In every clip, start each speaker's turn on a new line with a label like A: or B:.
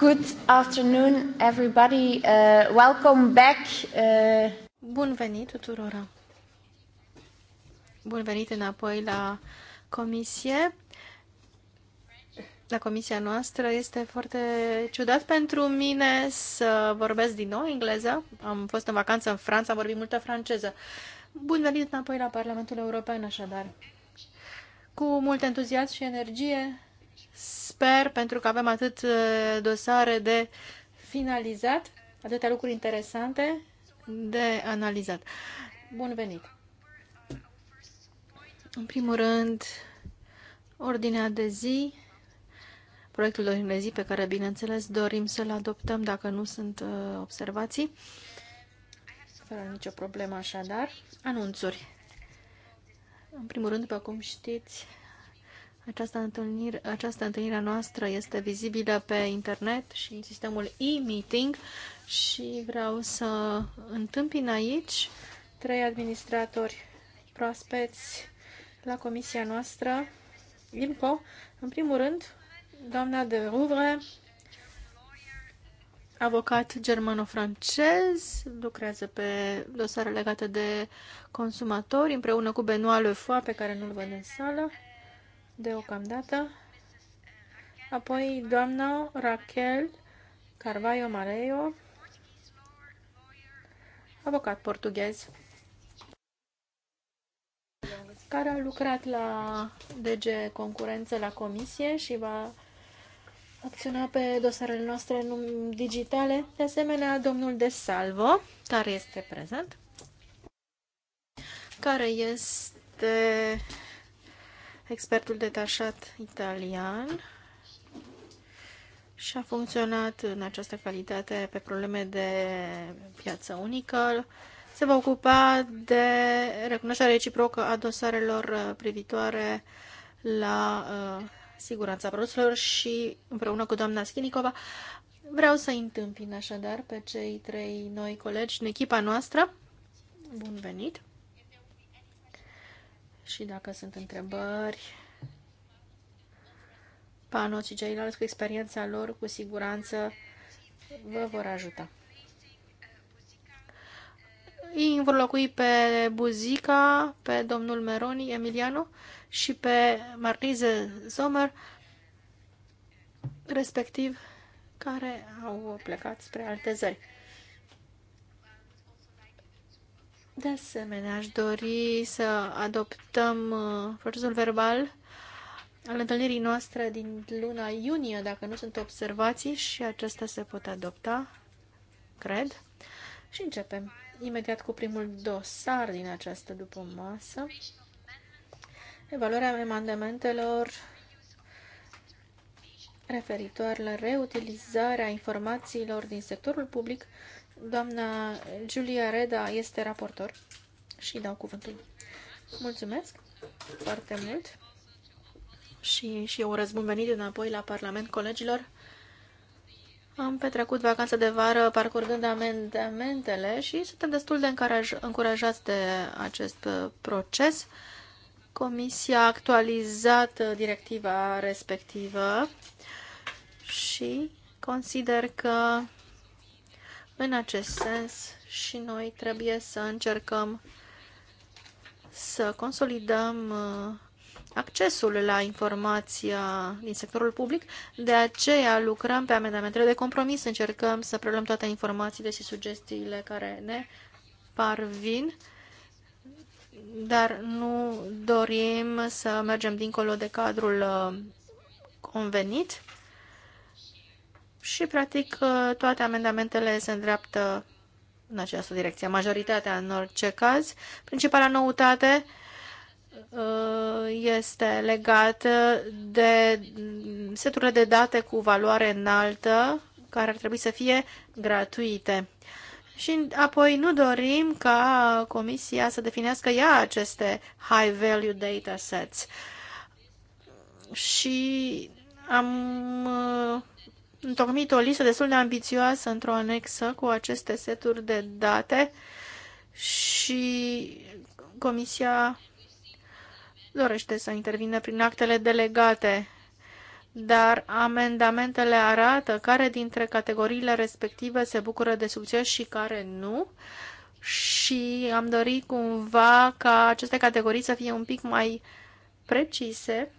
A: Good afternoon, everybody. Uh, welcome back. Uh... Bun venit tuturora. Bun venit înapoi la comisie. La comisia noastră este foarte ciudat pentru mine să vorbesc din nou engleză. Am fost în vacanță în Franța, am vorbit multă franceză. Bun venit înapoi la Parlamentul European, așadar. Cu mult entuziasm și energie sper, pentru că avem atât uh, dosare de finalizat, atâtea lucruri interesante de analizat. Bun venit! În primul rând, ordinea de zi, proiectul de ordine de zi pe care, bineînțeles, dorim să-l adoptăm dacă nu sunt uh, observații, fără nicio problemă așadar, anunțuri. În primul rând, după cum știți, această întâlnire, această întâlnire noastră este vizibilă pe internet și în sistemul e-meeting și vreau să întâmpin aici trei administratori proaspeți la comisia noastră, IMCO. În primul rând, doamna de Rouvre, avocat germano-francez, lucrează pe dosare legate de consumatori, împreună cu Benoît Lefoy, pe care nu-l văd în sală deocamdată. Apoi doamna Raquel Carvalho Mareo, avocat portughez, care a lucrat la DG Concurență la Comisie și va acționa pe dosarele noastre digitale. De asemenea, domnul De Salvo, care este prezent, care este expertul detașat italian și a funcționat în această calitate pe probleme de piață unică. Se va ocupa de recunoașterea reciprocă a dosarelor uh, privitoare la uh, siguranța produselor și împreună cu doamna Schinicova vreau să întâmpin așadar pe cei trei noi colegi în echipa noastră. Bun venit! și dacă sunt întrebări, Pano și ceilalți cu experiența lor, cu siguranță vă vor ajuta. vor locui pe Buzica, pe domnul Meroni, Emiliano și pe Marlize Zomer, respectiv care au plecat spre alte zări. De asemenea, aș dori să adoptăm uh, procesul verbal al întâlnirii noastre din luna iunie, dacă nu sunt observații, și acesta se pot adopta, cred. Și începem imediat cu primul dosar din această după masă. Evaluarea amendamentelor referitoare la reutilizarea informațiilor din sectorul public Doamna Julia Reda este raportor și dau cuvântul. Mulțumesc foarte mult și, și eu răzbun venit înapoi la Parlament colegilor. Am petrecut vacanța de vară parcurgând amendamentele și suntem destul de încuraj încurajați de acest uh, proces. Comisia a actualizat uh, directiva respectivă și consider că în acest sens și noi trebuie să încercăm să consolidăm uh, accesul la informația din sectorul public, de aceea lucrăm pe amendamentele de compromis, încercăm să preluăm toate informațiile și sugestiile care ne parvin, dar nu dorim să mergem dincolo de cadrul uh, convenit și, practic, toate amendamentele se îndreaptă în această direcție, majoritatea în orice caz. Principala noutate uh, este legată de seturile de date cu valoare înaltă, care ar trebui să fie gratuite. Și apoi nu dorim ca Comisia să definească ea aceste high value data sets. Și am uh, întocmit o listă destul de ambițioasă într-o anexă cu aceste seturi de date și Comisia dorește să intervină prin actele delegate, dar amendamentele arată care dintre categoriile respective se bucură de succes și care nu și am dorit cumva ca aceste categorii să fie un pic mai precise,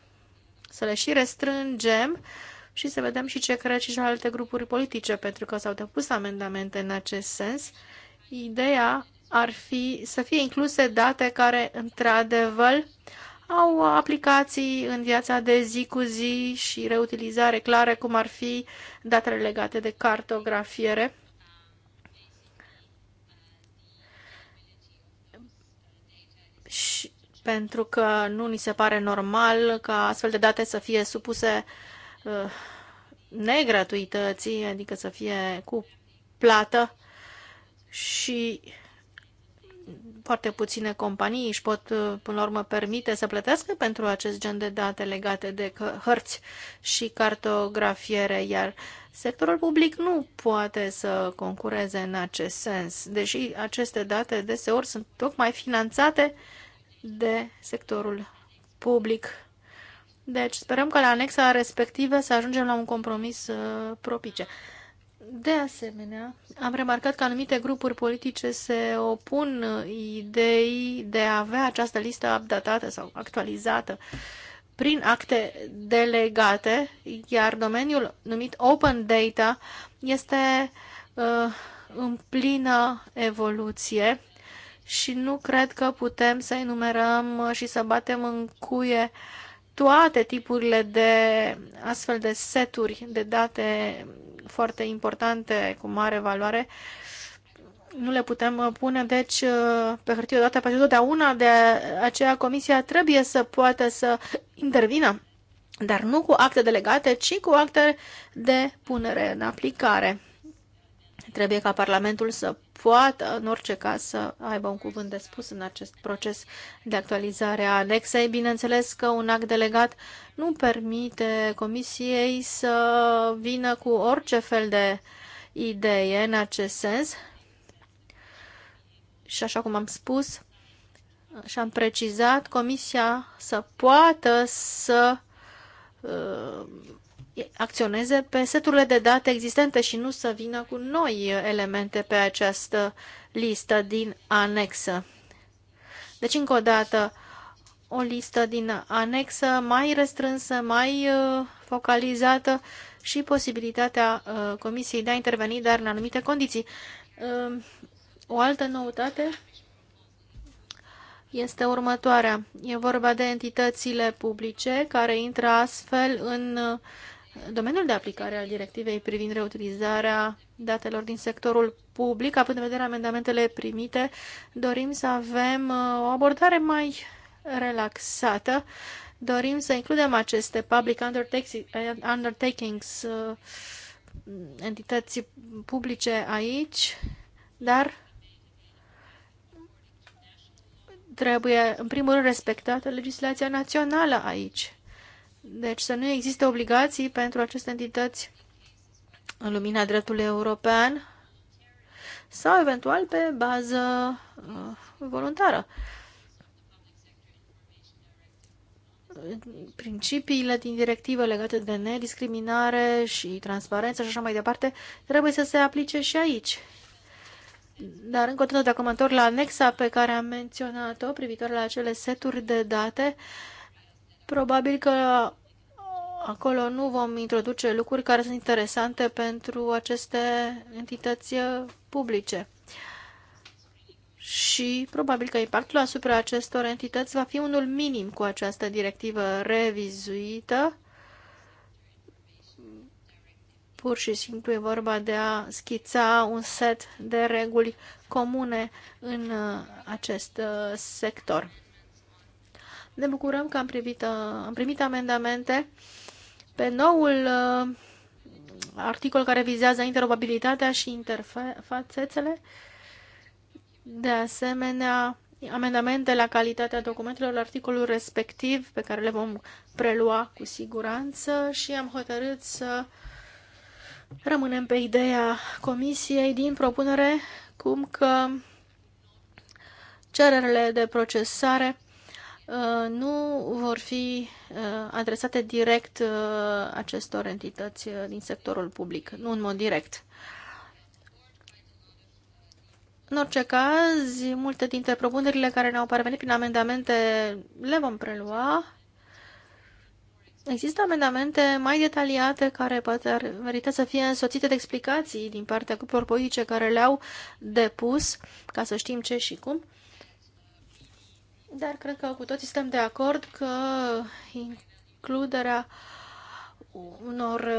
A: să le și restrângem și să vedem și ce cred și alte grupuri politice, pentru că s-au depus amendamente în acest sens. Ideea ar fi să fie incluse date care, într-adevăr, au aplicații în viața de zi cu zi și reutilizare clare, cum ar fi datele legate de cartografiere. Și pentru că nu ni se pare normal ca astfel de date să fie supuse uh, Uh, negratuității, adică să fie cu plată și foarte puține companii își pot, uh, până la urmă, permite să plătească pentru acest gen de date legate de hărți și cartografiere, iar sectorul public nu poate să concureze în acest sens, deși aceste date deseori sunt tocmai finanțate de sectorul public. Deci sperăm că la anexa respectivă să ajungem la un compromis uh, propice. De asemenea, am remarcat că anumite grupuri politice se opun uh, ideii de a avea această listă updatată sau actualizată prin acte delegate, iar domeniul numit Open Data este uh, în plină evoluție și nu cred că putem să enumerăm și să batem în cuie uh, toate tipurile de astfel de seturi de date foarte importante, cu mare valoare, nu le putem uh, pune, deci, uh, pe hârtie odată pentru totdeauna, de aceea comisia trebuie să poată să intervină, dar nu cu acte delegate, ci cu acte de punere în aplicare. Trebuie ca Parlamentul să poată, în orice caz, să aibă un cuvânt de spus în acest proces de actualizare a anexei. Bineînțeles că un act delegat nu permite Comisiei să vină cu orice fel de idee în acest sens. Și așa cum am spus și am precizat, Comisia să poată să uh, acționeze pe seturile de date existente și nu să vină cu noi elemente pe această listă din anexă. Deci, încă o dată, o listă din anexă mai restrânsă, mai uh, focalizată și posibilitatea uh, Comisiei de a interveni, dar în anumite condiții. Uh, o altă noutate este următoarea. E vorba de entitățile publice care intră astfel în domeniul de aplicare al directivei privind reutilizarea datelor din sectorul public, având în vedere amendamentele primite, dorim să avem uh, o abordare mai relaxată. Dorim să includem aceste public undertakings, uh, entități publice aici, dar trebuie, în primul rând, respectată legislația națională aici deci să nu existe obligații pentru aceste entități în lumina dreptului european sau eventual pe bază uh, voluntară. Principiile din directivă legate de nediscriminare și transparență și așa mai departe trebuie să se aplice și aici. Dar încă o dată, dacă mă întorc la anexa pe care am menționat-o privitoare la acele seturi de date, uh, Probabil că acolo nu vom introduce lucruri care sunt interesante pentru aceste entități publice. Și probabil că impactul asupra acestor entități va fi unul minim cu această directivă revizuită. Pur și simplu e vorba de a schița un set de reguli comune în acest sector. Ne bucurăm că am primit, uh, am primit amendamente pe noul uh, articol care vizează interoperabilitatea și interfațețele. De asemenea, amendamente la calitatea documentelor articolul respectiv, pe care le vom prelua cu siguranță și am hotărât să rămânem pe ideea comisiei din propunere cum că cererele de procesare Uh, nu vor fi uh, adresate direct uh, acestor entități din sectorul public, nu în mod direct. În orice caz, multe dintre propunerile care ne-au parvenit prin amendamente le vom prelua. Există amendamente mai detaliate care poate ar merita să fie însoțite de explicații din partea grupurilor politice care le-au depus, ca să știm ce și cum. Dar cred că cu toții suntem de acord că includerea unor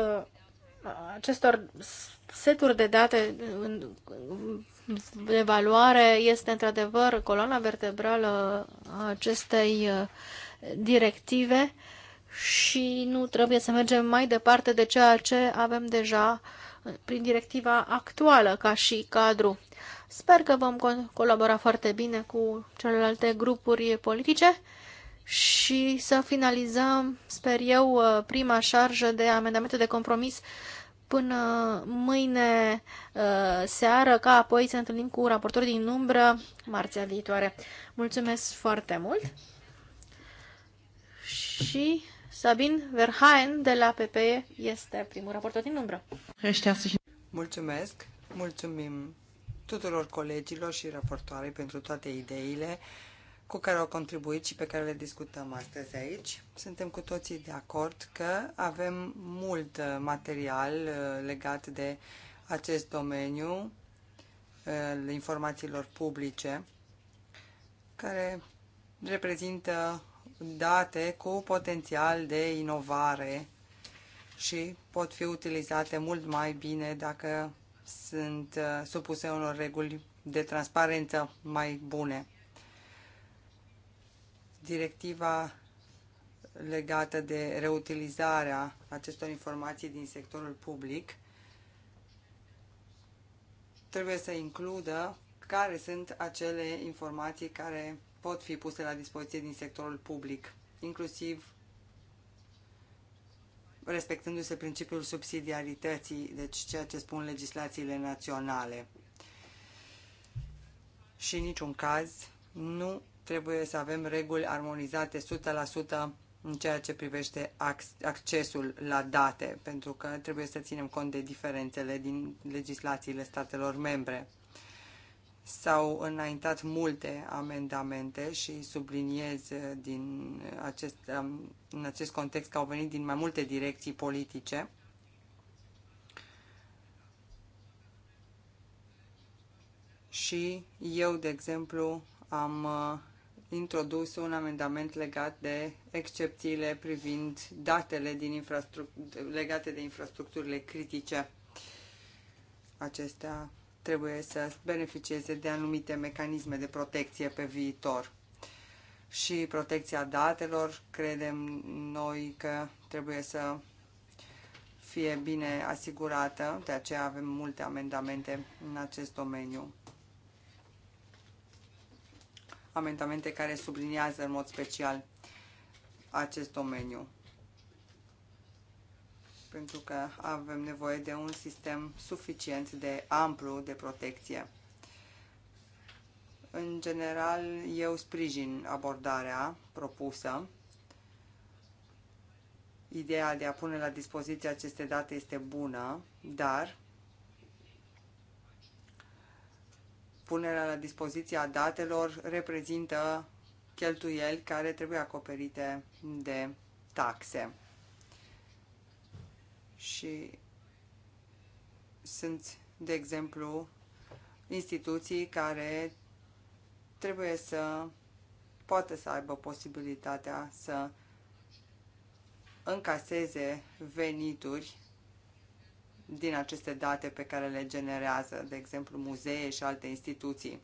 A: acestor seturi de date de evaluare este într-adevăr coloana vertebrală a acestei uh, directive și nu trebuie să mergem mai departe de ceea ce avem deja prin directiva actuală ca și cadru. Sper că vom colabora foarte bine cu celelalte grupuri politice și să finalizăm, sper eu, uh, prima șarjă de amendamente de compromis până mâine uh, seară, ca apoi să întâlnim cu raportorii din umbră marțea viitoare. Mulțumesc foarte mult! Și Sabin Verhaen de la PPE este primul raportor din umbră.
B: Mulțumesc! Mulțumim tuturor colegilor și raportoarei pentru toate ideile cu care au contribuit și pe care le discutăm astăzi aici. Suntem cu toții de acord că avem mult uh, material uh, legat de acest domeniu uh, informațiilor publice care reprezintă date cu potențial de inovare și pot fi utilizate mult mai bine dacă sunt uh, supuse unor reguli de transparență mai bune. Directiva legată de reutilizarea acestor informații din sectorul public trebuie să includă care sunt acele informații care pot fi puse la dispoziție din sectorul public, inclusiv respectându-se principiul subsidiarității, deci ceea ce spun legislațiile naționale. Și în niciun caz nu trebuie să avem reguli armonizate 100% în ceea ce privește accesul la date, pentru că trebuie să ținem cont de diferențele din legislațiile statelor membre. S-au înaintat multe amendamente și subliniez din acest, în acest context că au venit din mai multe direcții politice. Și eu, de exemplu, am uh, introdus un amendament legat de excepțiile privind datele din legate de infrastructurile critice. Acestea trebuie să beneficieze de anumite mecanisme de protecție pe viitor. Și protecția datelor, credem noi că trebuie să fie bine asigurată, de aceea avem multe amendamente în acest domeniu. Amendamente care subliniază în mod special acest domeniu pentru că avem nevoie de un sistem suficient de amplu de protecție. În general, eu sprijin abordarea propusă. Ideea de a pune la dispoziție aceste date este bună, dar punerea la dispoziție a datelor reprezintă cheltuieli care trebuie acoperite de taxe și sunt, de exemplu, instituții care trebuie să poată să aibă posibilitatea să încaseze venituri din aceste date pe care le generează, de exemplu, muzee și alte instituții.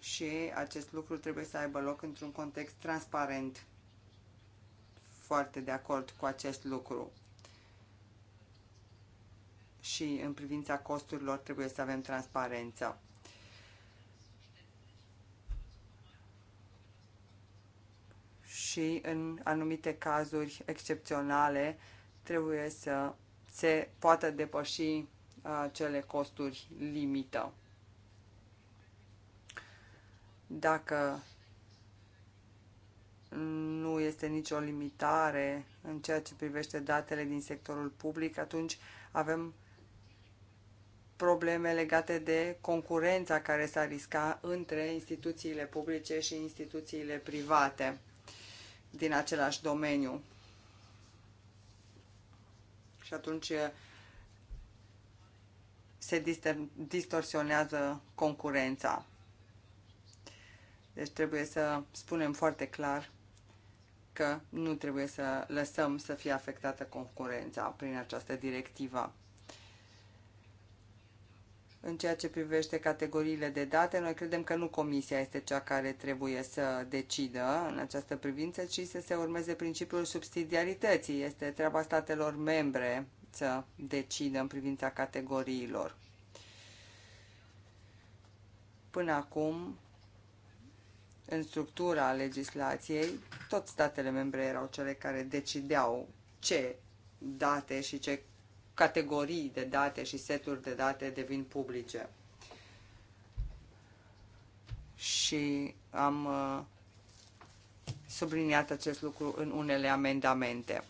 B: Și acest lucru trebuie să aibă loc într-un context transparent foarte de acord cu acest lucru. Și în privința costurilor trebuie să avem transparență. Și în anumite cazuri excepționale trebuie să se poată depăși acele uh, costuri limită. Dacă nu este nicio limitare în ceea ce privește datele din sectorul public, atunci avem probleme legate de concurența care s a risca între instituțiile publice și instituțiile private din același domeniu. Și atunci eh, se distorsionează concurența. Deci trebuie să spunem foarte clar că nu trebuie să lăsăm să fie afectată concurența prin această directivă. În ceea ce privește categoriile de date, noi credem că nu comisia este cea care trebuie să decidă în această privință, ci să se urmeze principiul subsidiarității. Este treaba statelor membre să decidă în privința categoriilor. Până acum, în structura legislației, tot statele membre erau cele care decideau ce date și ce categorii de date și seturi de date devin publice. Și am uh, subliniat acest lucru în unele amendamente.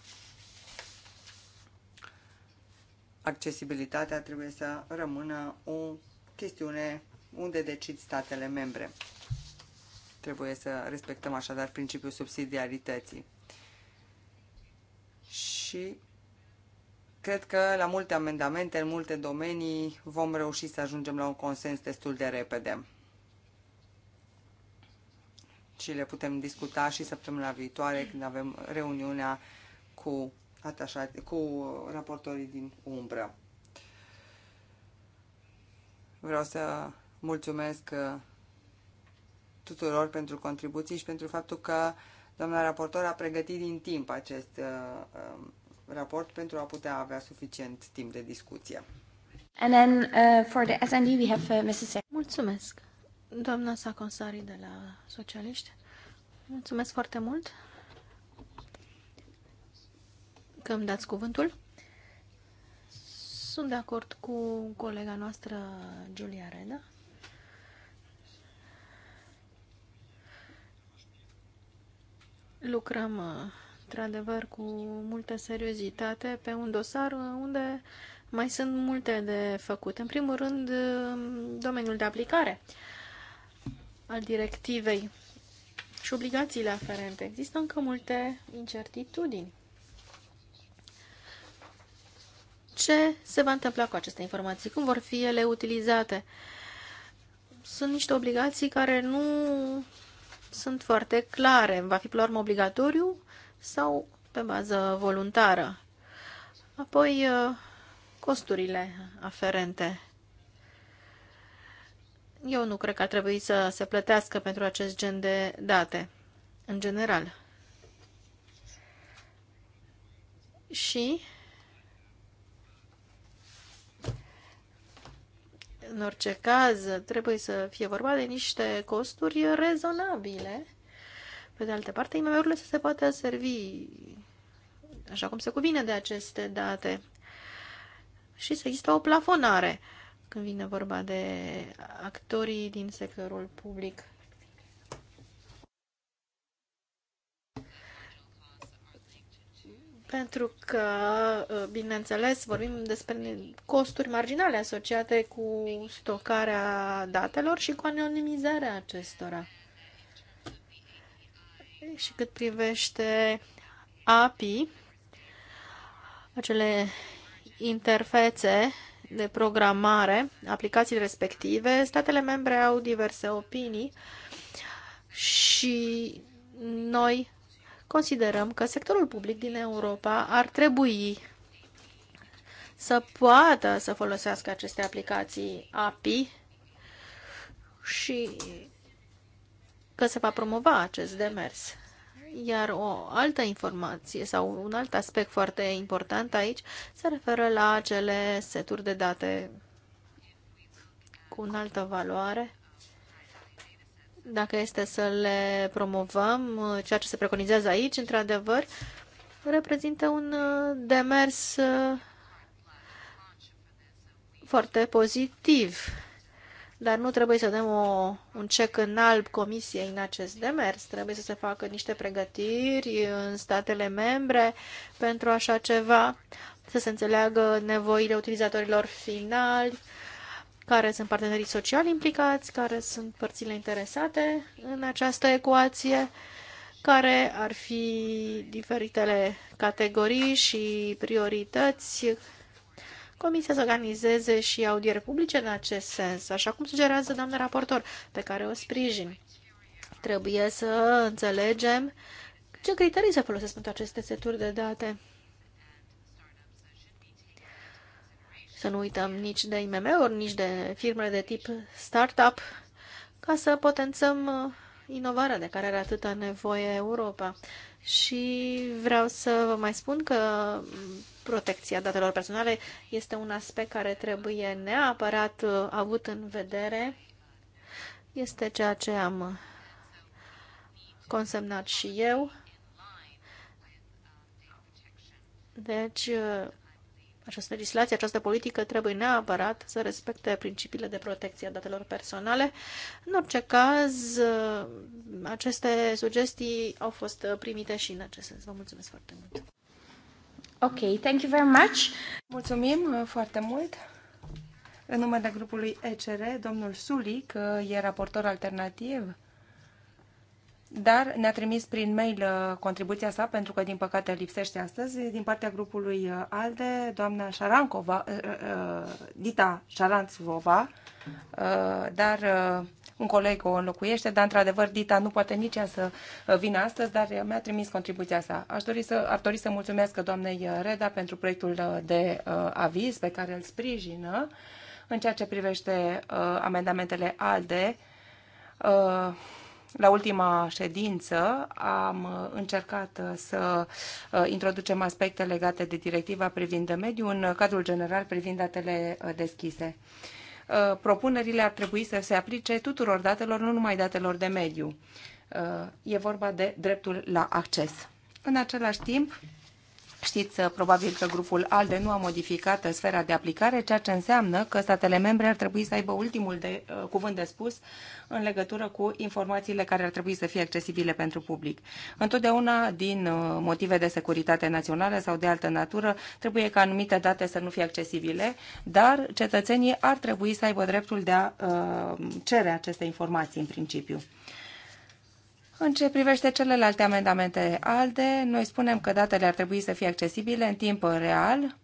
B: Accesibilitatea trebuie să rămână o chestiune unde decid statele membre. Trebuie să respectăm așadar principiul subsidiarității. Și cred că la multe amendamente, în multe domenii, vom reuși să ajungem la un consens destul de repede. Și le putem discuta și săptămâna viitoare când avem reuniunea cu, atașate, cu raportorii din umbră. Vreau să mulțumesc tuturor pentru contribuții și pentru faptul că doamna raportor a pregătit din timp acest uh, um, raport pentru a putea avea suficient timp de discuție.
A: And then uh, for the SND we have uh, Mrs. Mulțumesc. Doamna Saconsari de la Socialiști. Mulțumesc foarte mult că îmi dați cuvântul. Sunt de acord cu colega noastră Giulia Reda lucrăm uh, într-adevăr cu multă seriozitate pe un dosar uh, unde mai sunt multe de făcut. În primul rând, uh, domeniul de aplicare al directivei și obligațiile aferente. Există încă multe incertitudini. Ce se va întâmpla cu aceste informații? Cum vor fi ele utilizate? Sunt niște obligații care nu sunt foarte clare. Va fi, până urmă, obligatoriu sau pe bază voluntară? Apoi, uh, costurile aferente. Eu nu cred că ar trebui să se plătească pentru acest gen de date, în general. Și În orice caz, trebuie să fie vorba de niște costuri rezonabile. Pe de altă parte, IMM-urile să se poată servi așa cum se cuvine de aceste date și să există o plafonare când vine vorba de actorii din sectorul public. pentru că, uh, bineînțeles, vorbim despre costuri marginale asociate cu stocarea datelor și cu anonimizarea acestora. Și cât privește API, acele interfețe de programare, aplicații respective, statele membre au diverse opinii și noi considerăm că sectorul public din Europa ar trebui să poată să folosească aceste aplicații API și că se va promova acest demers. Iar o altă informație sau un alt aspect foarte important aici se referă la acele seturi de date cu înaltă valoare dacă este să le promovăm, uh, ceea ce se preconizează aici, într-adevăr, reprezintă un uh, demers uh, foarte pozitiv. Dar nu trebuie să dăm o, un cec în alb comisiei în acest demers. Trebuie să se facă niște pregătiri în statele membre pentru așa ceva, să se înțeleagă nevoile utilizatorilor finali, care sunt partenerii sociali implicați, care sunt părțile interesate în această ecuație, care ar fi diferitele categorii și priorități. Comisia să organizeze și audiere publice în acest sens, așa cum sugerează doamna raportor, pe care o sprijin. Trebuie să înțelegem ce criterii se folosesc pentru aceste seturi de date Să nu uităm nici de IMM-uri, nici de firmele de tip startup, ca să potențăm uh, inovarea de care are atâta nevoie Europa. Și vreau să vă mai spun că mm, protecția datelor personale este un aspect care trebuie neapărat uh, avut în vedere. Este ceea ce am uh, consemnat și eu. Deci, această legislație, această politică trebuie neapărat să respecte principiile de protecție a datelor personale. În orice caz, aceste sugestii au fost primite și în acest sens. Vă mulțumesc foarte mult! Ok,
C: thank you very much! Mulțumim foarte mult! În numele grupului ECR, domnul Sulic e raportor alternativ dar ne-a trimis prin mail uh, contribuția sa, pentru că, din păcate, lipsește astăzi, din partea grupului uh, ALDE, doamna Șarancova, uh, Dita Șaranțvova, dar un coleg o înlocuiește, dar, într-adevăr, Dita nu poate nici ea să vină astăzi, dar mi-a trimis contribuția sa. Aș dori să, ar dori să mulțumesc doamnei Reda pentru proiectul de aviz pe care îl sprijină în ceea ce privește amendamentele ALDE, la ultima ședință am uh, încercat uh, să uh, introducem aspecte legate de directiva privind mediul, în cadrul general privind datele deschise. Propunerile ar trebui să se aplice tuturor datelor, nu numai datelor de mediu. E vorba de dreptul la acces. În același timp, Știți uh, probabil că grupul ALDE nu a modificat uh, sfera de aplicare, ceea ce înseamnă că statele membre ar trebui să aibă ultimul de, uh, cuvânt de spus în legătură cu informațiile care ar trebui să fie accesibile pentru public. Întotdeauna, din uh, motive de securitate națională sau de altă natură, trebuie ca anumite date să nu fie accesibile, dar cetățenii ar trebui să aibă dreptul de a uh, cere aceste informații în principiu. În ce privește celelalte amendamente ALDE, noi spunem că datele ar trebui să fie accesibile în timp real.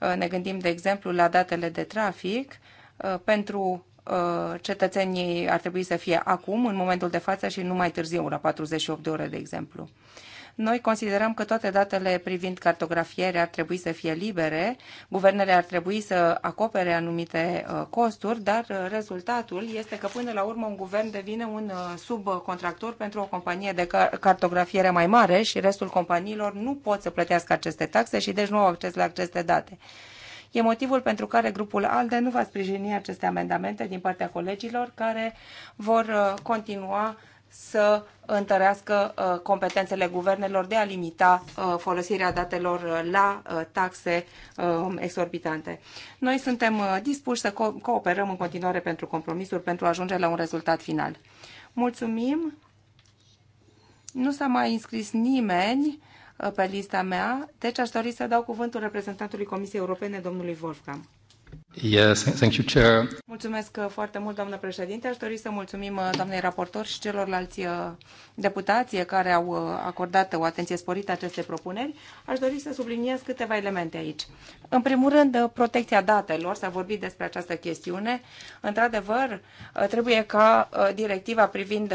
C: Uh, ne gândim, de exemplu, la datele de trafic. Uh, pentru uh, cetățenii ar trebui să fie acum, în momentul de față și nu mai târziu, la 48 de ore, de exemplu. Noi considerăm că toate datele privind cartografiere ar trebui să fie libere, guvernele ar trebui să acopere anumite uh, costuri, dar uh, rezultatul este că până la urmă un guvern devine un uh, subcontractor pentru o companie de cartografiere mai mare și restul companiilor nu pot să plătească aceste taxe și deci nu au acces la aceste date. E motivul pentru care grupul ALDE nu va sprijini aceste amendamente din partea colegilor care vor continua să întărească uh, competențele guvernelor de a limita uh, folosirea datelor uh, la taxe exorbitante. Noi suntem dispuși să co cooperăm în continuare pentru compromisuri pentru a ajunge la un rezultat final. Mulțumim! Nu s-a mai înscris nimeni pe lista mea, deci aș dori să dau cuvântul reprezentantului Comisiei Europene, domnului Wolfgang.
A: Yes, thank you, Chair.
C: Mulțumesc uh, foarte mult, doamnă președinte. Aș dori să mulțumim uh, doamnei raportor și celorlalți uh, deputații care au acordat o atenție sporită aceste propuneri. Aș dori să subliniez câteva elemente aici. În primul rând, protecția datelor. S-a vorbit despre această chestiune. Într-adevăr, trebuie ca directiva privind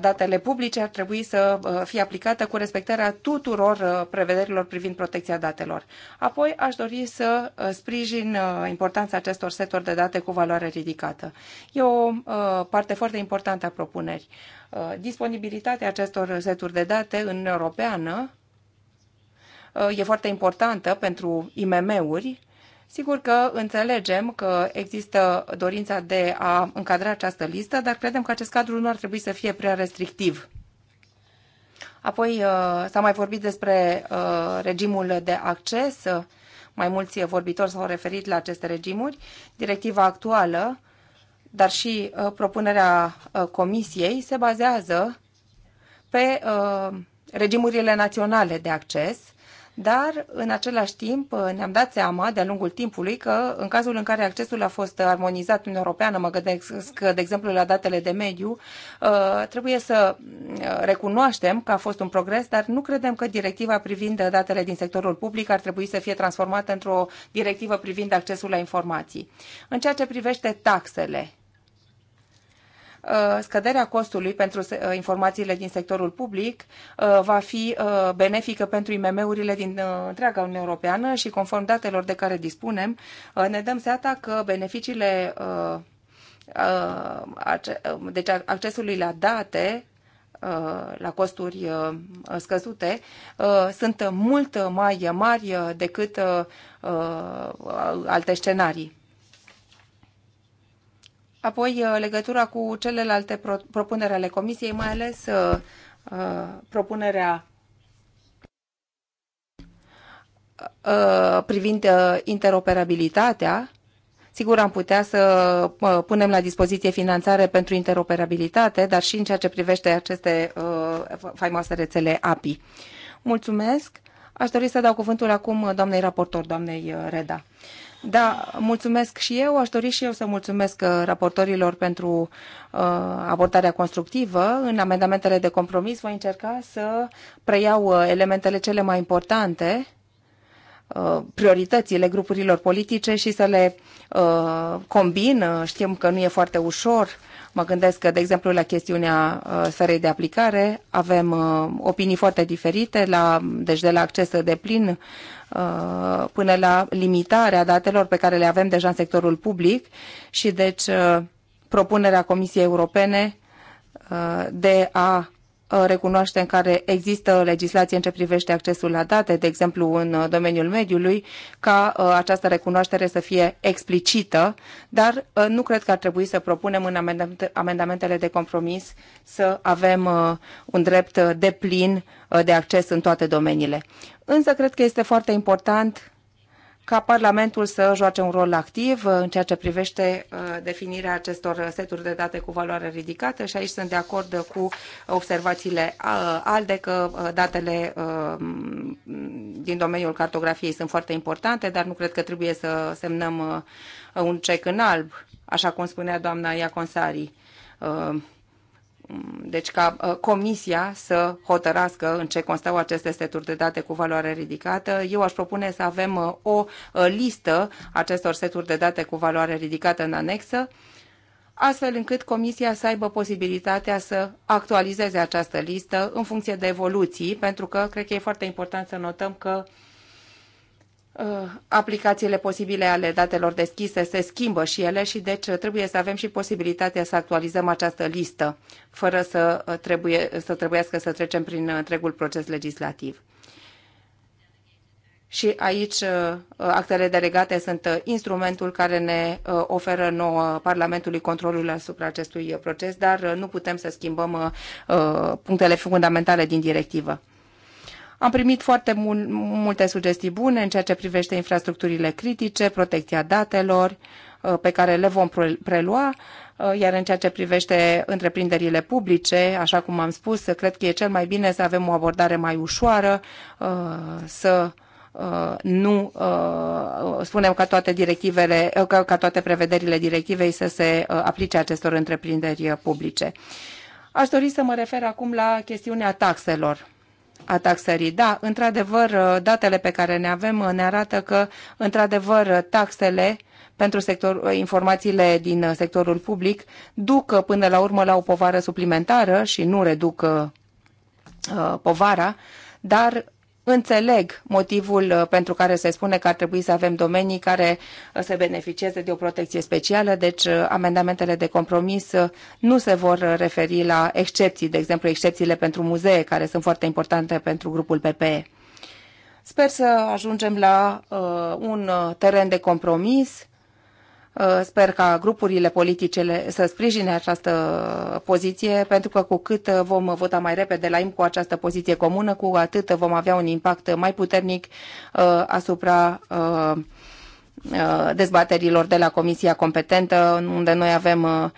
C: datele publice ar trebui să fie aplicată cu respectarea tuturor prevederilor privind protecția datelor. Apoi, aș dori să sprijin importanța acestor seturi de date cu valoare ridicată. E o uh, parte foarte importantă a propunerii. Uh, disponibilitatea acestor seturi de date în Uniunea Europeană uh, e foarte importantă pentru IMM-uri. Sigur că înțelegem că există dorința de a încadra această listă, dar credem că acest cadru nu ar trebui să fie prea restrictiv. Apoi s-a mai vorbit despre regimul de acces mai mulți vorbitori s-au referit la aceste regimuri. Directiva actuală, dar și uh, propunerea uh, Comisiei se bazează pe uh, regimurile naționale de acces dar în același timp ne-am dat seama de-a lungul timpului că în cazul în care accesul a fost armonizat în Europeană, mă gândesc, de exemplu, la datele de mediu, uh, trebuie să uh, recunoaștem că a fost un progres, dar nu credem că directiva privind datele din sectorul public ar trebui să fie transformată într-o directivă privind accesul la informații. În ceea ce privește taxele, Uh, scăderea costului pentru uh, informațiile din sectorul public uh, va fi benefică pentru IMM-urile din întreaga Uniune Europeană și conform datelor de care dispunem, ne dăm seama că beneficiile deci accesului la date la costuri scăzute sunt mult mai mari decât alte scenarii. Apoi, uh, legătura cu celelalte pro propuneri ale Comisiei, mai ales uh, uh propunerea uh, privind uh, interoperabilitatea. Sigur, am putea să uh, punem la dispoziție finanțare pentru interoperabilitate, dar și în ceea ce privește aceste faimoase rețele API. Mulțumesc! Aș dori să dau cuvântul acum doamnei raportor, doamnei Reda. Da, mulțumesc și eu. Aș dori și eu să mulțumesc uh, raportorilor pentru uh, abordarea constructivă. În amendamentele de compromis voi încerca să preiau uh, elementele cele mai importante uh, prioritățile grupurilor politice și să le uh, combin. Știm că nu e foarte ușor Mă gândesc, că, de exemplu, la chestiunea uh, sferei de aplicare. Avem uh, opinii foarte diferite, la, deci de la acces de plin uh, până la limitarea datelor pe care le avem deja în sectorul public și deci propunerea Comisiei Europene de a Uh, recunoaștem care există legislație în ce privește accesul la date, de exemplu în uh, domeniul mediului, ca uh, această recunoaștere să fie explicită, dar nu cred că ar trebui să propunem în amendamentele de compromis să avem un drept de plin de acces în toate domeniile. Însă cred că este foarte important ca Parlamentul să joace un rol activ uh, în ceea ce privește uh, definirea acestor uh, seturi de date cu valoare ridicată și aici sunt de acord cu observațiile ALDE că datele din domeniul cartografiei sunt foarte importante, dar nu cred că trebuie să semnăm un cec în alb, așa cum spunea doamna Iaconsari deci ca uh, comisia să hotărască în ce constau aceste seturi de date cu valoare ridicată. Eu aș propune să avem uh, o uh, listă acestor seturi de date cu valoare ridicată în anexă, astfel încât comisia să aibă posibilitatea să actualizeze această listă în funcție de evoluții, pentru că cred că e foarte important să notăm că uh, Uh, aplicațiile posibile ale datelor deschise se schimbă și ele și deci uh, trebuie să avem și posibilitatea să actualizăm această listă fără să, uh, trebuie, să trebuiască să trecem prin întregul proces legislativ. Și aici actele delegate sunt instrumentul care ne oferă nouă Parlamentului controlul asupra acestui proces, dar nu putem să schimbăm punctele fundamentale din directivă. Am primit foarte mul- multe sugestii bune în ceea ce privește infrastructurile critice, protecția datelor, uh, pe care le vom prelua, uh, iar în ceea ce privește întreprinderile publice, așa cum am spus, cred că e cel mai bine să avem o abordare mai ușoară, uh, să nu spunem ca toate directivele, ca toate prevederile directivei să se aplice acestor întreprinderi publice. Aș dori să mă refer acum la chestiunea taxelor a taxării. Da, într-adevăr, datele pe care ne avem ne arată că, într-adevăr, taxele pentru sector, informațiile din sectorul public duc până la urmă la o povară suplimentară și nu reduc uh, povara, dar Înțeleg motivul uh, pentru care se spune că ar trebui să avem domenii care uh, să beneficieze de o protecție specială, deci uh, amendamentele de compromis nu se vor referi la excepții, de exemplu excepțiile pentru muzee, care sunt foarte importante pentru grupul PPE. Sper să ajungem la uh, un teren de compromis Uh, sper ca grupurile politice să sprijine această poziție, pentru că cu cât uh, vom vota mai repede la IMCO această poziție comună, cu atât vom avea un impact mai puternic uh, asupra dezbaterilor de la Comisia Competentă, unde noi avem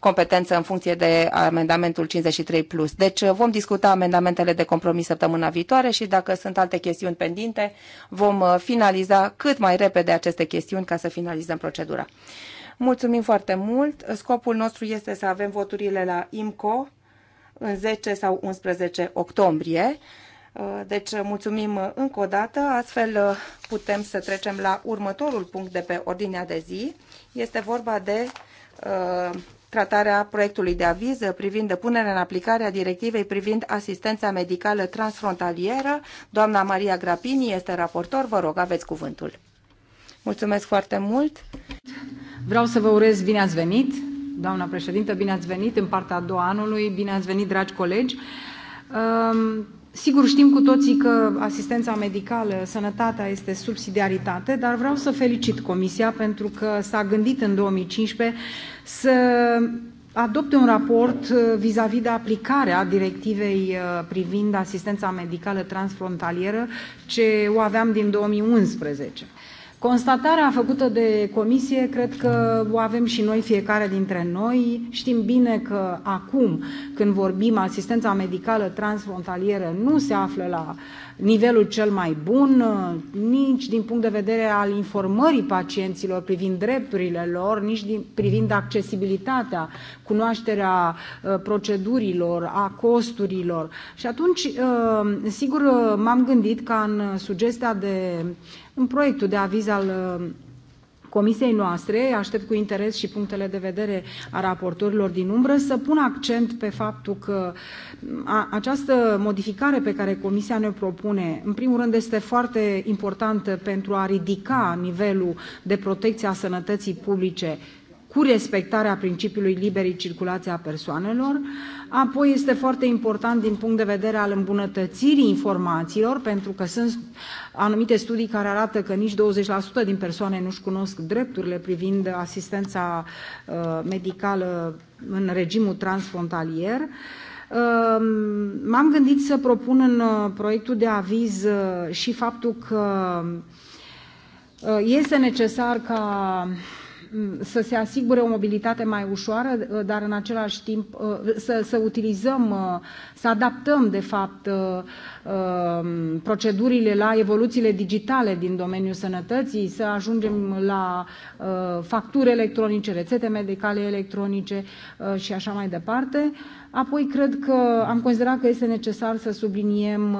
C: competență în funcție de amendamentul 53+. Plus. Deci uh, vom discuta amendamentele de compromis săptămâna viitoare și dacă sunt alte chestiuni pendinte, vom uh, finaliza cât mai repede aceste chestiuni ca să finalizăm procedura. Mulțumim foarte mult. Scopul nostru este să avem voturile la IMCO în 10 sau 11 octombrie. Uh, deci mulțumim încă o dată, astfel putem să trecem la următorul punct de pe ordinea de zi. Este vorba de uh, tratarea proiectului de aviz privind depunerea în aplicare a directivei privind asistența medicală transfrontalieră. Doamna Maria Grapini este raportor. Vă rog, aveți cuvântul.
D: Mulțumesc foarte mult. Vreau să vă urez bine ați venit, doamna președintă, bine ați venit în partea a doua anului, bine ați venit, dragi colegi. Um... Sigur, știm cu toții că asistența medicală, sănătatea este subsidiaritate, dar vreau să felicit Comisia pentru că s-a gândit în 2015 să adopte un raport uh, vis-a-vis -vis de aplicarea directivei uh, privind asistența medicală transfrontalieră, ce o aveam din 2011. Constatarea făcută de comisie, cred că o avem și noi, fiecare dintre noi. Știm bine că acum, când vorbim, asistența medicală transfrontalieră nu se află la nivelul cel mai bun, uh, nici din punct de vedere al informării pacienților privind drepturile lor, nici din, privind accesibilitatea, cunoașterea uh, procedurilor, a costurilor. Și atunci, uh, sigur, m-am gândit ca în sugestia de, în proiectul de aviz al comisiei noastre, aștept cu interes și punctele de vedere a raportorilor din umbră, să pun accent pe faptul că a, această modificare pe care comisia ne propune, în primul rând, este foarte importantă pentru a ridica nivelul de protecție a sănătății publice cu respectarea principiului liberii circulații a persoanelor. Uh, Apoi este foarte important din punct de vedere al îmbunătățirii informațiilor, pentru că sunt anumite studii care arată că nici 20% din persoane nu-și cunosc drepturile privind asistența uh, medicală în regimul transfrontalier. Uh, m-am gândit să propun în uh, proiectul de aviz și faptul că este necesar ca Mm, să se asigure o mobilitate mai ușoară, uh, dar în același timp uh, să, să utilizăm, uh, să adaptăm, de fapt, um, procedurile la evoluțiile digitale din domeniul sănătății, să ajungem la facturi electronice, rețete medicale electronice și așa mai departe. Apoi, cred că am considerat că este necesar să subliniem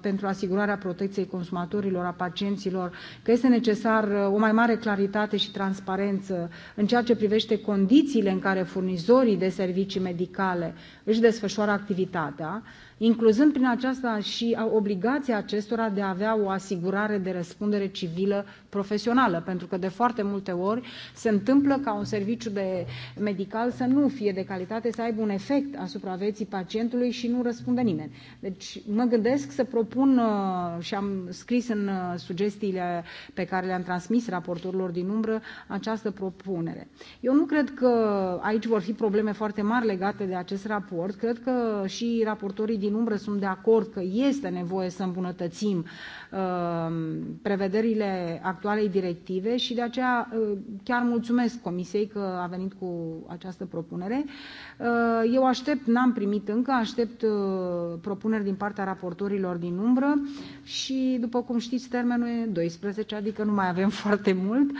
D: pentru asigurarea protecției consumatorilor, a pacienților, că este necesar o mai mare claritate și transparență siguranță, în ceea ce privește condițiile în care furnizorii de servicii medicale își desfășoară activitatea, incluzând prin aceasta și obligația acestora de a avea o asigurare de răspundere civilă profesională, pentru că de foarte multe ori se întâmplă ca un serviciu de medical să nu fie de calitate, să aibă un efect asupra vieții pacientului și nu răspunde nimeni. Deci mă gândesc să propun uh, și am scris în uh, sugestiile pe care le-am transmis raportorilor din umbră această propunere. Eu nu cred că aici vor fi probleme foarte mari legate de acest raport. Cred că și raportorii din din umbră sunt de acord că este nevoie să îmbunătățim Uh, prevederile actualei directive și de aceea uh, chiar mulțumesc Comisiei că a venit cu această propunere. Uh, eu aștept, n-am primit încă, aștept propuneri din partea raportorilor din umbră și, după cum știți, termenul e 12, adică nu mai avem foarte mult.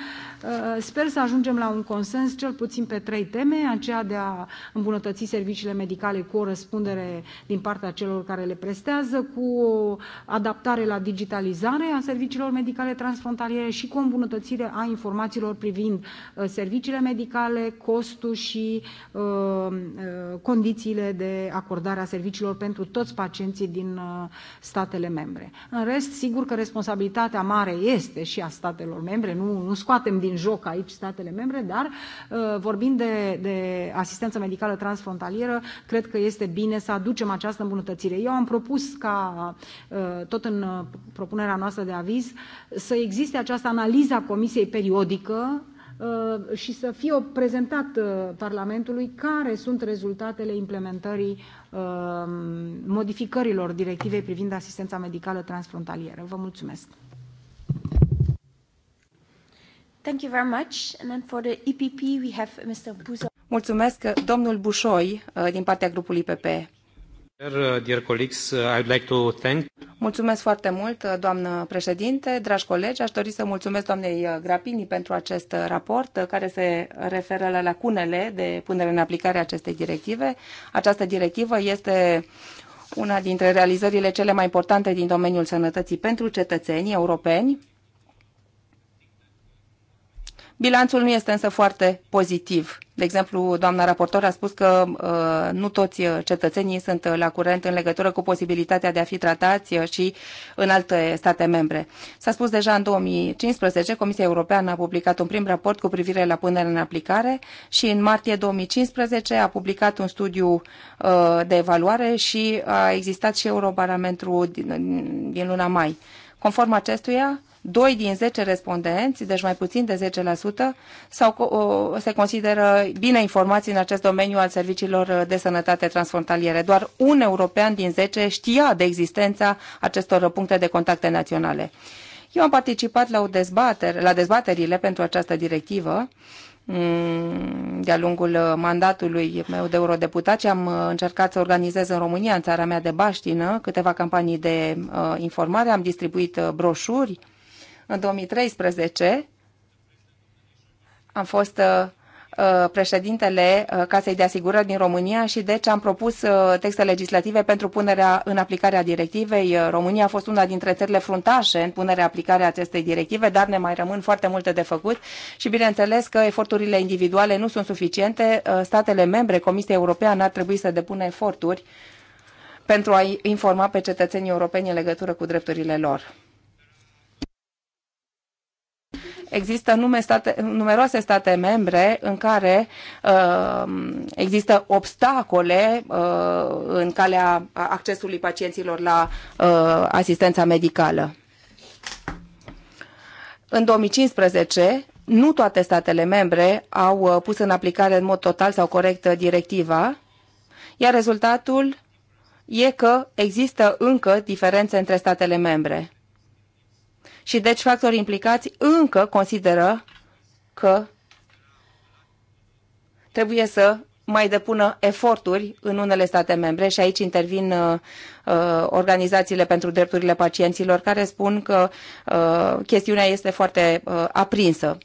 D: Sper să ajungem la un consens, cel puțin pe trei teme, aceea de a îmbunătăți serviciile medicale cu o răspundere din partea celor care le prestează, cu o adaptare la digitalizare digitalizare a serviciilor medicale transfrontaliere și cu o îmbunătățire a informațiilor privind uh, serviciile medicale, costul și uh, uh, condițiile de acordare a serviciilor pentru toți pacienții din statele membre. În rest, sigur că responsabilitatea mare este și a statelor membre, nu, nu scoatem din joc aici statele membre, dar vorbind de, de asistență medicală transfrontalieră, cred că este bine să aducem această îmbunătățire. Eu am propus ca, tot în propunerea noastră de aviz, să existe această analiză a Comisiei periodică uh, și să fie prezentat uh, Parlamentului care sunt rezultatele implementării uh, modificărilor directivei privind asistența medicală transfrontalieră. Vă mulțumesc!
C: Thank you very much. And then for the EPP
D: we have Mr. Buzo.
C: Mulțumesc, domnul Bușoi, din partea grupului PP. Mulțumesc foarte mult, uh, doamnă președinte, dragi colegi. Aș dori să mulțumesc doamnei uh, Grapini pentru acest uh, raport care se referă la lacunele de punere în aplicare a acestei directive. Această directivă este una dintre realizările cele mai importante din domeniul sănătății pentru cetățenii europeni Bilanțul nu este însă foarte pozitiv. De exemplu, doamna raportor a spus că uh, nu toți uh, cetățenii sunt uh, la curent în legătură cu posibilitatea de a fi tratați uh, și în alte state membre. S-a spus deja în 2015, Comisia Europeană a publicat un prim raport cu privire la punerea în aplicare și în martie 2015 a publicat un studiu uh, de evaluare și a existat și Eurobarometru din, din luna mai. Conform acestuia, 2 din 10 respondenți, deci mai puțin de 10%, sau se consideră bine informați în acest domeniu al serviciilor de sănătate transfrontaliere. Doar un european din 10 știa de existența acestor puncte de contacte naționale. Eu am participat la, o dezbatere, la dezbaterile pentru această directivă mm, de-a lungul mandatului meu de eurodeputat și am încercat să organizez în România, în țara mea de Baștină, câteva campanii de uh, informare, am distribuit uh, broșuri în 2013 am fost uh, uh, președintele uh, Casei de Asigurări din România și deci am propus texte legislative pentru punerea în aplicare a directivei. România a fost una dintre țările fruntașe în punerea aplicare a acestei directive, dar ne mai rămân foarte multe de făcut și bineînțeles că eforturile individuale nu sunt suficiente. Statele membre, Comisia Europeană ar trebui să depună eforturi pentru a informa pe cetățenii europeni în legătură cu drepturile lor există nume state, numeroase state membre în care uh, există obstacole uh, în calea accesului pacienților la uh, asistența medicală. În 2015, nu toate statele membre au uh, pus în aplicare în mod total sau corect uh, directiva, iar rezultatul e că există încă diferențe între statele membre și deci factorii implicați încă consideră că trebuie să mai depună eforturi în unele state membre și aici intervin uh, uh organizațiile pentru drepturile pacienților care spun că uh, chestiunea este foarte uh, aprinsă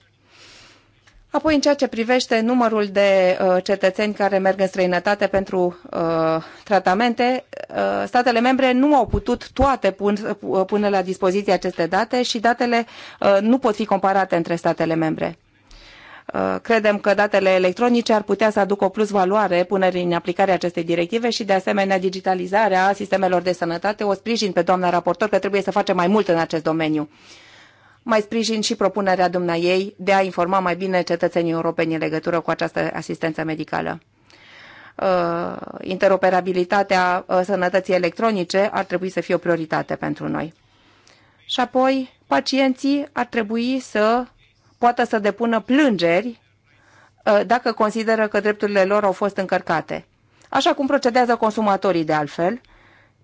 C: Apoi, în ceea ce privește numărul de uh, cetățeni care merg în străinătate pentru uh, tratamente, uh, statele membre nu au putut toate pun, uh, pune la dispoziție aceste date și datele uh, nu pot fi comparate între statele membre. Uh, credem că datele electronice ar putea să aducă o plus valoare punerii în aplicare acestei directive și, de asemenea, digitalizarea sistemelor de sănătate. O sprijin pe doamna raportor că trebuie să facem mai mult în acest domeniu mai sprijin și propunerea dumneaei de a informa mai bine cetățenii europeni în legătură cu această asistență medicală. Uh, interoperabilitatea uh, sănătății electronice ar trebui să fie o prioritate pentru noi. Și apoi, pacienții ar trebui să poată să depună plângeri uh, dacă consideră că drepturile lor au fost încărcate. Așa cum procedează consumatorii de altfel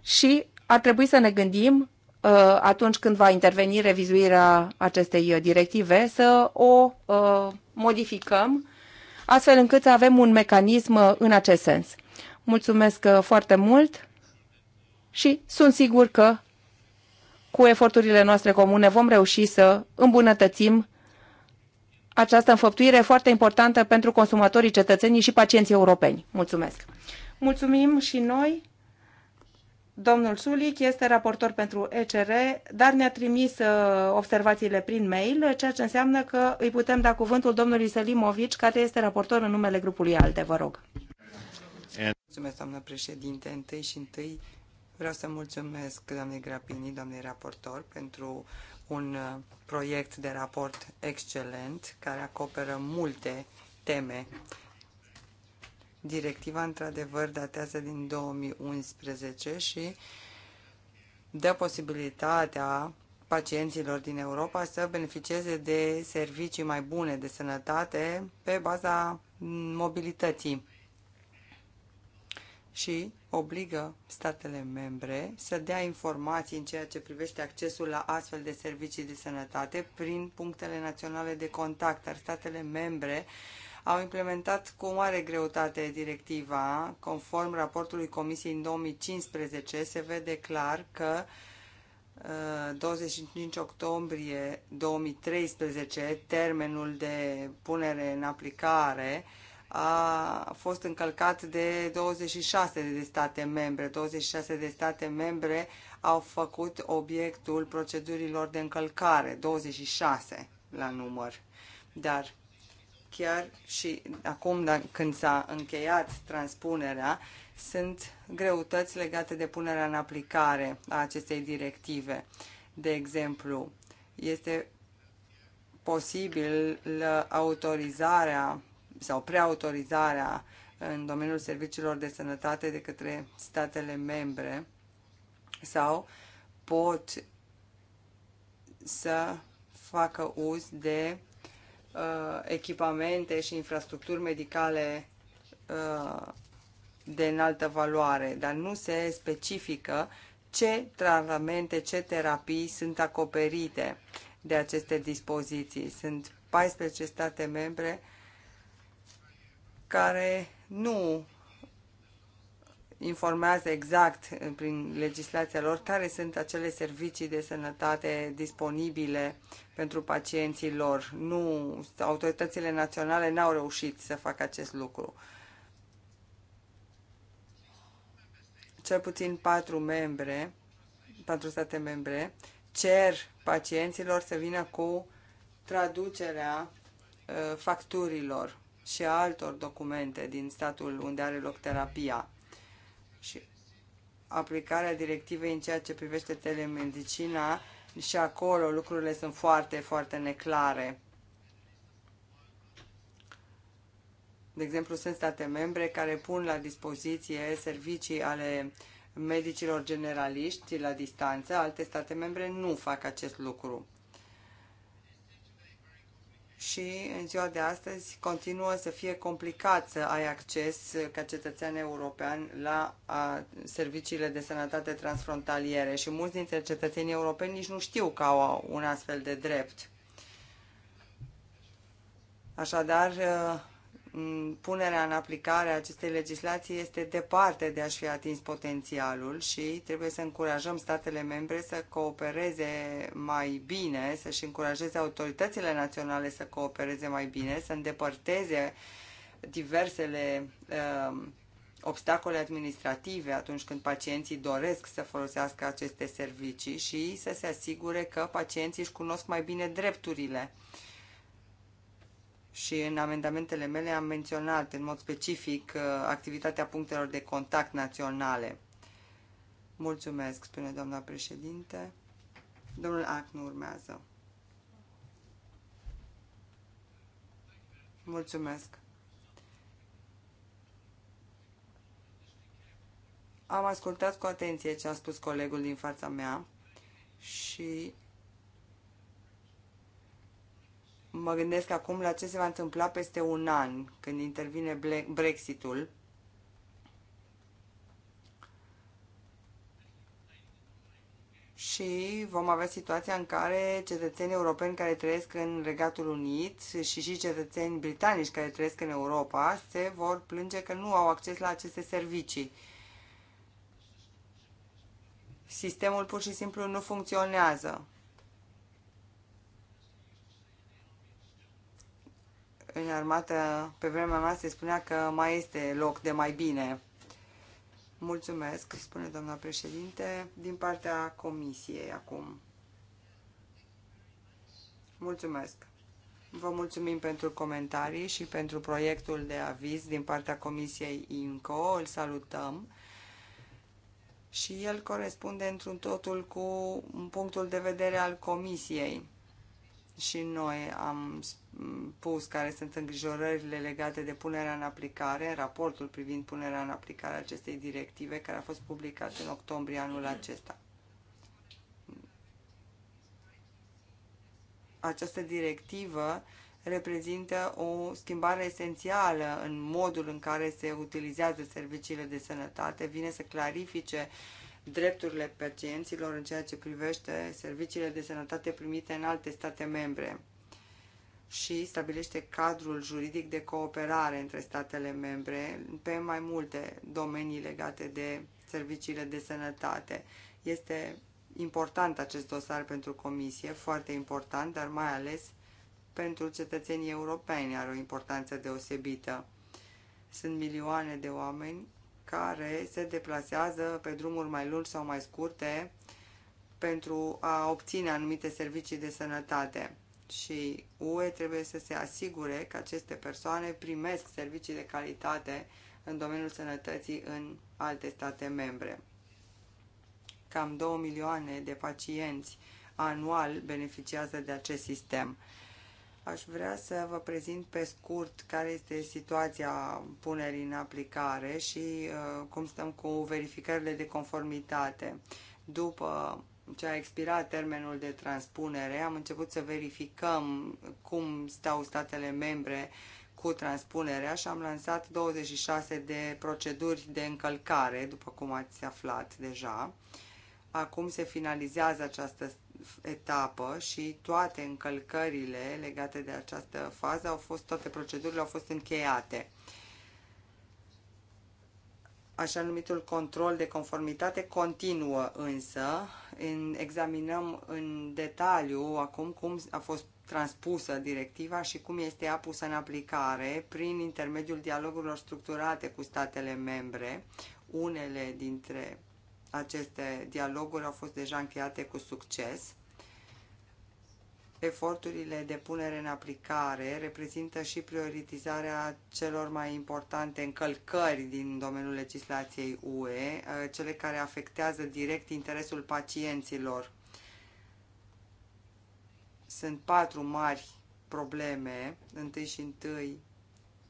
C: și ar trebui să ne gândim Uh, atunci când va interveni revizuirea acestei uh, directive, să o uh, modificăm astfel încât să avem un mecanism în acest sens. Mulțumesc foarte mult și sunt sigur că cu eforturile noastre comune vom reuși să îmbunătățim această înfăptuire foarte importantă pentru consumatorii, cetățenii și pacienții europeni. Mulțumesc! Mulțumim și noi! Domnul Sulic este raportor pentru ECR, dar ne-a trimis uh, observațiile prin mail, ceea ce înseamnă că îi putem da cuvântul domnului Selimovici, care este raportor în numele grupului ALDE. Vă rog.
B: Mulțumesc, doamnă președinte. Întâi și întâi vreau să mulțumesc doamnei Grapini, doamnei raportor, pentru un uh, proiect de raport excelent care acoperă multe teme Directiva, într-adevăr, datează din 2011 și dă posibilitatea pacienților din Europa să beneficieze de servicii mai bune de sănătate pe baza mobilității și obligă statele membre să dea informații în ceea ce privește accesul la astfel de servicii de sănătate prin punctele naționale de contact, dar statele membre uh, au implementat cu mare greutate directiva. Conform raportului Comisiei în 2015, se vede clar că 25 uh, octombrie 2013, termenul de punere în aplicare, a fost încălcat de 26 de state membre. 26 de state membre au făcut obiectul procedurilor de încălcare, 26 la număr. Dar chiar și acum da, când s-a încheiat transpunerea, sunt greutăți legate de punerea în aplicare a acestei directive. De exemplu, este posibil autorizarea sau preautorizarea în domeniul serviciilor de sănătate de către statele membre sau pot să facă uz de Uh, echipamente și infrastructuri medicale uh, de înaltă valoare, dar nu se specifică ce tratamente, ce terapii sunt acoperite de aceste dispoziții. Sunt 14 state membre care nu informează exact eh, prin legislația lor care sunt acele servicii de sănătate disponibile pentru pacienții lor. Nu, autoritățile naționale n-au reușit să facă acest lucru. Cel puțin patru membre, patru state membre, cer pacienților să vină cu traducerea eh, facturilor și altor documente din statul unde are loc terapia și aplicarea directivei în ceea ce privește telemedicina și acolo lucrurile sunt foarte, foarte neclare. De exemplu, sunt state membre care pun la dispoziție servicii ale medicilor generaliști la distanță, alte state membre nu fac acest lucru și în ziua de astăzi continuă să fie complicat să ai acces ca cetățean european la a, serviciile de sănătate transfrontaliere și mulți dintre cetățenii europeni nici nu știu că au un astfel de drept. Așadar, Mm, punerea în aplicare a acestei legislații este departe de a-și fi atins potențialul și trebuie să încurajăm statele membre să coopereze mai bine, să-și încurajeze autoritățile naționale să coopereze mai bine, să îndepărteze diversele uh, obstacole administrative atunci când pacienții doresc să folosească aceste servicii și să se asigure că pacienții își cunosc mai bine drepturile. Uh, și în amendamentele mele am menționat în mod specific uh, activitatea punctelor de contact naționale. Mulțumesc, spune doamna președinte. Domnul Acnu urmează. Mulțumesc. Am ascultat cu atenție ce a spus colegul din fața mea și Mă gândesc acum la ce se va întâmpla peste un an, când intervine Brexitul. și vom avea situația în care cetățenii europeni care trăiesc în Regatul Unit și și cetățeni britanici care trăiesc în Europa se vor plânge că nu au acces la aceste servicii. Sistemul pur și simplu nu funcționează. în armată, pe vremea mea se spunea că mai este loc de mai bine. Mulțumesc, spune doamna președinte, din partea comisiei acum. Mulțumesc. Vă mulțumim pentru comentarii și pentru proiectul de aviz din partea comisiei INCO. Îl salutăm și el corespunde într-un totul cu punctul de vedere al comisiei și noi am pus care sunt îngrijorările legate de punerea în aplicare, în raportul privind punerea în aplicare a acestei directive, care a fost publicat în octombrie anul acesta. Această directivă reprezintă o schimbare esențială în modul în care se utilizează serviciile de sănătate, vine să clarifice uh, drepturile pacienților în ceea ce privește serviciile de sănătate primite în alte state membre și stabilește cadrul juridic de cooperare între statele membre pe mai multe domenii legate de serviciile de sănătate. Este important acest dosar pentru Comisie, foarte important, dar mai ales pentru cetățenii europeni are o importanță deosebită. Sunt milioane de oameni care se deplasează pe drumuri mai lungi sau mai scurte pentru a obține anumite servicii de sănătate. Și UE trebuie să se asigure că aceste persoane primesc servicii de calitate în domeniul sănătății în alte state membre. Cam 2 milioane de pacienți anual beneficiază de acest sistem. Aș vrea să vă prezint pe scurt care este situația punerii în aplicare și uh, cum stăm cu verificările de conformitate. După ce a expirat termenul de transpunere, am început să verificăm cum stau statele membre cu transpunerea și am lansat 26 de proceduri de încălcare, după cum ați aflat deja. Acum se finalizează această etapă și toate încălcările legate de această fază au fost, toate procedurile au fost încheiate. Așa numitul control de conformitate continuă însă. În, examinăm în detaliu acum cum a fost transpusă directiva și cum este apusă în aplicare prin intermediul dialogurilor structurate cu statele membre, unele dintre aceste dialoguri au fost deja încheiate cu succes. Eforturile de punere în aplicare reprezintă și prioritizarea celor mai importante încălcări din domeniul legislației UE, eh, cele care afectează direct interesul pacienților. Sunt patru mari probleme. Întâi și întâi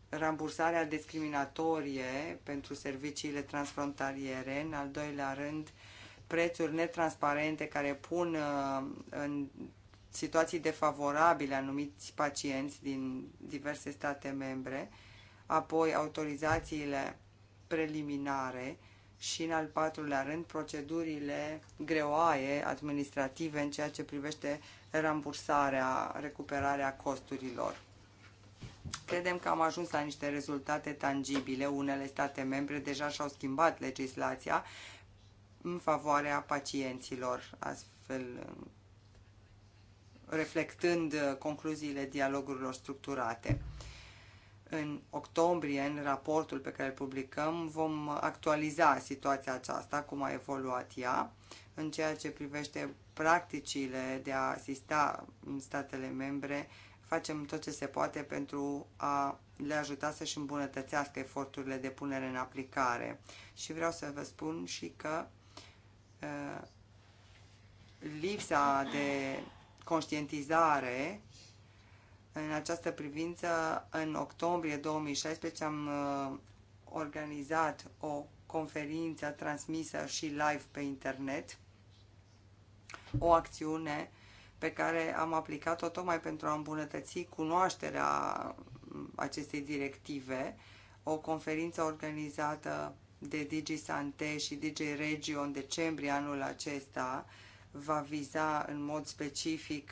B: rambursarea discriminatorie pentru serviciile transfrontaliere, în al doilea rând prețuri netransparente care pun uh, în situații defavorabile anumiți pacienți din diverse state membre, apoi autorizațiile preliminare și, în al patrulea rând, procedurile greoaie administrative în ceea ce privește rambursarea, recuperarea costurilor. Credem că am ajuns la niște rezultate tangibile. Unele state membre deja și-au schimbat legislația în favoarea pacienților, astfel reflectând concluziile dialogurilor structurate. În octombrie, în raportul pe care îl publicăm, vom actualiza situația aceasta, cum a evoluat ea, în ceea ce privește practicile de a asista statele membre uh, facem tot ce se poate pentru a le ajuta să-și îmbunătățească eforturile de punere în aplicare. Și vreau să vă spun și că uh, lipsa de conștientizare în această privință, în octombrie 2016 am uh, organizat o conferință transmisă și live pe internet, o acțiune pe care am aplicat-o tocmai pentru a îmbunătăți cunoașterea acestei directive, o conferință organizată de Sante și Digi Regio în decembrie anul acesta va viza în mod specific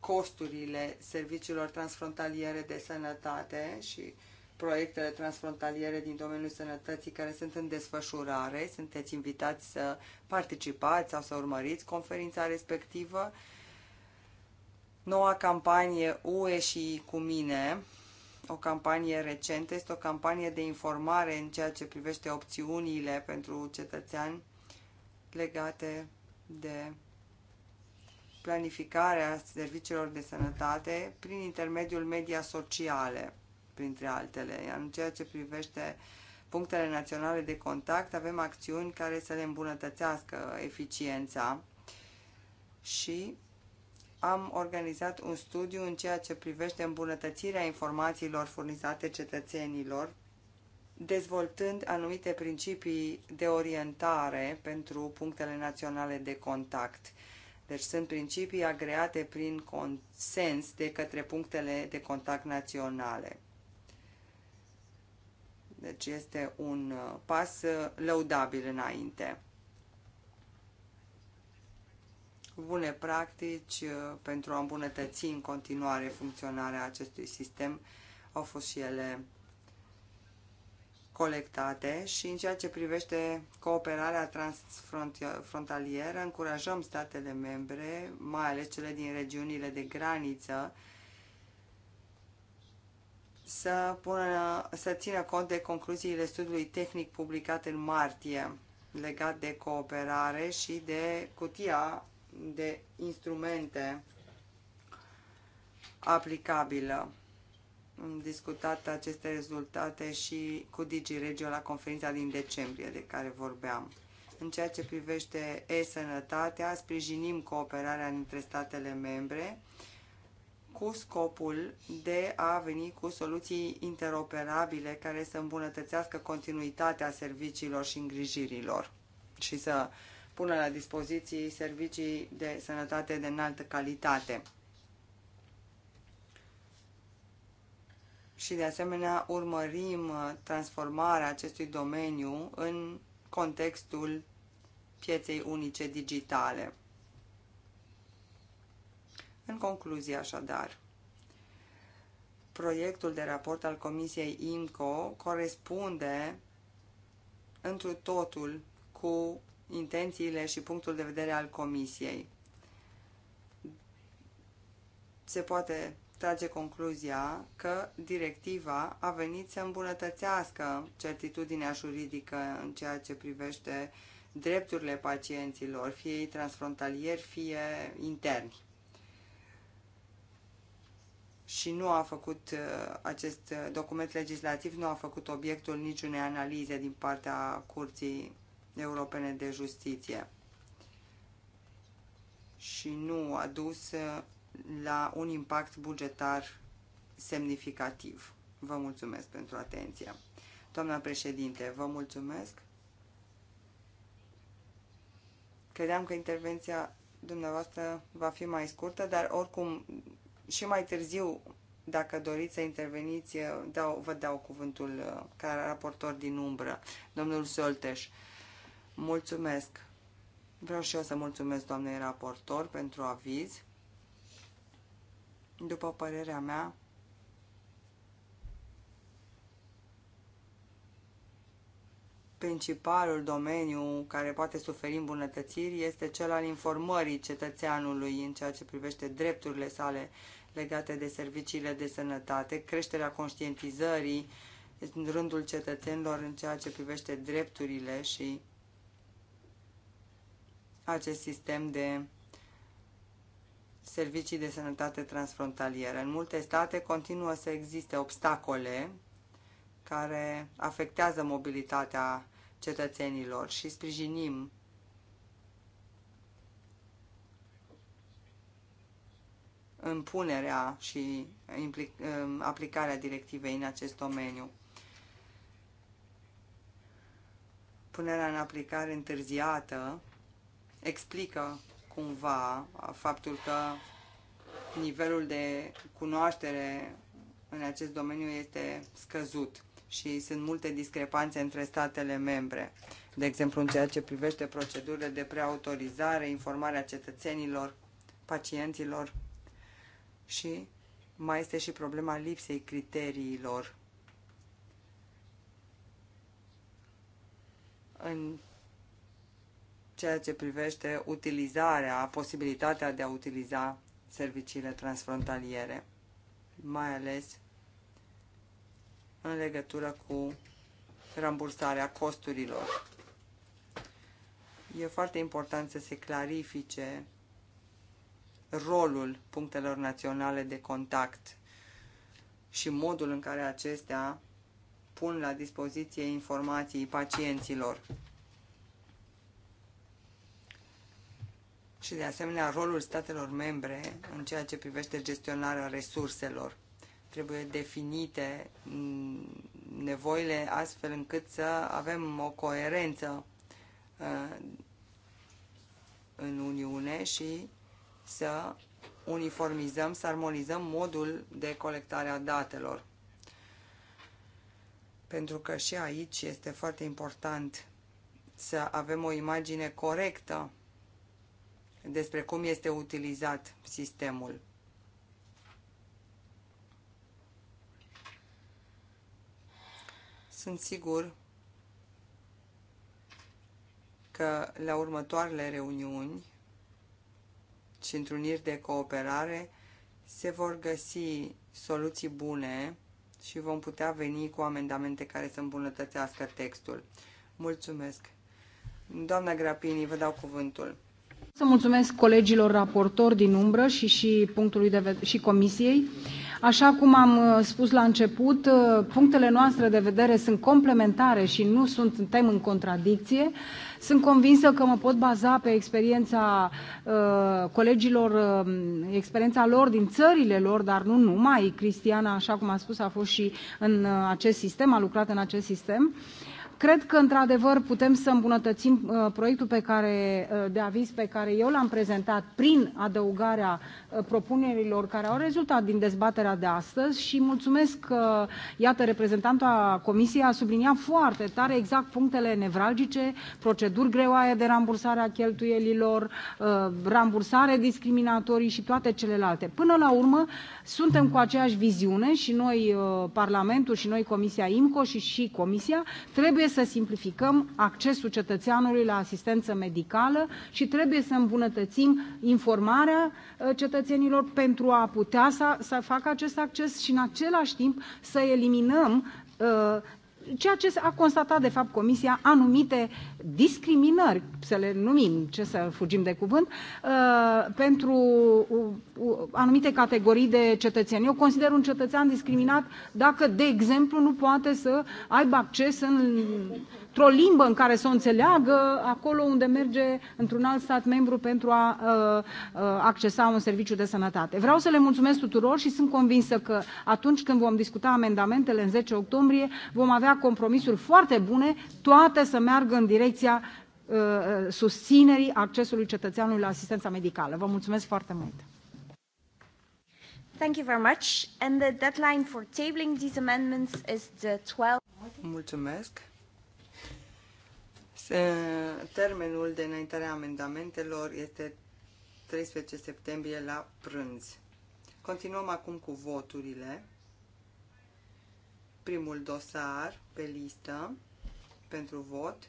B: costurile serviciilor transfrontaliere de sănătate și proiectele transfrontaliere din domeniul sănătății care sunt în desfășurare. Sunteți invitați să participați sau să urmăriți conferința respectivă. Noua campanie UE și cu mine, o campanie recentă, este o campanie de informare în ceea ce privește opțiunile pentru cetățeani legate de planificarea serviciilor de sănătate prin intermediul media sociale, printre altele. Iar în ceea ce privește punctele naționale de contact, avem acțiuni care să le îmbunătățească eficiența și am organizat un studiu în ceea ce privește îmbunătățirea informațiilor furnizate cetățenilor, dezvoltând anumite principii de orientare pentru punctele naționale de contact. Deci sunt principii agreate prin consens de către punctele de contact naționale. Deci este un uh, pas uh, lăudabil înainte. bune practici uh, pentru a îmbunătăți în continuare funcționarea acestui sistem au fost și ele colectate și în ceea ce privește cooperarea transfrontalieră, încurajăm statele membre, mai ales cele din regiunile de graniță, să, pună, să țină cont de concluziile studiului tehnic publicat în martie legat de cooperare și de cutia de instrumente aplicabilă. Am discutat aceste rezultate și cu DigiRegio la conferința din decembrie de care vorbeam. În ceea ce privește e-sănătatea, sprijinim cooperarea dintre statele membre cu scopul de a veni cu soluții interoperabile care să îmbunătățească continuitatea serviciilor și îngrijirilor și să uh, pună la dispoziție servicii de sănătate de înaltă calitate. Și de asemenea urmărim uh, transformarea acestui domeniu în contextul pieței unice digitale. În concluzie, așadar, proiectul de raport al Comisiei IMCO corespunde întru totul cu intențiile și punctul de vedere al comisiei. Se poate trage concluzia că directiva a venit să îmbunătățească certitudinea juridică în ceea ce privește drepturile pacienților, fie ei transfrontalieri, fie interni. Și nu a făcut uh, acest document legislativ, nu a făcut obiectul niciunei analize din partea Curții Europene de Justiție și nu a dus la un impact bugetar semnificativ. Vă mulțumesc pentru atenție. Doamna președinte, vă mulțumesc. Credeam că intervenția dumneavoastră va fi mai scurtă, dar oricum și mai târziu, dacă doriți să interveniți, dau, vă dau cuvântul uh, ca raportor din umbră, domnul Solteș. Mulțumesc! Vreau și eu să mulțumesc doamnei raportor pentru aviz. După părerea mea, principalul domeniu care poate suferi îmbunătățiri este cel al informării cetățeanului în ceea ce privește drepturile sale legate de serviciile de sănătate, creșterea conștientizării în rândul cetățenilor în ceea ce privește drepturile și acest sistem de servicii de sănătate transfrontalieră. În multe state continuă să existe obstacole care afectează mobilitatea cetățenilor și sprijinim punerea și um, aplicarea directivei în acest domeniu. Punerea în aplicare întârziată explică cumva faptul că nivelul de cunoaștere în acest domeniu este scăzut și sunt multe discrepanțe între statele membre. De exemplu, în ceea ce privește procedurile de preautorizare, informarea cetățenilor, pacienților și mai este și problema lipsei criteriilor. În ceea ce privește utilizarea, posibilitatea de a utiliza serviciile transfrontaliere, mai ales în legătură cu rambursarea costurilor. E foarte important să se clarifice rolul punctelor naționale de contact și modul în care acestea pun la dispoziție informații pacienților. și, de asemenea, rolul statelor membre în ceea ce privește gestionarea resurselor. Trebuie definite mm, nevoile astfel încât să avem o coerență uh, în Uniune și să uniformizăm, să armonizăm modul de colectare a datelor. Pentru că și aici este foarte important să avem o imagine corectă despre cum este utilizat sistemul. Sunt sigur că la următoarele reuniuni și întruniri de cooperare se vor găsi soluții bune și vom putea veni cu amendamente care să îmbunătățească textul. Mulțumesc! Doamna Grapini, vă dau cuvântul.
D: Să mulțumesc colegilor raportori din umbră și, și, punctului de și comisiei. Așa cum am uh, spus la început, uh, punctele noastre de vedere sunt complementare și nu suntem în contradicție. Sunt convinsă că mă pot baza pe experiența uh, colegilor, uh, experiența lor din țările lor, dar nu numai. Cristiana, așa cum a spus, a fost și în uh, acest sistem, a lucrat în acest sistem. Uh, Cred că, într-adevăr, putem să îmbunătățim uh, proiectul pe care, uh, de aviz pe care eu l-am prezentat prin adăugarea uh, propunerilor care au rezultat din dezbaterea de astăzi și mulțumesc că, iată, reprezentanta Comisiei a subliniat foarte tare exact punctele nevralgice, proceduri greoaie de rambursare a cheltuielilor, uh, rambursare discriminatorii și toate celelalte. Până la urmă, suntem cu aceeași viziune și noi, uh, Parlamentul și noi, Comisia IMCO și și Comisia, trebuie trebuie să simplificăm accesul cetățeanului la asistență medicală și trebuie să îmbunătățim informarea uh, cetățenilor pentru a putea să, să facă acest acces și în același timp să eliminăm uh, ceea ce a constatat, de fapt, Comisia, anumite discriminări, să le numim, ce să fugim de cuvânt, uh, pentru uh, uh, anumite categorii de cetățeni. Eu consider un cetățean discriminat dacă, de exemplu, nu poate să aibă acces în într-o limbă în care să o înțeleagă acolo unde merge într-un alt stat membru pentru a uh, uh, accesa un serviciu de sănătate. Vreau să le mulțumesc tuturor și sunt convinsă că atunci când vom discuta amendamentele în 10 octombrie, vom avea compromisuri foarte bune, toate să meargă în direcția uh, susținerii accesului cetățeanului la asistența medicală. Vă mulțumesc foarte mult!
C: Thank you very much. And the deadline for tabling these amendments is the 12
D: Mulțumesc.
B: Termenul de înaintare a amendamentelor este 13 septembrie la prânz. Continuăm acum cu voturile. Primul dosar pe listă pentru vot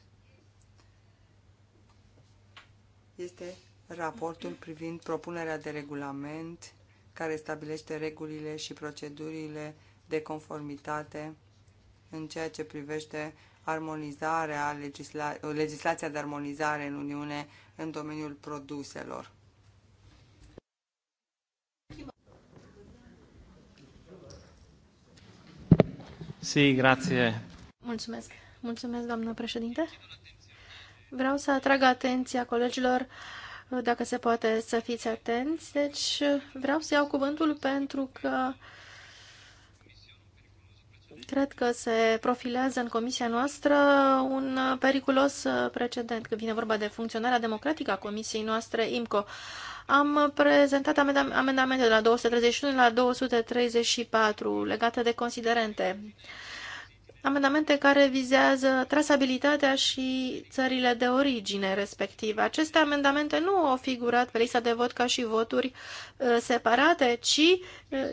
B: este raportul privind propunerea de regulament care stabilește regulile și procedurile de conformitate în ceea ce privește armonizarea, legisla- legislația de armonizare în Uniune în domeniul produselor.
A: Si, grație. Mulțumesc. Mulțumesc, doamnă președinte. Vreau să atrag atenția colegilor, dacă se poate să fiți atenți. Deci, vreau să iau cuvântul pentru că uh, cred că se profilează în comisia noastră un periculos precedent când vine vorba de funcționarea democratică a comisiei noastre IMCO. Am prezentat amendamente de la 231 la 234 legate de considerente. Amendamente care vizează trasabilitatea și țările de origine respective. Aceste amendamente nu au figurat pe lista de vot ca și voturi uh, separate, ci, uh,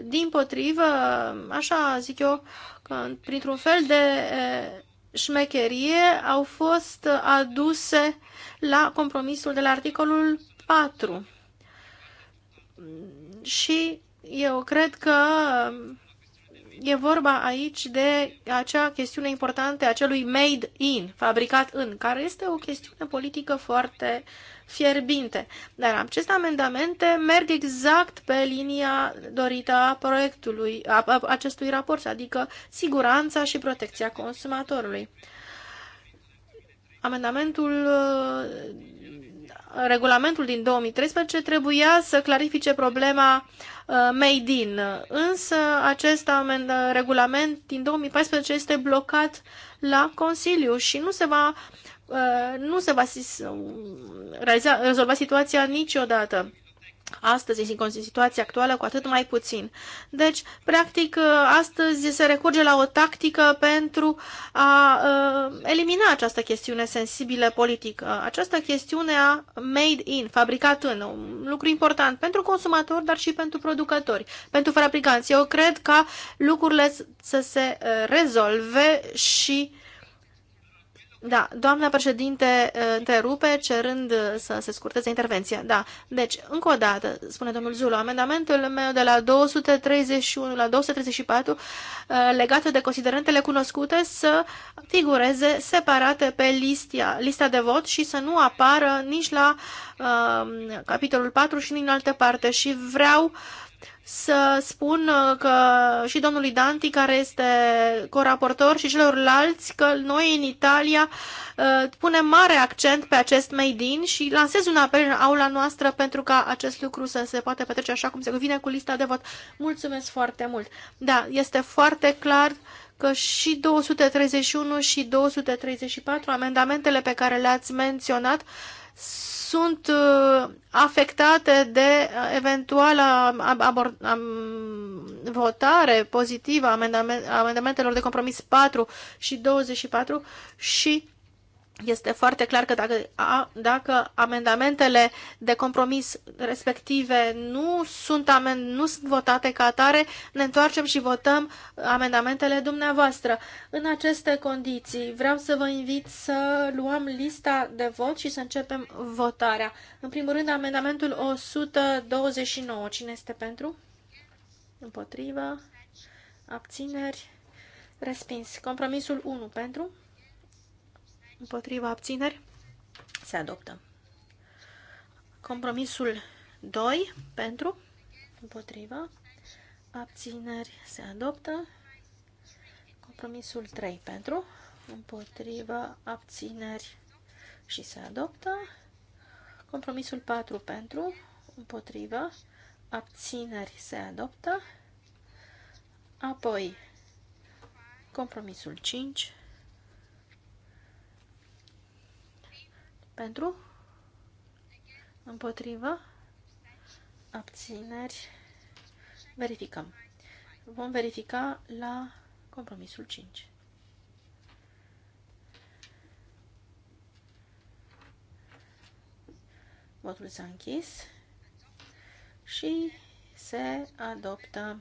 A: din potrivă, așa zic eu, că printr-un fel de șmecherie au fost aduse la compromisul de la articolul 4. Și eu cred că e vorba aici de acea chestiune importantă a acelui made in, fabricat în, care este o chestiune politică foarte fierbinte. Dar aceste amendamente merg exact pe linia dorită a proiectului, a, a acestui raport, adică siguranța și protecția consumatorului. Amendamentul regulamentul din 2013 trebuia să clarifice problema uh, made in, însă acest amend, uh, regulament din 2014 este blocat la Consiliu și nu se va, uh, nu se va rezolva situația niciodată astăzi, în situația actuală, cu atât mai puțin. Deci, practic, ă, astăzi se recurge la o tactică pentru a ă, elimina această chestiune sensibilă politică, această chestiune a made in, fabricat în, un lucru important pentru consumatori, dar și pentru producători, pentru fabricanți. Eu cred că lucrurile să se ă, rezolve și uh, da, doamna președinte eh, rupe cerând eh, să se scurteze intervenția. Da, deci, încă o dată, spune domnul Zulu, amendamentul meu de la 231 la 234 eh, legat de considerentele cunoscute să figureze separate pe listia, lista de vot și să nu apară nici la uh, capitolul 4 și din altă parte și vreau uh, să spun uh, că și domnului Danti, care este coraportor, și celorlalți, că noi în Italia uh, punem mare accent pe acest made in și lansez un apel în aula noastră pentru ca acest lucru să se poate petrece așa cum se cuvine cu lista de vot. Mulțumesc foarte mult! Da, este foarte clar că și 231 și 234, amendamentele pe care le-ați menționat, sunt uh, afectate de uh, eventuala votare pozitivă a amendamentelor de compromis 4 și 24 și este foarte clar că dacă, a, dacă amendamentele de compromis respective nu sunt, amen, nu sunt votate ca atare, ne întoarcem și votăm amendamentele dumneavoastră. În aceste condiții vreau să vă invit să luăm lista de vot și să începem votarea. În primul rând, amendamentul 129. Cine este pentru? Împotrivă? Abțineri? Respins. Compromisul 1 pentru? împotriva abțineri, se adoptă. Compromisul 2 pentru, împotriva, abțineri, se adoptă. Compromisul 3 pentru, împotriva, abțineri și se adoptă. Compromisul 4 pentru, împotriva, abțineri se adoptă. Apoi, compromisul 5 Pentru? Împotrivă? Abțineri? Verificăm. Vom verifica la compromisul 5. Votul s-a închis și se adoptă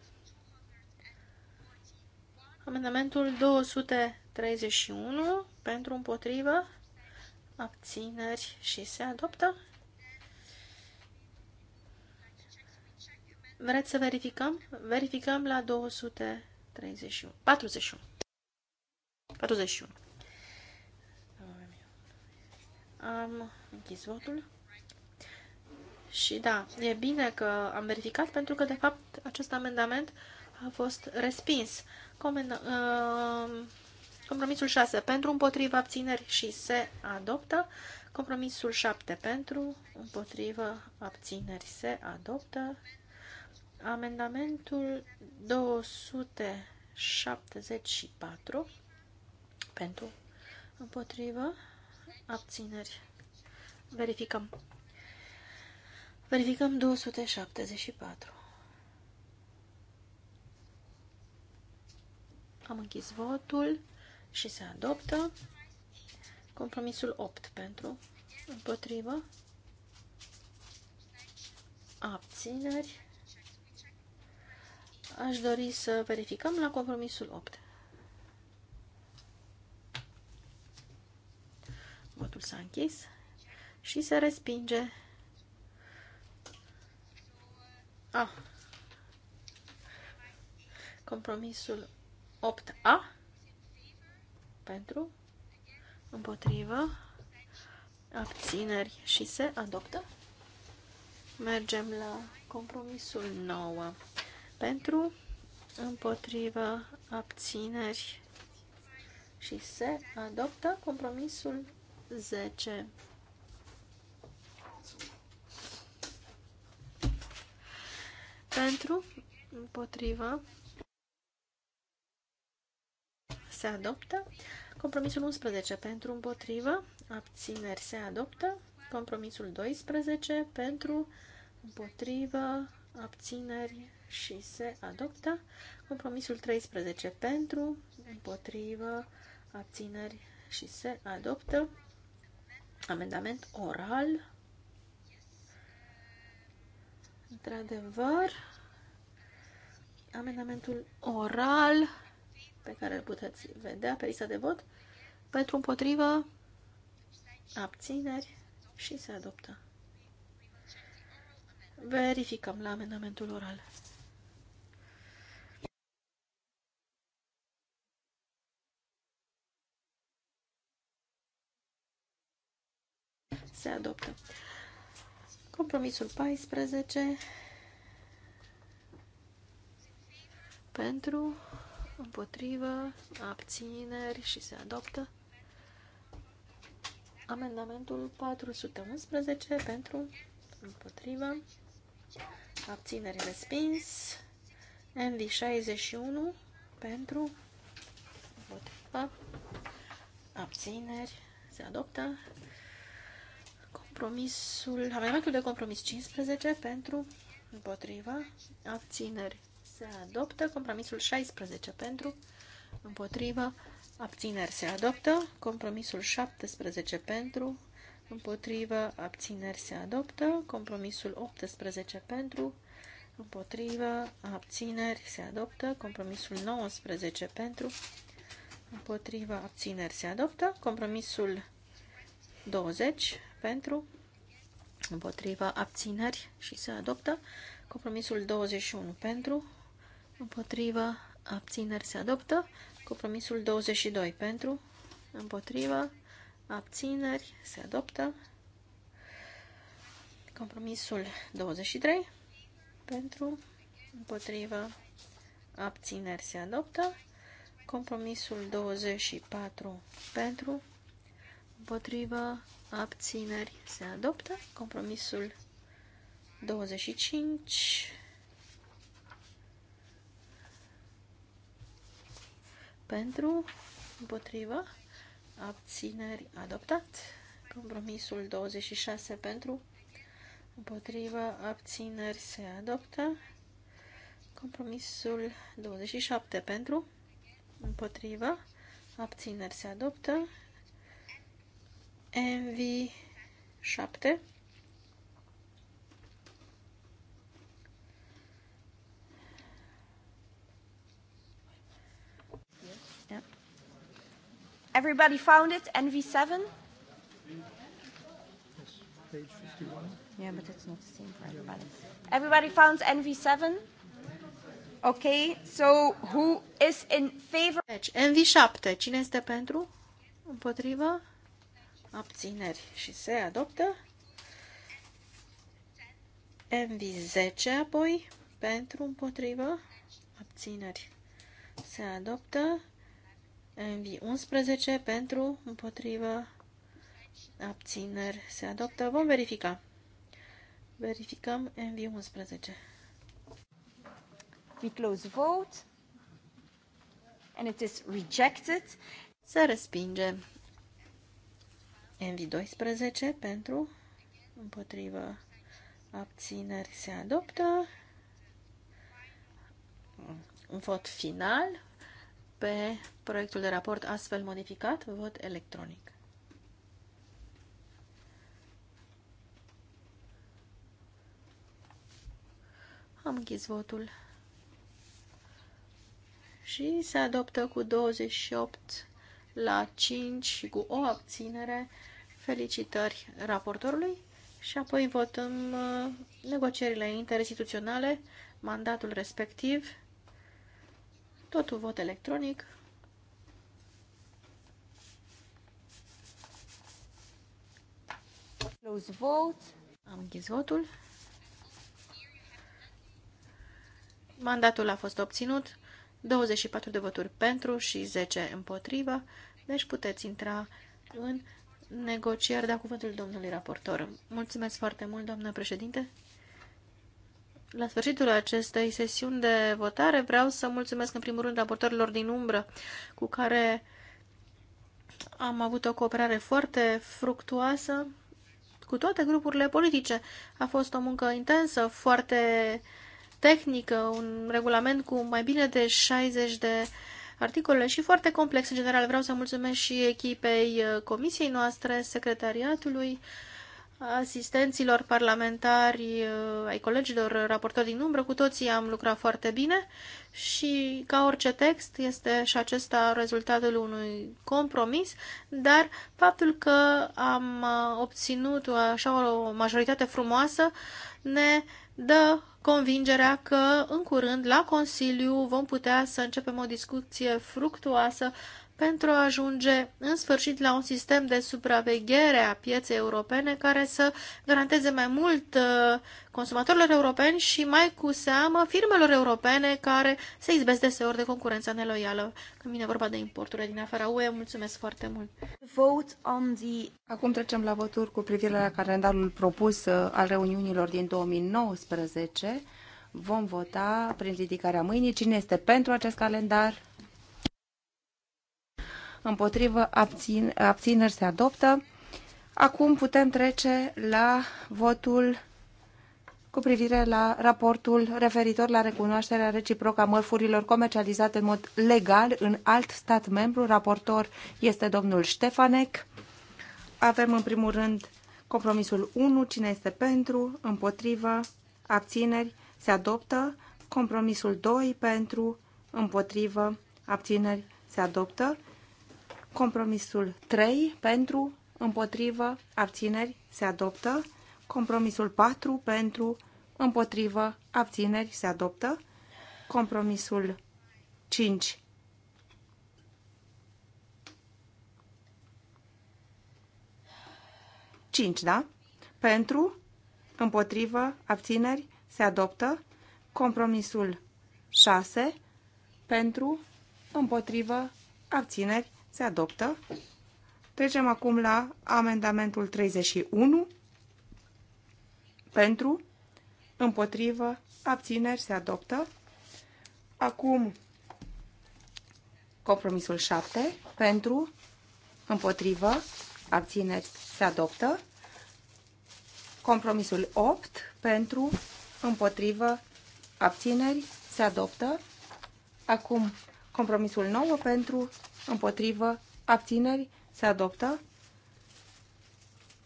A: amendamentul 231 pentru împotrivă abțineri și se adoptă. Vreți să verificăm? Verificăm la 231. 41. 41. Am închis votul. Și da, e bine că am verificat pentru că, de fapt, acest amendament a fost respins. Comenda uh, Compromisul 6 pentru, împotriva abțineri și se adoptă. Compromisul 7 pentru, împotriva abțineri se adoptă. Amendamentul 274 pentru, împotriva abțineri. Verificăm. Verificăm 274. Am închis votul și se adoptă. Compromisul 8 pentru, împotrivă, abțineri. Aș dori să verificăm la compromisul 8. Votul s-a închis și se respinge. ah. Compromisul 8A pentru, împotrivă, abțineri și se adoptă. Mergem la compromisul 9. Pentru, împotrivă, abțineri și se adoptă compromisul 10. Pentru, împotrivă, se adoptă. Compromisul 11 pentru împotrivă, abțineri se adoptă. Compromisul 12 pentru împotrivă, abțineri și se adoptă. Compromisul 13 pentru împotrivă, abțineri și se adoptă. Amendament oral. Într-adevăr, amendamentul oral pe care îl puteți vedea pe lista de vot. Pentru împotrivă, abțineri și se adoptă. Verificăm la amendamentul oral. Se adoptă. Compromisul 14 pentru împotrivă, abțineri și se adoptă. Amendamentul 411 pentru, împotrivă, abțineri respins. mv 61 pentru, împotrivă, abțineri, se adoptă. Compromisul, amendamentul de compromis 15 pentru, împotrivă, abțineri, se adoptă. Compromisul 16 pentru, împotrivă, abțineri se adoptă. Compromisul 17 pentru, împotrivă, abțineri se adoptă. Compromisul 18 pentru, împotrivă, abțineri se adoptă. Compromisul 19 pentru, împotrivă, abțineri se adoptă. Compromisul 20 pentru, împotriva abțineri și se adoptă compromisul 21 pentru, împotriva, abțineri se adoptă. Compromisul 22 pentru, împotriva, abțineri se adoptă. Compromisul 23 pentru, împotriva, abțineri se adoptă. Compromisul 24 pentru, împotriva, abțineri se adoptă. Compromisul 25 pentru, împotriva, abțineri, adoptat. Compromisul 26 pentru, împotriva, abțineri, se adoptă. Compromisul 27 pentru, împotriva, abțineri, se adoptă. MV 7
C: Everybody found it? NV7?
B: Page 51.
C: Yeah, but it's not the
B: same
A: for everybody.
C: Everybody found NV7? Okay, so
A: who is in favor? Deci, NV7, cine este pentru? Împotrivă? Abțineri și se adoptă. NV10 apoi, pentru, împotrivă, abțineri. Se adoptă. MV11 pentru, împotrivă, abțineri se adoptă. Vom verifica. Verificăm MV11. We close vote and it is rejected. Se respinge. MV12 pentru, împotrivă, abțineri se adoptă. Un vot final pe proiectul de raport astfel modificat, vot electronic. Am închis votul. Și se adoptă cu 28 la 5 și cu o abținere. Felicitări raportorului. Și apoi votăm uh, negocierile interinstituționale, mandatul respectiv. Totul vot electronic. Close vote. Am închis votul. Mandatul a fost obținut. 24 de voturi pentru și 10 împotrivă. Deci puteți intra în negocieri, da cuvântul domnului raportor. Mulțumesc foarte mult, doamnă președinte. La sfârșitul acestei sesiuni de votare vreau să mulțumesc în primul rând raportorilor din umbră cu care am avut o cooperare foarte fructuoasă cu toate grupurile politice. A fost o muncă intensă, foarte tehnică, un regulament cu mai bine de 60 de articole și foarte complex în general. Vreau să mulțumesc și echipei uh, comisiei noastre, secretariatului, asistenților parlamentari, uh, ai colegilor raportori din umbră, cu toții am lucrat foarte bine și ca orice text este și acesta rezultatul unui compromis, dar faptul că am uh, obținut așa o majoritate frumoasă ne dă convingerea că în curând la Consiliu vom putea să începem o discuție fructuoasă pentru a ajunge în sfârșit la un sistem de supraveghere a pieței europene care să garanteze mai mult uh, consumatorilor europeni și mai cu seamă firmelor europene care se izbesc deseori de concurența neloială când vine vorba de importurile din afara UE. Mulțumesc foarte mult!
C: Vote on the... Acum trecem la voturi cu privire la calendarul propus uh, al reuniunilor din 2019. Vom vota prin ridicarea mâinii. Cine este pentru acest calendar? împotrivă, abțin, abțineri se adoptă. Acum putem trece la votul cu privire la raportul referitor la recunoașterea reciprocă a mărfurilor comercializate în mod legal în alt stat membru. Raportor este domnul Ștefanec. Avem în primul rând compromisul 1, cine este pentru, împotrivă, abțineri, se adoptă. Compromisul 2, pentru, împotrivă, abțineri, se adoptă. Compromisul 3 pentru, împotrivă, abțineri se adoptă. Compromisul 4 pentru, împotrivă, abțineri se adoptă. Compromisul 5 Cinci, da? Pentru, împotrivă, abțineri, se adoptă. Compromisul 6, pentru, împotrivă, abțineri, se adoptă. Trecem acum la amendamentul 31. Pentru, împotrivă, abțineri, se adoptă. Acum, compromisul 7. Pentru, împotrivă, abțineri, se adoptă. Compromisul 8. Pentru, împotrivă, abțineri, se adoptă. Acum, Compromisul 9 pentru, împotrivă, abțineri, se adoptă.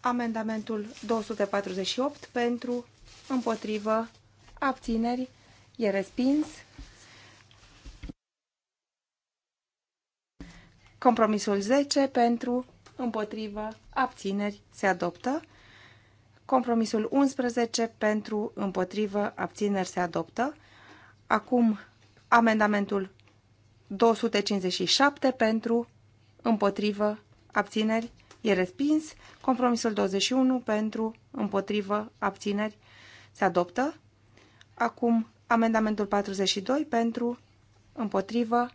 C: Amendamentul 248 pentru, împotrivă, abțineri, e respins. Compromisul 10 pentru, împotrivă, abțineri, se adoptă. Compromisul 11 pentru, împotrivă, abțineri, se adoptă. Acum, amendamentul 257 pentru, împotrivă, abțineri, e respins. Compromisul 21 pentru, împotrivă, abțineri, se adoptă. Acum amendamentul 42 pentru, împotrivă.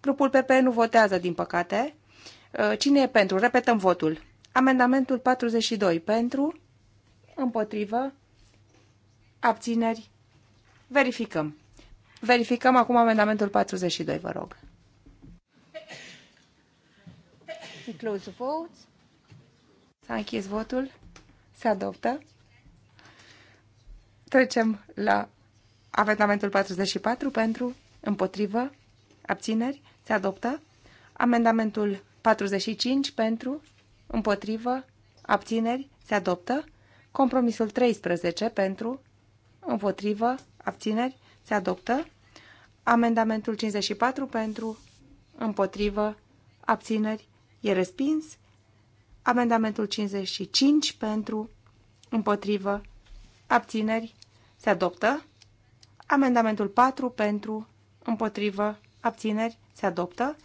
C: Grupul PP nu votează, din păcate. Uh, cine e pentru? Repetăm votul. Amendamentul 42 pentru, împotrivă, abțineri, verificăm. Verificăm acum amendamentul 42, vă rog. S-a închis votul. Se adoptă. Trecem la amendamentul 44 pentru, împotrivă, abțineri, se adoptă. Amendamentul 45 pentru, împotrivă, abțineri, se adoptă. Compromisul 13 pentru, împotrivă, abțineri, se adoptă. Amendamentul 54 pentru, împotrivă, abțineri, e respins. Amendamentul 55 pentru, împotrivă, abțineri, se adoptă. Amendamentul 4 pentru, împotrivă, abțineri, se adoptă.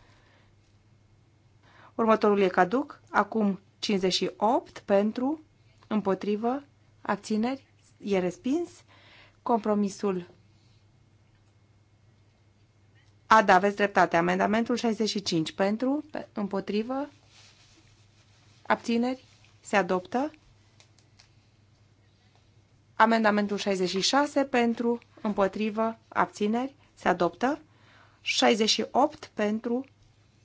C: Următorul e caduc, acum 58 pentru, împotrivă, abțineri, e respins. Compromisul a, da, aveți dreptate. Amendamentul 65 pentru, împotrivă, abțineri, se adoptă. Amendamentul 66 pentru, împotrivă, abțineri, se adoptă. 68 pentru,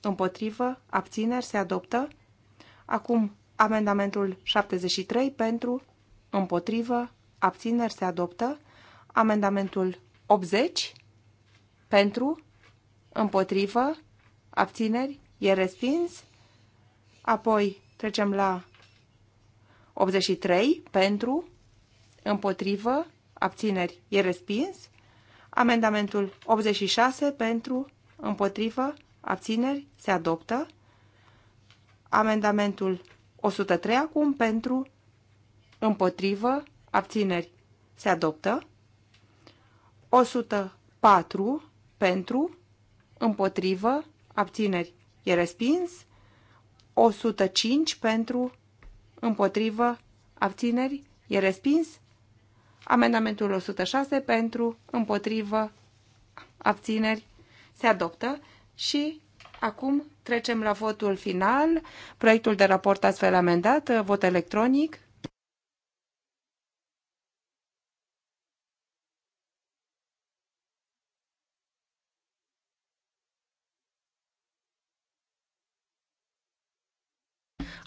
C: împotrivă, abțineri, se adoptă. Acum, amendamentul 73 pentru, împotrivă, abțineri, se adoptă. Amendamentul 80 pentru, Împotrivă? Abțineri? E respins? Apoi trecem la 83. Pentru? Împotrivă? Abțineri? E respins? Amendamentul 86 pentru, împotrivă, abțineri, se adoptă. Amendamentul 103 acum pentru, împotrivă, abțineri, se adoptă. 104 pentru, împotrivă, abțineri, e respins. 105 pentru, împotrivă, abțineri, e respins. Amendamentul 106 pentru, împotrivă, abțineri, se adoptă și acum trecem la votul final. Proiectul de raport astfel amendat, vot electronic.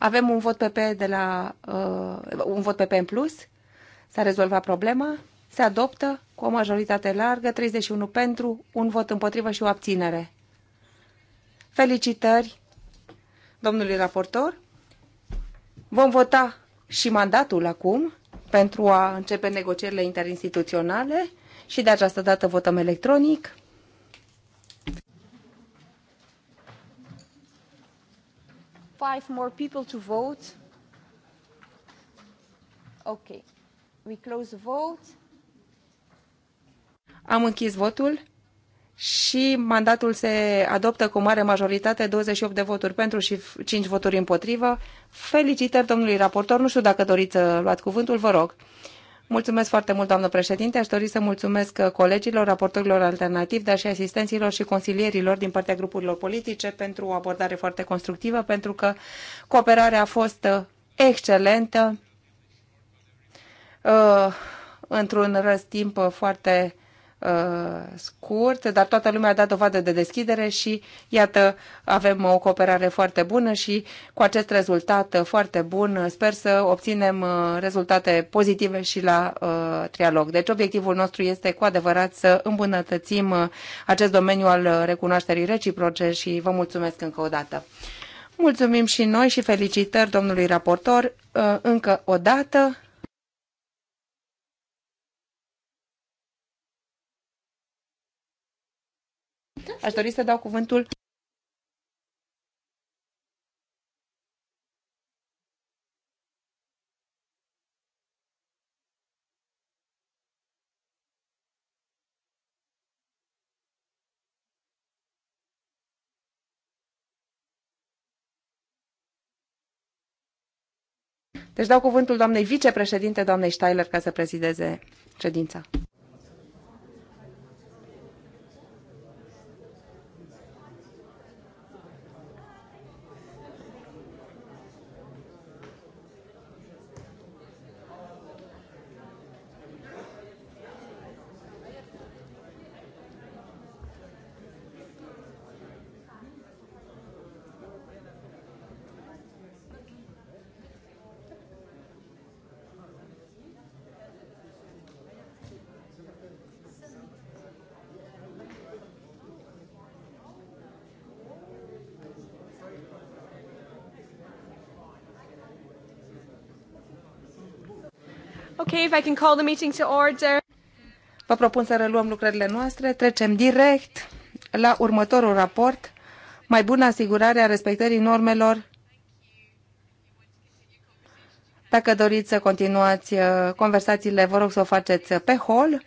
C: Avem un vot PP de la uh, un vot PP în plus. S-a rezolvat problema. Se adoptă cu o majoritate largă, 31 pentru, un vot împotrivă și o abținere. Felicitări domnului raportor. Vom vota și mandatul acum pentru a începe negocierile interinstituționale și de această dată votăm electronic. five more people to vote. Okay. We close the vote. Am închis votul și mandatul se adoptă cu mare majoritate, 28 de voturi pentru și 5 voturi împotrivă. Felicitări domnului raportor, nu știu dacă doriți să luați cuvântul, vă rog. Mulțumesc foarte mult, doamnă președinte. Aș dori să mulțumesc uh, colegilor, raportorilor alternativi, dar și asistenților și consilierilor din partea grupurilor politice pentru o abordare foarte constructivă, pentru că cooperarea a fost uh, excelentă uh, într-un răstimp foarte Uh, scurt, dar toată lumea a dat dovadă de deschidere și iată, avem o cooperare foarte bună și cu acest rezultat foarte bun sper să obținem uh, rezultate pozitive și la uh, trialog. Deci obiectivul nostru este cu adevărat să îmbunătățim uh, acest domeniu al recunoașterii reciproce și vă mulțumesc încă o dată. Mulțumim și noi și felicitări domnului raportor încă o dată. Aș dori să dau cuvântul Deci dau cuvântul doamnei vicepreședinte, doamnei Steiler, ca să prezideze ședința. me I can call the meeting to order. Vă propun să reluăm lucrările noastre. Trecem direct la următorul raport. Mai bună asigurare a respectării normelor. Dacă doriți să continuați uh, conversațiile, vă rog să o faceți uh, pe hol.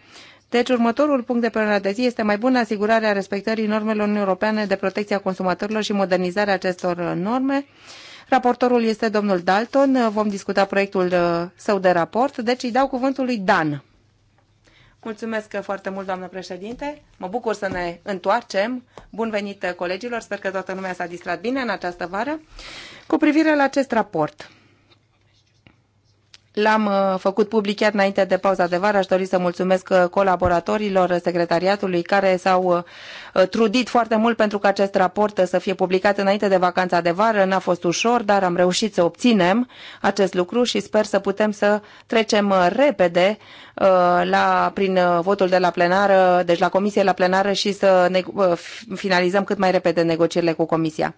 C: Deci, următorul punct de pe de zi este mai bună asigurare a respectării normelor europene de protecție a consumatorilor și modernizarea acestor uh, norme. Uh, Raportorul este domnul Dalton. Vom discuta proiectul uh, său de raport, deci îi dau cuvântul lui Dan. Mulțumesc foarte mult, doamnă președinte. Mă bucur să ne întoarcem. Bun venit colegilor. Sper că toată lumea s-a distrat bine în această vară. Cu privire la acest raport, L-am uh, făcut public chiar înainte de pauza de vară. Aș dori să mulțumesc uh, colaboratorilor uh, secretariatului care s-au trudit foarte mult pentru că acest raport să fie publicat înainte de vacanța de vară. N-a fost ușor, dar am reușit să obținem acest lucru și sper să putem să trecem repede la, prin votul de la plenară, deci la comisie la plenară și să finalizăm cât mai repede negocierile cu comisia.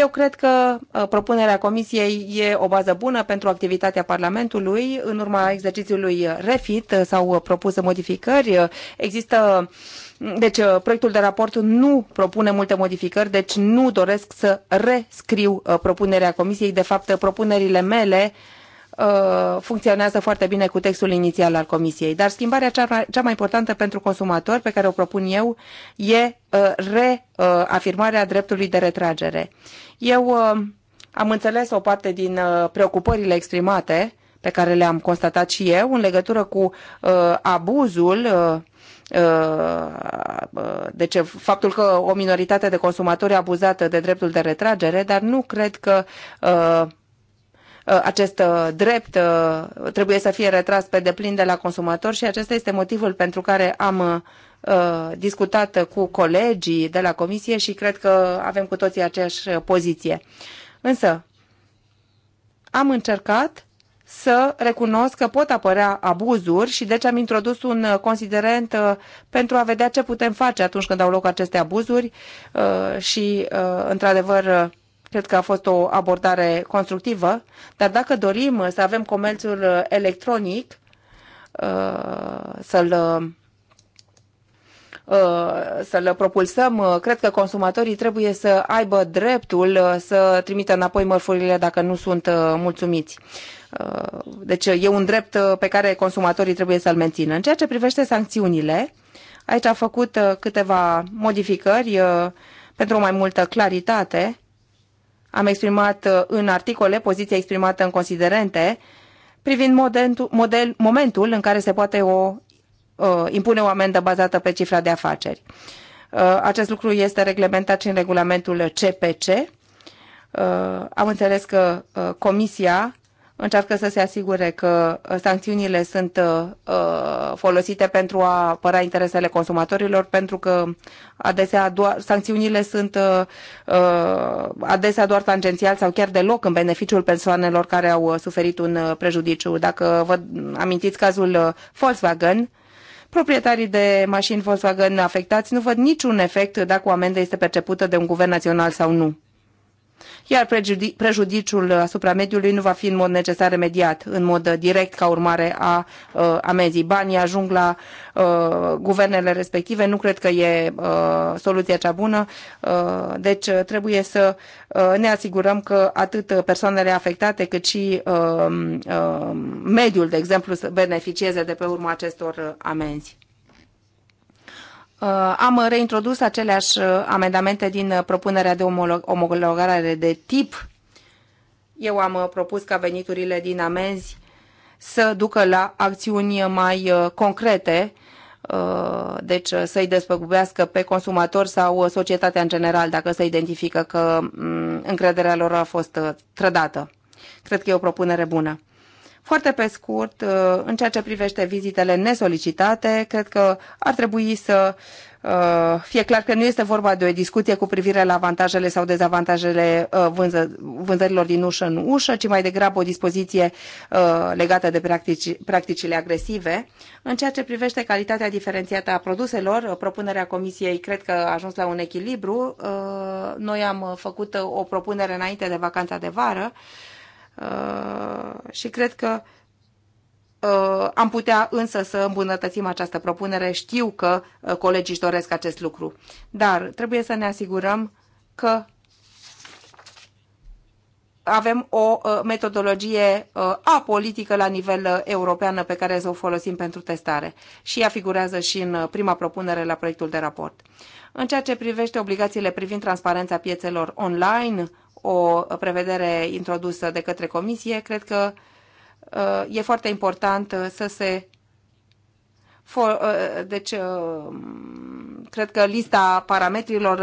C: Eu cred că uh, propunerea Comisiei e o bază bună pentru activitatea Parlamentului. În urma exercițiului REFIT uh, s-au uh, propus modificări. Există mm, deci, proiectul de raport nu propune multe modificări, deci nu doresc să rescriu propunerea Comisiei. De fapt, propunerile mele uh, Uh, funcționează foarte bine cu textul inițial al Comisiei. Dar schimbarea cea mai, cea mai importantă pentru consumator, pe care o propun eu, e uh, reafirmarea uh, dreptului de retragere. Eu am înțeles o parte din preocupările exprimate pe care le-am constatat și eu în legătură cu abuzul deci faptul că o minoritate de consumatori abuzată de dreptul de retragere, dar nu cred că Uh, acest uh, drept uh, trebuie să fie retras pe deplin de la consumator și acesta este motivul pentru care am discutat cu colegii de la comisie și cred că avem cu toții aceeași poziție. Însă, am încercat să recunosc că pot apărea abuzuri și deci am introdus un considerent pentru a vedea ce putem face atunci când au loc aceste abuzuri și, într-adevăr, Cred că a fost o abordare constructivă, dar dacă dorim să avem comerțul uh, electronic, uh, să-l uh, să-l propulsăm, cred că consumatorii trebuie să aibă dreptul să trimită înapoi mărfurile dacă nu sunt mulțumiți. Deci e un drept pe care consumatorii trebuie să-l mențină. În ceea ce privește sancțiunile, aici a făcut câteva modificări pentru o mai multă claritate am exprimat uh, în articole poziția exprimată în considerente privind modentul, model, momentul în care se poate o, uh, impune o amendă bazată pe cifra de afaceri. Uh, acest lucru este reglementat și în regulamentul CPC. Uh, am înțeles că uh, Comisia încearcă să se asigure că uh, sancțiunile sunt uh, uh, folosite pentru a apăra interesele consumatorilor, pentru că adesea doar, sancțiunile sunt adesea doar tangențial sau chiar deloc în beneficiul persoanelor care au suferit un prejudiciu. Dacă vă amintiți cazul Volkswagen, Proprietarii de mașini Volkswagen afectați nu văd niciun efect dacă o amendă este percepută de un guvern național sau nu iar prejudiciul asupra mediului nu va fi în mod necesar remediat, în mod uh, direct ca urmare a uh, amenzii. Banii ajung la uh, guvernele respective, nu cred că e soluția cea bună, deci trebuie să ne asigurăm că atât persoanele afectate cât și mediul, de exemplu, să beneficieze de pe urma acestor amenzi. Uh, am reintrodus aceleași uh, amendamente din uh, propunerea de omologare de tip. Eu am propus ca veniturile din amenzi să ducă la acțiuni mai concrete, deci să-i despăgubească pe consumator sau societatea în general dacă se identifică că mm, încrederea lor a fost trădată. Cred că e o propunere bună. Foarte pe scurt, uh, în ceea ce privește vizitele nesolicitate, cred că ar trebui să uh, fie clar că nu este vorba de o discuție cu privire la avantajele sau dezavantajele uh, vânză, vânzărilor din ușă în ușă, ci mai degrabă o dispoziție legată de practici, practicile agresive. În ceea ce privește calitatea diferențiată a produselor, propunerea Comisiei cred că a ajuns la un echilibru. Noi am făcut o propunere înainte de vacanța de vară Uh, și cred că uh, am putea însă să îmbunătățim această propunere. Știu că uh, colegii își doresc acest lucru, dar trebuie să ne asigurăm că avem o metodologie apolitică la nivel european pe care să o folosim pentru testare și ea figurează și în prima propunere la proiectul de raport. În ceea ce privește obligațiile privind transparența piețelor online, o prevedere introdusă de către comisie, cred că uh, e foarte important uh, să se For, uh, deci, cred că lista parametrilor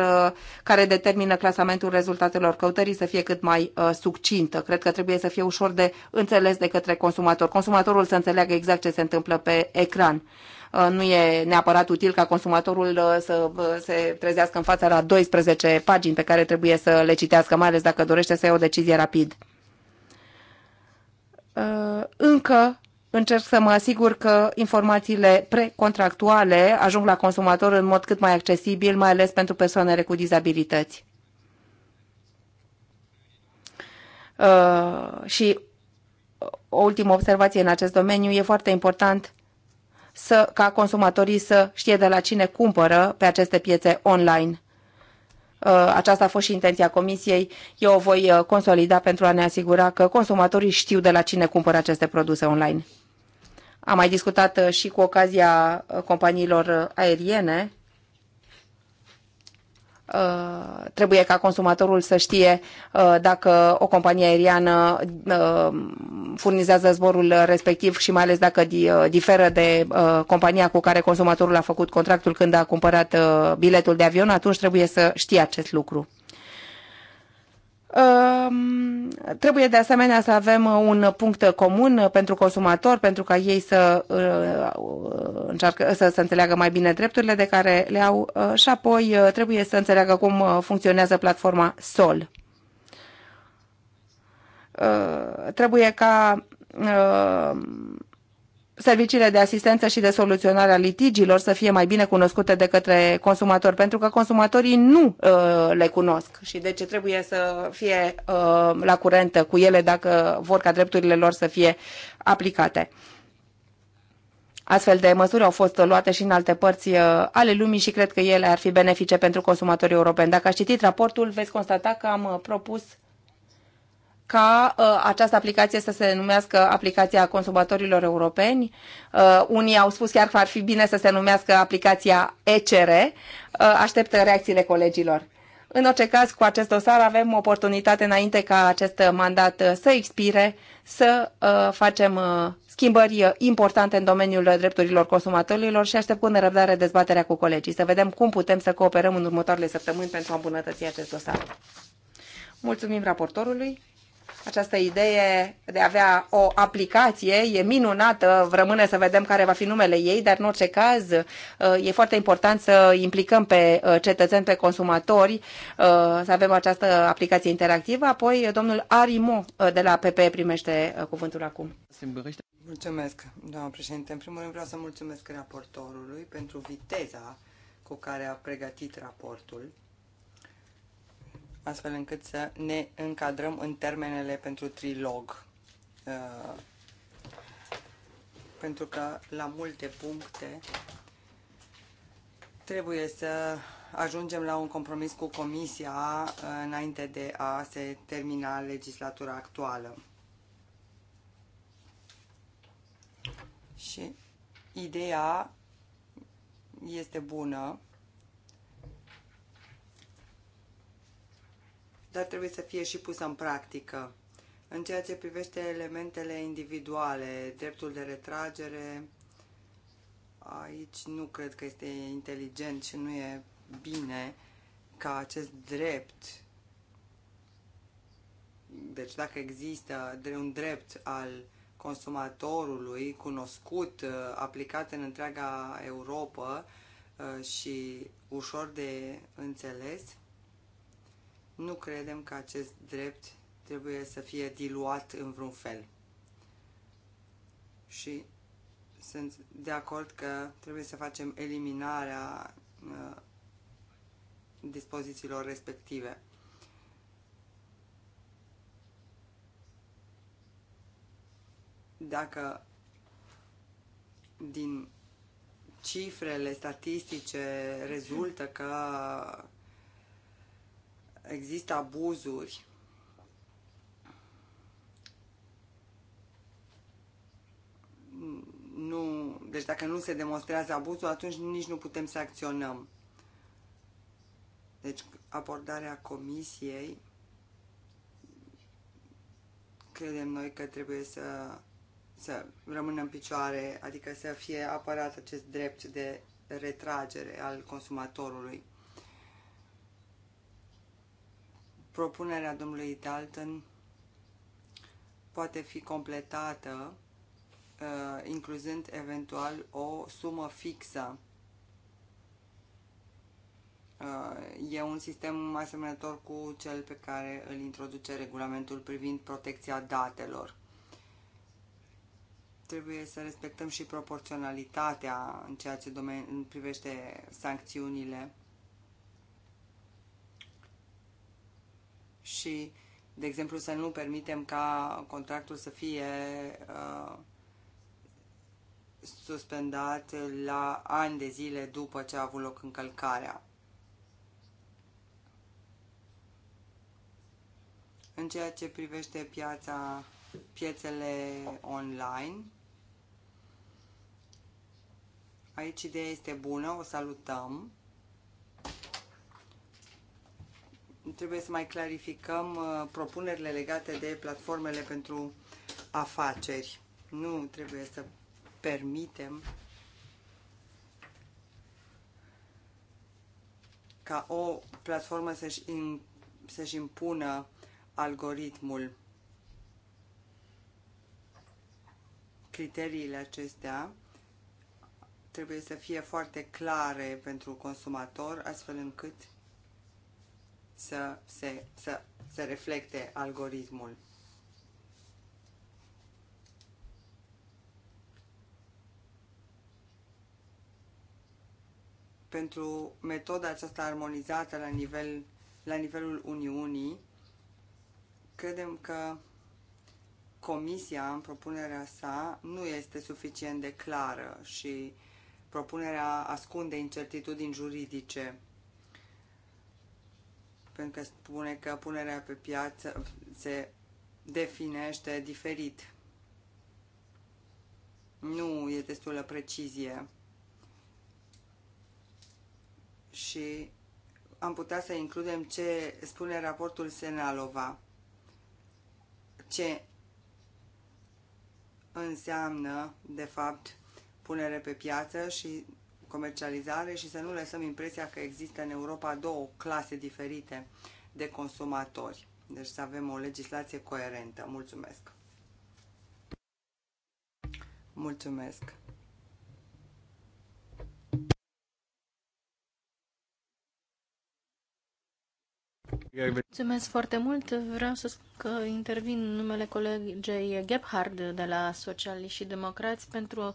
C: care determină clasamentul rezultatelor căutării să fie cât mai succintă. Cred că trebuie să fie ușor de înțeles de către consumator. Consumatorul să înțeleagă exact ce se întâmplă pe ecran. Uh, nu e neapărat util ca consumatorul uh, să uh, se trezească în fața la 12 pagini pe care trebuie să le citească, mai ales dacă dorește să ia o decizie rapid. Încă încerc să mă asigur că informațiile precontractuale ajung la consumator în mod cât mai accesibil, mai ales pentru persoanele cu dizabilități. Uh, și o ultimă observație în acest domeniu, e foarte important să, ca consumatorii să știe de la cine cumpără pe aceste piețe online. Uh, aceasta a fost și intenția comisiei. Eu o voi uh, consolida pentru a ne asigura că consumatorii știu de la cine cumpără aceste produse online. Am mai discutat uh, și cu ocazia companiilor aeriene Uh, trebuie ca consumatorul să știe uh, dacă o companie aeriană uh, furnizează zborul respectiv și mai ales dacă diferă de compania cu care consumatorul a făcut contractul când a cumpărat biletul de avion, atunci trebuie să știe acest lucru. Trebuie de asemenea să avem uh, un punct comun uh, pentru consumator, pentru ca ei să, uh, încearcă, să, să înțeleagă mai bine drepturile de care le au și apoi trebuie să înțeleagă cum funcționează platforma SOL. Trebuie ca serviciile de asistență și de soluționare a litigiilor să fie mai bine cunoscute de către consumatori, pentru că consumatorii nu uh, le cunosc și de deci trebuie să fie uh, la curent cu ele dacă vor ca drepturile lor să fie aplicate. Astfel de măsuri au fost luate și în alte părți uh, ale lumii și cred că ele ar fi benefice pentru consumatorii europeni. Dacă ați citit raportul, veți constata că am uh, propus ca uh, această aplicație să se numească aplicația consumatorilor europeni. Uh, unii au spus chiar că ar fi bine să se numească aplicația ECR. Uh, așteptă reacțiile colegilor. În orice caz, cu acest dosar avem oportunitate înainte ca acest mandat uh, să expire, să uh, facem uh, schimbări importante în domeniul drepturilor consumatorilor și aștept cu nerăbdare dezbaterea cu colegii, să vedem cum putem să cooperăm în următoarele săptămâni pentru a îmbunătăți acest dosar. Mulțumim raportorului. Această idee de a avea o aplicație e minunată, rămâne să vedem care va fi numele ei, dar în orice caz uh, e foarte important să implicăm pe uh, cetățeni, pe consumatori, uh, să avem această aplicație interactivă. Apoi domnul Arimo de la PP primește cuvântul acum.
B: Mulțumesc, doamnă președinte. În primul rând vreau să mulțumesc raportorului pentru viteza cu care a pregătit raportul astfel încât să ne încadrăm în termenele pentru trilog. Uh, pentru că la multe puncte trebuie să ajungem la un compromis cu Comisia uh, înainte de a se termina legislatura actuală. Și ideea este bună dar trebuie să fie și pusă în practică. În ceea ce privește elementele individuale, dreptul de retragere, aici nu cred că este inteligent și nu e bine ca acest drept deci dacă există un drept al consumatorului cunoscut, uh, aplicat în întreaga Europa uh, și ușor de înțeles, nu credem că acest drept trebuie să fie diluat în vreun fel. Și sunt de acord că trebuie să facem eliminarea uh, dispozițiilor respective. Dacă din cifrele statistice rezultă că există abuzuri nu, deci dacă nu se demonstrează abuzul, atunci nici nu putem să acționăm. Deci abordarea comisiei credem noi că trebuie să, să rămână în picioare, adică să fie apărat acest drept de retragere al consumatorului. propunerea domnului Dalton poate fi completată uh, incluzând eventual o sumă fixă. Uh, e un sistem asemănător cu cel pe care îl introduce regulamentul privind protecția datelor. Trebuie să respectăm și proporționalitatea în ceea ce domen- privește sancțiunile și, de exemplu, să nu permitem ca contractul să fie uh, suspendat la ani de zile după ce a avut loc încălcarea. În ceea ce privește piața, piețele online, aici ideea este bună, o salutăm. trebuie să mai clarificăm uh, propunerile legate de platformele pentru afaceri. Nu trebuie să permitem ca o platformă să-și, in, să -și impună algoritmul. Criteriile acestea trebuie să fie foarte clare pentru consumator, astfel încât să se, să, să reflecte algoritmul. Pentru metoda aceasta armonizată la, nivel, la nivelul Uniunii, credem că Comisia, în propunerea sa, nu este suficient de clară și propunerea ascunde incertitudini juridice pentru că spune că punerea pe piață se definește diferit. Nu e destulă precizie. Și am putea să includem ce spune raportul Senalova. Ce înseamnă, de fapt, punere pe piață și comercializare și să nu lăsăm impresia că există în Europa două clase diferite de consumatori. Deci să avem o legislație coerentă. Mulțumesc! Mulțumesc!
A: Mulțumesc foarte mult. Vreau să spun că intervin în numele colegei Gebhard de la Socialiști și Democrați pentru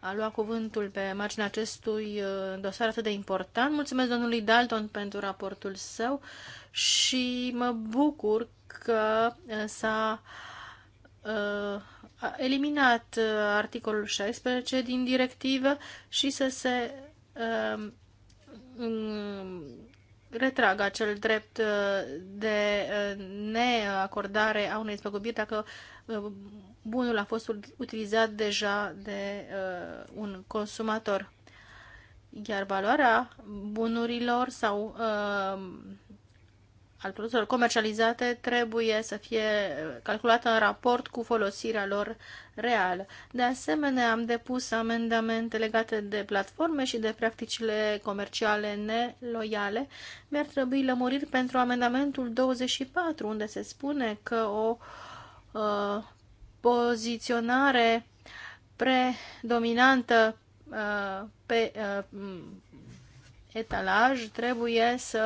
A: a lua cuvântul pe marginea acestui uh, dosar atât de important. Mulțumesc domnului Dalton pentru raportul său și mă bucur că uh, s-a uh, eliminat articolul 16 din directivă și să se retrag acel drept uh, de uh, neacordare a unei spăgubiri dacă uh, bunul a fost utilizat deja de un consumator. Iar valoarea bunurilor sau al produselor comercializate trebuie să fie calculată în raport cu folosirea lor reală. De asemenea, am depus amendamente legate de platforme și de practicile comerciale neloiale. Mi-ar trebui lămuriri pentru amendamentul 24, unde se spune că o uh, poziționare predominantă uh, pe uh, etalaj trebuie să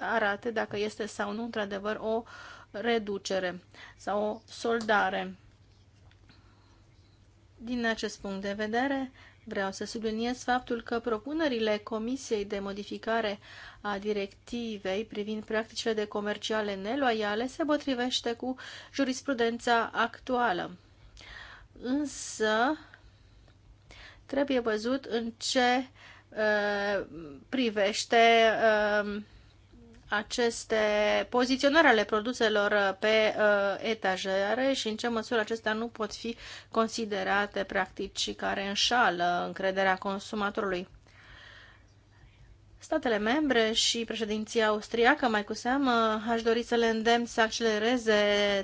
A: arate dacă este sau nu într-adevăr o reducere sau o soldare. Din acest punct de vedere, vreau să subliniez faptul că propunerile Comisiei de modificare a directivei privind practicile de comerciale neloiale se potrivește cu jurisprudența actuală. Însă, trebuie văzut în ce uh, privește uh, aceste poziționări ale produselor pe uh, etajere și în ce măsură acestea nu pot fi considerate practici care înșală încrederea consumatorului. Statele membre și președinția austriacă, mai cu seamă, aș dori să le îndemn să accelereze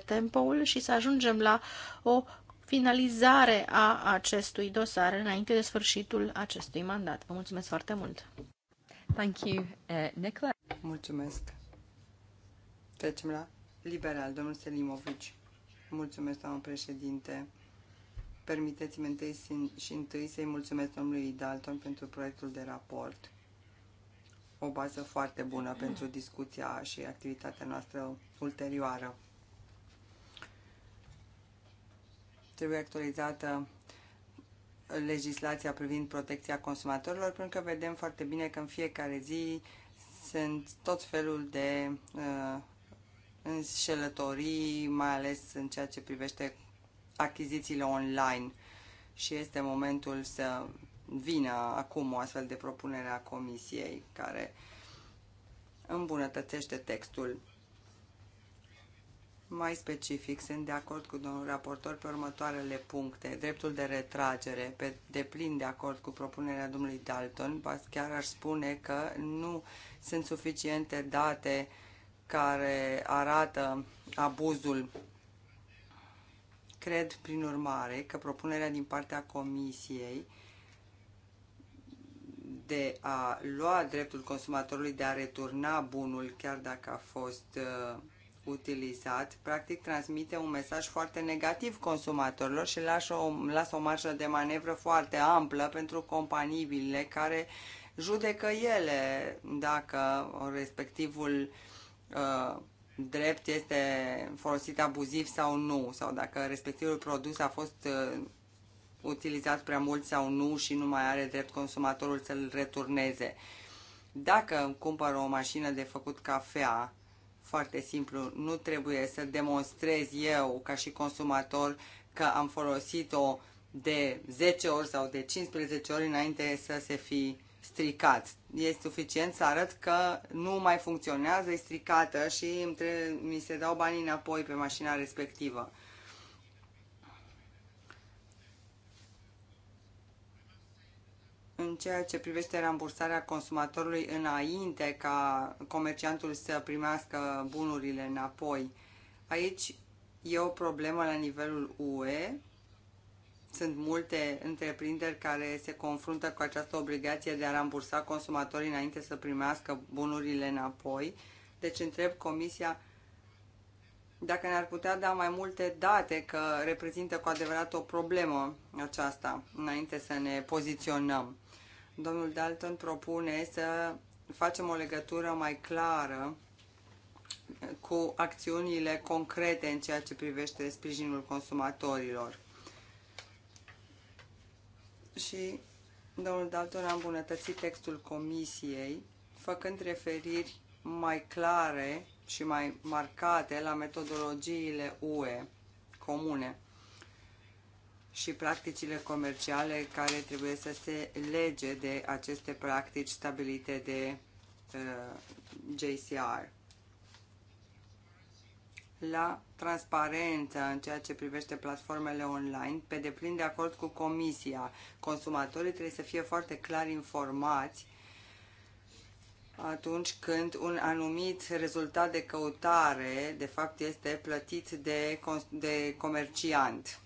A: tempoul și să ajungem la o finalizare a acestui dosar înainte de sfârșitul acestui mandat. Vă mulțumesc foarte mult! Uh, mulțumesc.
B: Trecem la liberal, domnul Selimovici. Mulțumesc, doamnă președinte. Permiteți-mi întâi și întâi să-i mulțumesc domnului Dalton pentru proiectul de raport. O bază foarte bună pentru discuția și activitatea noastră ulterioară. Trebuie actualizată legislația privind protecția consumatorilor, pentru că vedem foarte bine că în fiecare zi sunt tot felul de uh, înșelătorii, mai ales în ceea ce privește achizițiile online. Și este momentul să vină acum o astfel de propunere a Comisiei care îmbunătățește textul. Mai specific, sunt de acord cu domnul raportor pe următoarele puncte. Dreptul de retragere, pe deplin de acord cu propunerea domnului Dalton, chiar aș spune că nu sunt suficiente date care arată abuzul. Cred, prin urmare, că propunerea din partea Comisiei de a lua dreptul consumatorului de a returna bunul, chiar dacă a fost uh, utilizat, practic transmite un mesaj foarte negativ consumatorilor și lasă o, lasă o marjă de manevră foarte amplă pentru companiile care judecă ele dacă respectivul uh, drept este folosit abuziv sau nu, sau dacă respectivul produs a fost uh, utilizat prea mult sau nu și nu mai are drept consumatorul să-l returneze. Dacă cumpăr o mașină de făcut cafea, foarte simplu. Nu trebuie să demonstrez eu, ca și consumator, că am folosit-o de 10 ori sau de 15 ori înainte să se fi stricat. E suficient să arăt că nu mai funcționează, e stricată și mi se dau banii înapoi pe mașina respectivă. ceea ce privește rambursarea consumatorului înainte ca comerciantul să primească bunurile înapoi. Aici e o problemă la nivelul UE. Sunt multe întreprinderi care se confruntă cu această obligație de a rambursa consumatorii înainte să primească bunurile înapoi. Deci întreb Comisia dacă ne-ar putea da mai multe date că reprezintă cu adevărat o problemă aceasta înainte să ne poziționăm. Domnul Dalton propune să facem o legătură mai clară cu acțiunile concrete în ceea ce privește sprijinul consumatorilor. Și domnul Dalton a îmbunătățit textul comisiei, făcând referiri mai clare și mai marcate la metodologiile UE comune și practicile comerciale care trebuie să se lege de aceste practici stabilite de uh, JCR. La transparență în ceea ce privește platformele online, pe deplin de acord cu comisia. Consumatorii trebuie să fie foarte clar informați atunci când un anumit rezultat de căutare, de fapt, este plătit de, de comerciant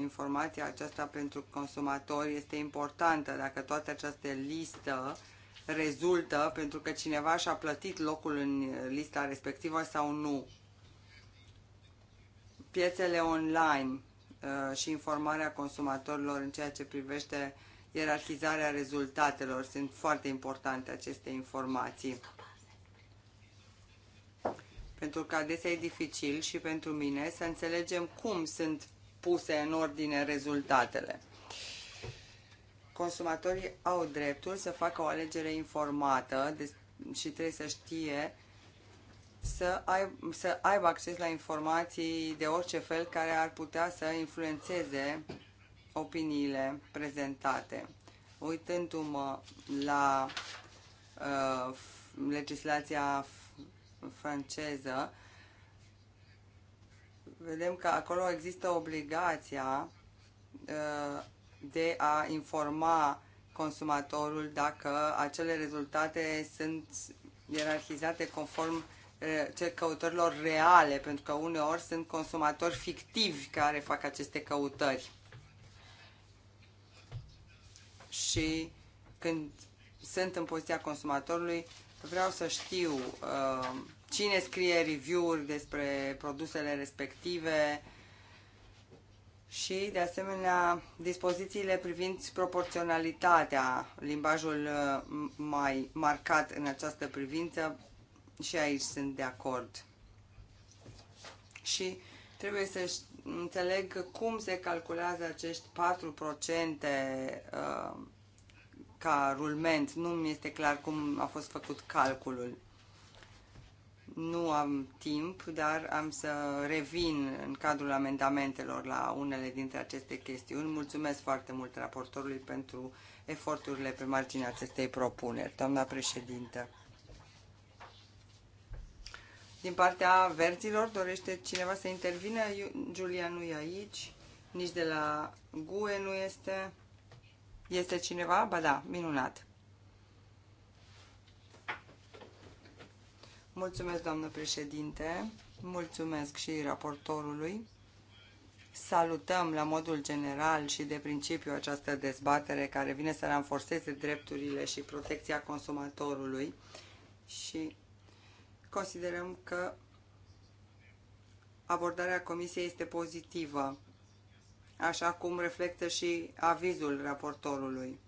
B: informația aceasta pentru consumatori este importantă dacă toată această listă rezultă pentru că cineva și-a plătit locul în lista respectivă sau nu. Piețele online uh, și informarea consumatorilor în ceea ce privește ierarhizarea rezultatelor sunt foarte importante aceste informații pentru că adesea e dificil și pentru mine să înțelegem cum sunt puse în ordine rezultatele. Consumatorii au dreptul să facă o alegere informată și trebuie să știe să, ai, să aibă acces la informații de orice fel care ar putea să influențeze opiniile prezentate. Uitându-mă la uh, legislația franceză, uh, vedem că acolo există obligația uh, de a informa consumatorul dacă acele rezultate sunt ierarhizate conform uh, căutărilor reale, pentru că uneori sunt consumatori fictivi care fac aceste căutări. Și când sunt în poziția consumatorului, vreau să știu uh, cine scrie review-uri despre produsele respective și, de asemenea, dispozițiile privind proporționalitatea, limbajul uh, mai marcat în această privință și aici sunt de acord. Și trebuie să înțeleg cum se calculează acești 4% uh, ca rulment. Nu mi este clar cum a fost făcut calculul. Nu am timp, dar am să revin în cadrul amendamentelor la unele dintre aceste chestiuni. Mulțumesc foarte mult raportorului pentru eforturile pe marginea acestei propuneri. Doamna președintă. Din partea verzilor, dorește cineva să intervină? Julia nu e aici, nici de la GUE nu este. Este cineva? Ba da, minunat. Mulțumesc, doamnă președinte. Mulțumesc și raportorului. Salutăm la modul general și de principiu această dezbatere care vine să ranforceze drepturile și protecția consumatorului și considerăm că abordarea comisiei este pozitivă, așa cum reflectă și avizul raportorului.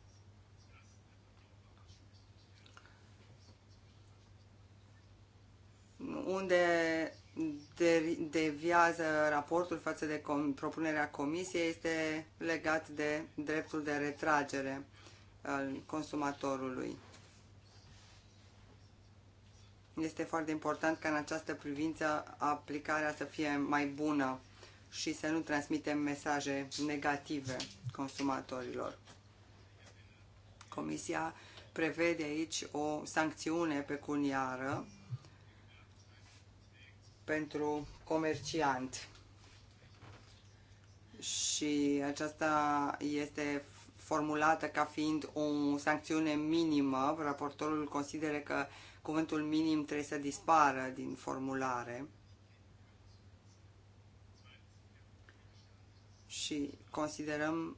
B: unde deviază raportul față de com propunerea comisiei este legat de dreptul de retragere al consumatorului. Este foarte important ca în această privință aplicarea să fie mai bună și să nu transmitem mesaje negative consumatorilor. Comisia prevede aici o sancțiune pecuniară pentru comerciant. Și aceasta este formulată ca fiind o sancțiune minimă. Raportorul consideră că cuvântul minim trebuie să dispară din formulare. Și considerăm,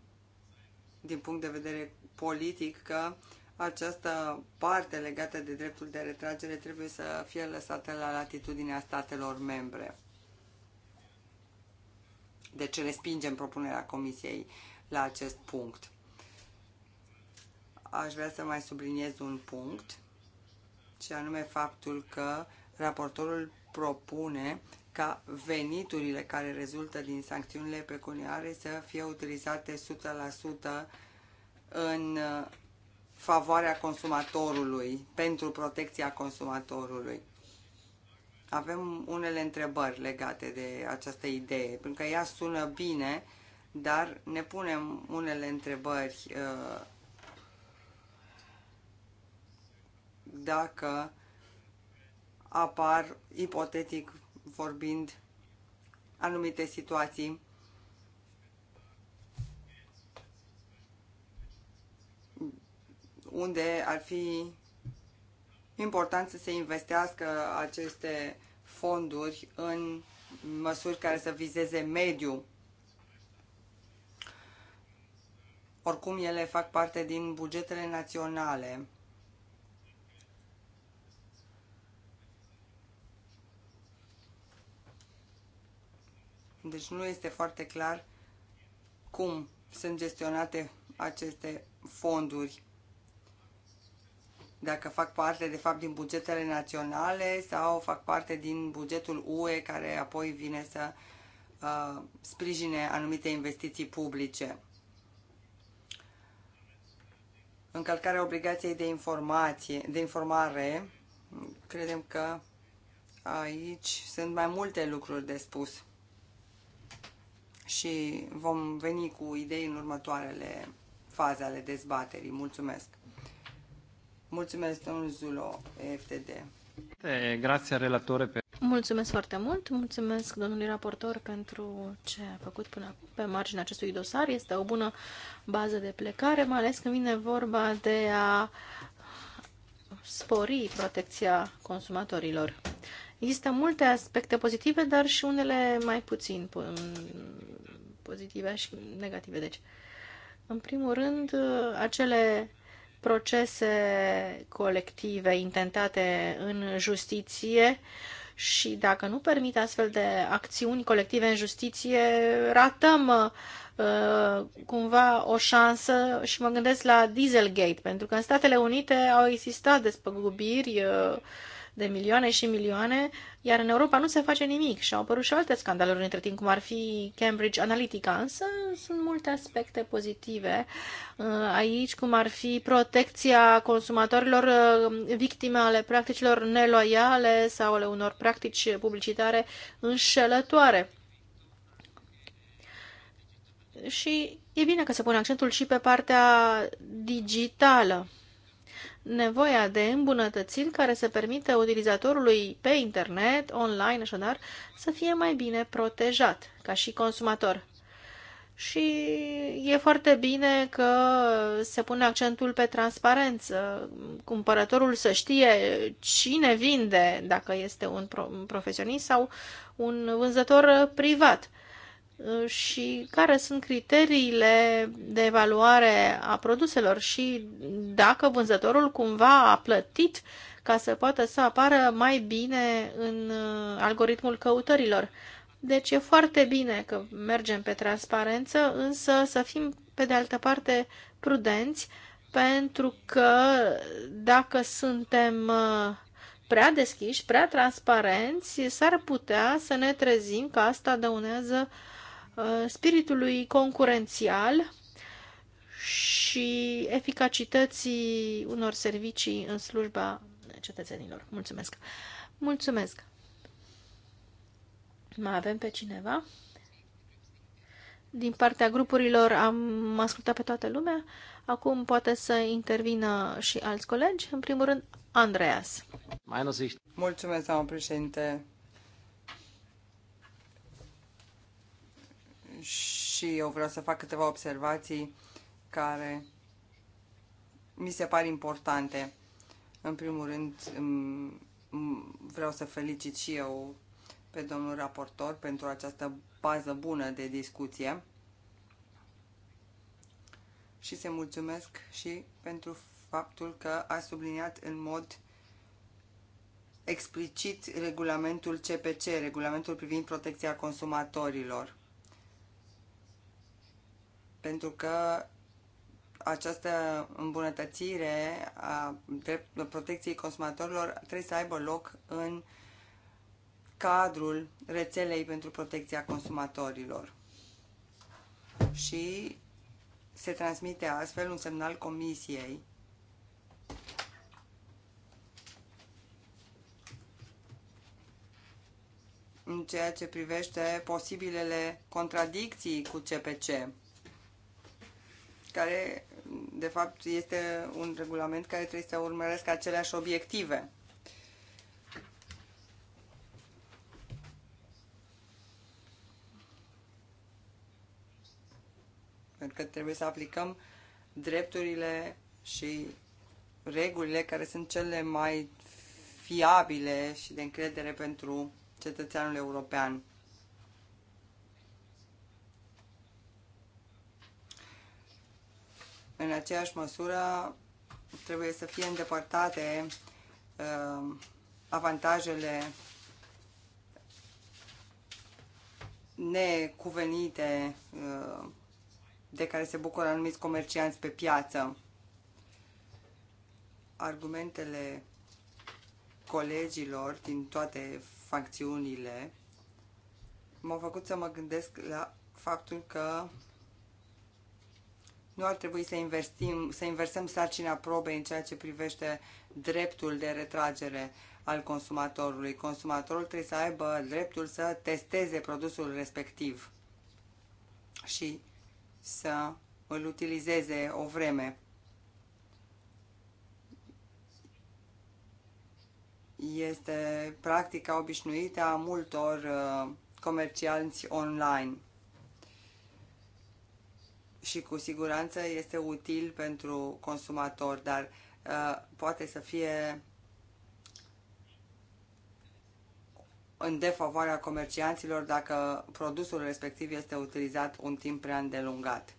B: din punct de vedere politic, că această parte legată de dreptul de retragere trebuie să fie lăsată la latitudinea statelor membre. Deci respingem propunerea Comisiei la acest punct. Aș vrea să mai subliniez un punct, și anume faptul că raportorul propune ca veniturile care rezultă din sancțiunile pecuniare să fie utilizate 100% în favoarea consumatorului, pentru protecția consumatorului. Avem unele întrebări legate de această idee, pentru că ea sună bine, dar ne punem unele întrebări uh, dacă apar, ipotetic vorbind, anumite situații unde ar fi important să se investească aceste fonduri în măsuri care să vizeze mediul. Oricum, ele fac parte din bugetele naționale. Deci nu este foarte clar cum sunt gestionate aceste fonduri dacă fac parte de fapt din bugetele naționale sau fac parte din bugetul UE care apoi vine să uh, sprijine anumite investiții publice. Încălcarea obligației de informație, de informare, credem că aici sunt mai multe lucruri de spus și vom veni cu idei în următoarele faze ale dezbaterii. Mulțumesc! Mulțumesc, domnul Zulo, FTD.
A: Eh, Grație, relatore. Pe... Mulțumesc foarte mult, mulțumesc domnului raportor pentru ce a făcut până acum pe marginea acestui dosar. Este o bună bază de plecare, mai ales când vine vorba de a spori protecția consumatorilor. Există multe aspecte pozitive, dar și unele mai puțin pozitive și negative. Deci, în primul rând, acele procese colective intentate în justiție și dacă nu permit astfel de acțiuni colective în justiție, ratăm uh, cumva o șansă și mă gândesc la Dieselgate, pentru că în Statele Unite au existat despăgubiri uh, de milioane și milioane, iar în Europa nu se face nimic și au apărut și alte scandaluri între timp, cum ar fi Cambridge Analytica, însă sunt multe aspecte pozitive uh, aici, cum ar fi protecția consumatorilor uh, victime ale practicilor neloiale sau ale unor practici publicitare înșelătoare. Și e bine că se pune accentul și pe partea digitală nevoia de îmbunătățiri care să permită utilizatorului pe internet, online așadar, să fie mai bine protejat ca și consumator. Și e foarte bine că se pune accentul pe transparență. Cumpărătorul să știe cine vinde, dacă este un profesionist sau un vânzător privat și care sunt criteriile de evaluare a produselor și dacă vânzătorul cumva a plătit ca să poată să apară mai bine în uh, algoritmul căutărilor. Deci e foarte bine că mergem pe transparență, însă să fim pe de altă parte prudenți, pentru că dacă suntem uh, prea deschiși, prea transparenți, s-ar putea să ne trezim că asta dăunează uh, Uh, spiritului concurențial și eficacității unor servicii în slujba cetățenilor. Mulțumesc! Mulțumesc! Mai avem pe cineva? Din partea grupurilor am ascultat pe toată lumea. Acum poate să intervină și alți colegi. În primul rând, Andreas.
B: Mulțumesc, doamnă președinte. și eu vreau să fac câteva observații care mi se par importante. În primul rând, vreau să felicit și eu pe domnul raportor pentru această bază bună de discuție și se mulțumesc și pentru faptul că a subliniat în mod explicit regulamentul CPC, regulamentul privind protecția consumatorilor pentru că această îmbunătățire a protecției consumatorilor trebuie să aibă loc în cadrul rețelei pentru protecția consumatorilor. Și se transmite astfel un semnal comisiei în ceea ce privește posibilele contradicții cu CPC care de fapt este un regulament care trebuie să urmăresc aceleași obiective. Pentru că trebuie să aplicăm drepturile și regulile care sunt cele mai fiabile și de încredere pentru cetățeanul european. în aceeași măsură trebuie să fie îndepărtate uh, avantajele necuvenite uh, de care se bucură anumiți comercianți pe piață. Argumentele colegilor din toate facțiunile m-au făcut să mă gândesc la faptul că nu ar trebui să, investim, să inversăm sarcina probei în ceea ce privește dreptul de retragere al consumatorului. Consumatorul trebuie să aibă dreptul să testeze produsul respectiv și să îl utilizeze o vreme. Este practica obișnuită a multor uh, comercianți online și cu siguranță este util pentru consumator, dar uh, poate să fie în defavoarea comercianților dacă produsul respectiv este utilizat un timp prea îndelungat.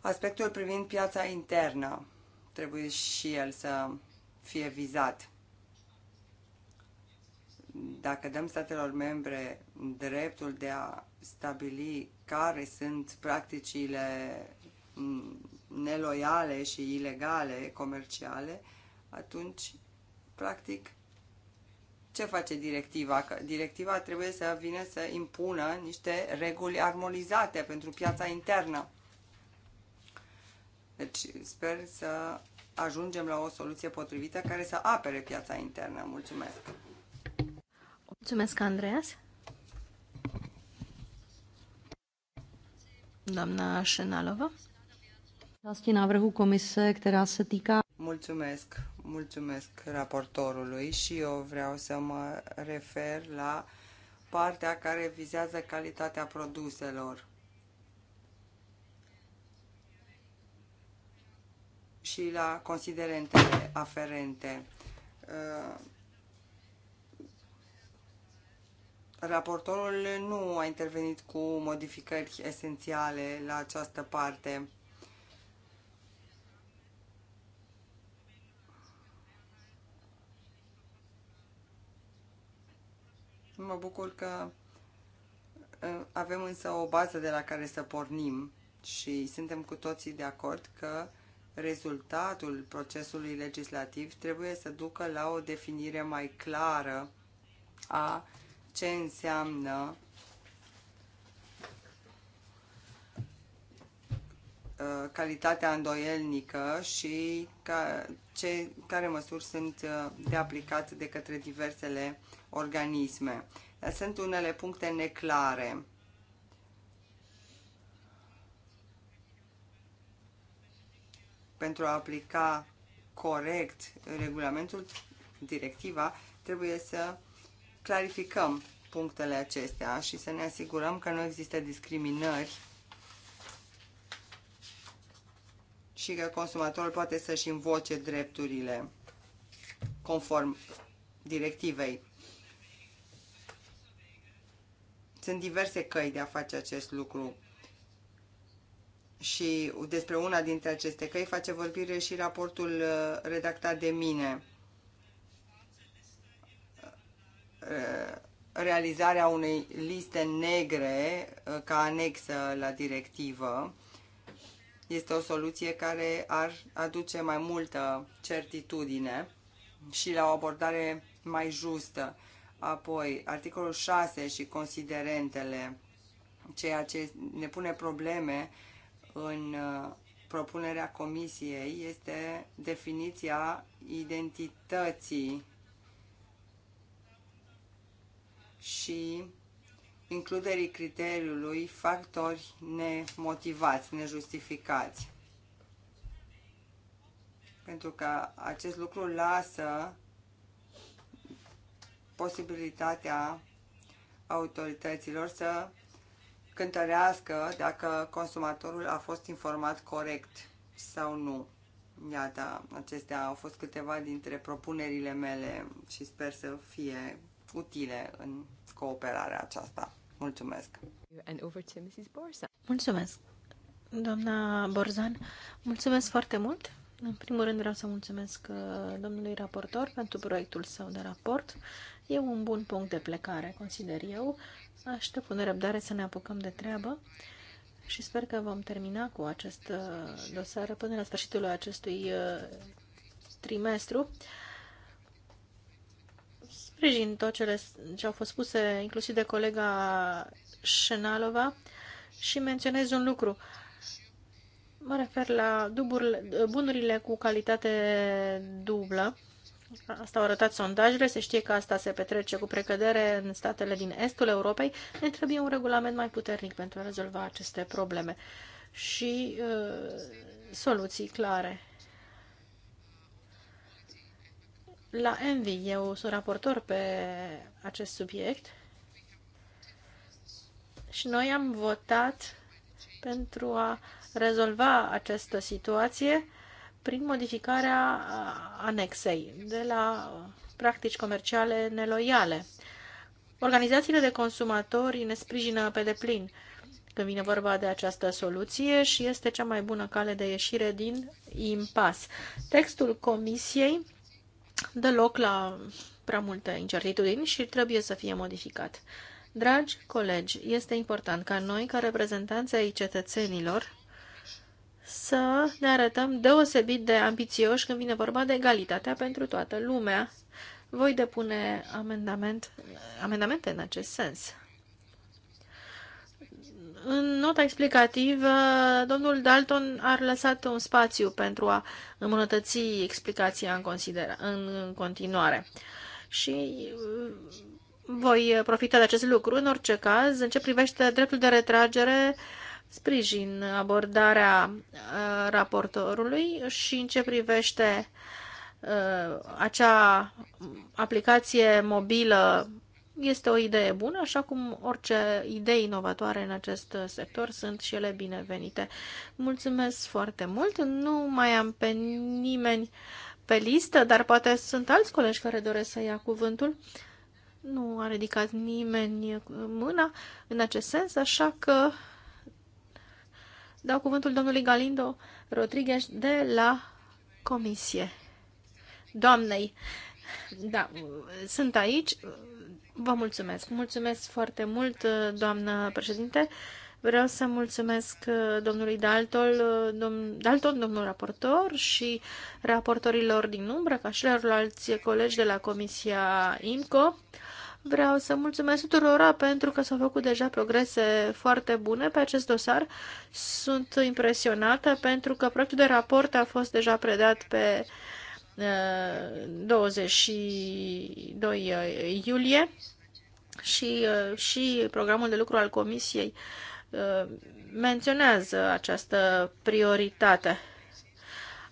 B: Aspectul privind piața internă trebuie și el să fie vizat. Dacă dăm statelor membre dreptul de a stabili care sunt practicile mm, neloiale și ilegale comerciale, atunci, practic, ce face directiva? Că directiva trebuie să vină să impună niște reguli armonizate pentru piața internă. Deci sper să ajungem la o soluție potrivită care să apere piața internă. Mulțumesc!
A: Mulțumesc, Andreas! Doamna Șenalova? Části návrhu komise, care se tica.
B: Mulțumesc, mulțumesc raportorului și eu vreau să mă refer la partea care vizează calitatea produselor. și la considerentele aferente. Uh, Raportorul nu a intervenit cu modificări esențiale la această parte. Mă bucur că ă, avem însă o bază de la care să pornim și suntem cu toții de acord că rezultatul procesului legislativ trebuie să ducă la o definire mai clară a ce înseamnă uh, calitatea îndoielnică și ca, ce, care măsuri sunt uh, de aplicat de către diversele organisme. Sunt unele puncte neclare. Pentru a aplica corect regulamentul, directiva, trebuie să clarificăm punctele acestea și să ne asigurăm că nu există discriminări și că consumatorul poate să-și învoce drepturile conform directivei. Sunt diverse căi de a face acest lucru și despre una dintre aceste căi face vorbire și raportul uh, redactat de mine. realizarea unei liste negre uh, ca anexă la directivă. Este o soluție care ar aduce mai multă certitudine și la o abordare mai justă. Apoi, articolul 6 și considerentele, ceea ce ne pune probleme în uh, propunerea comisiei este definiția identității și includerii criteriului factori nemotivați, nejustificați. Pentru că acest lucru lasă posibilitatea autorităților să cântărească dacă consumatorul a fost informat corect sau nu. Iată, acestea au fost câteva dintre propunerile mele și sper să fie utile în cooperarea aceasta. Mulțumesc!
A: And over to Mrs. Borzan. Mulțumesc! Doamna Borzan, mulțumesc foarte mult! În primul rând vreau să mulțumesc uh, domnului raportor pentru proiectul său de raport. E un bun punct de plecare, consider eu. Aștept cu nerăbdare să ne apucăm de treabă și sper că vom termina cu acest uh, dosar până la sfârșitul acestui uh, trimestru. Sprijin tot cele ce au fost spuse, inclusiv de colega Șenalova, și menționez un lucru. Mă refer la duburile, bunurile cu calitate dublă. Asta au arătat sondajele, se știe că asta se petrece cu precădere în statele din estul Europei. Ne trebuie un regulament mai puternic pentru a rezolva aceste probleme și uh, soluții clare. la Envy. Eu sunt raportor pe acest subiect și noi am votat pentru a rezolva această situație prin modificarea anexei de la practici comerciale neloiale. Organizațiile de consumatori ne sprijină pe deplin când vine vorba de această soluție și este cea mai bună cale de ieșire din impas. Textul Comisiei dă loc la prea multe incertitudini și trebuie să fie modificat. Dragi colegi, este important ca noi, ca reprezentanți ai cetățenilor, să ne arătăm deosebit de ambițioși când vine vorba de egalitatea pentru toată lumea. Voi depune amendament, amendamente în acest sens. În nota explicativă, domnul Dalton ar lăsat un spațiu pentru a îmbunătăți explicația în, considera- în continuare. Și uh, voi profita de acest lucru. În orice caz, în ce privește dreptul de retragere, sprijin abordarea uh, raportorului și în ce privește uh, acea aplicație mobilă este o idee bună, așa cum orice idei inovatoare în acest sector sunt și ele binevenite. Mulțumesc foarte mult. Nu mai am pe nimeni pe listă, dar poate sunt alți colegi care doresc să ia cuvântul. Nu a ridicat nimeni mâna în acest sens, așa că dau cuvântul domnului Galindo Rodriguez de la Comisie. Doamnei, da, sunt aici. Vă mulțumesc. Mulțumesc foarte mult, uh, doamnă președinte. Vreau să mulțumesc uh, domnului Dalton, uh, dom Dalton domnul raportor și raportorilor din umbră, ca și alți colegi de la Comisia IMCO. Vreau să mulțumesc tuturor pentru că s-au făcut deja progrese foarte bune pe acest dosar. Sunt impresionată pentru că proiectul de raport a fost deja predat pe uh, 22 uh, uh, iulie și, uh, și programul de lucru al Comisiei menționează această prioritate.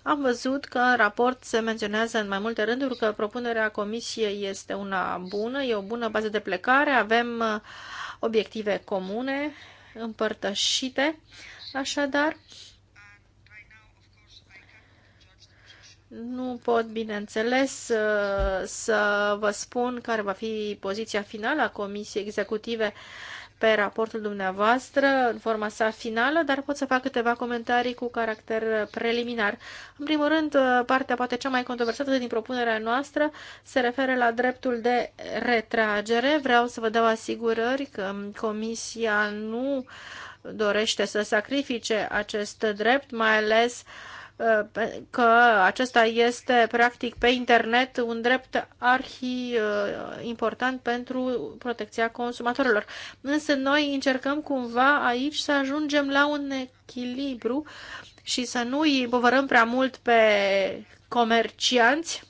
A: Am văzut că în raport se menționează în mai multe rânduri că propunerea Comisiei este una bună, e o bună bază de plecare, avem obiective comune, împărtășite, așadar, Nu pot, bineînțeles, să vă spun care va fi poziția finală a Comisiei Executive pe raportul dumneavoastră în forma sa finală, dar pot să fac câteva comentarii cu caracter preliminar. În primul rând, partea poate cea mai controversată din propunerea noastră se referă la dreptul de retragere. Vreau să vă dau asigurări că Comisia nu dorește să sacrifice acest drept, mai ales uh, că acesta este practic pe internet un drept arhi uh, important pentru protecția consumatorilor. Însă noi încercăm cumva aici să ajungem la un echilibru și să nu îi prea mult pe comercianți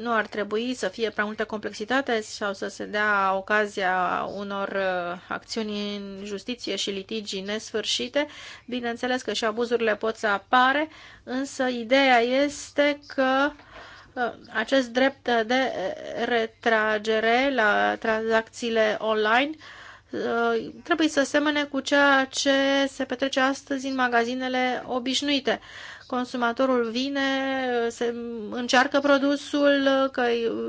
A: nu ar trebui să fie prea multă complexitate sau să se dea ocazia unor uh, acțiuni în justiție și litigii nesfârșite. Bineînțeles că și abuzurile pot să apare, însă ideea este că uh, acest drept de retragere la tranzacțiile online uh, trebuie să semene cu ceea ce se petrece astăzi în magazinele obișnuite. Consumatorul vine, se încearcă produsul, că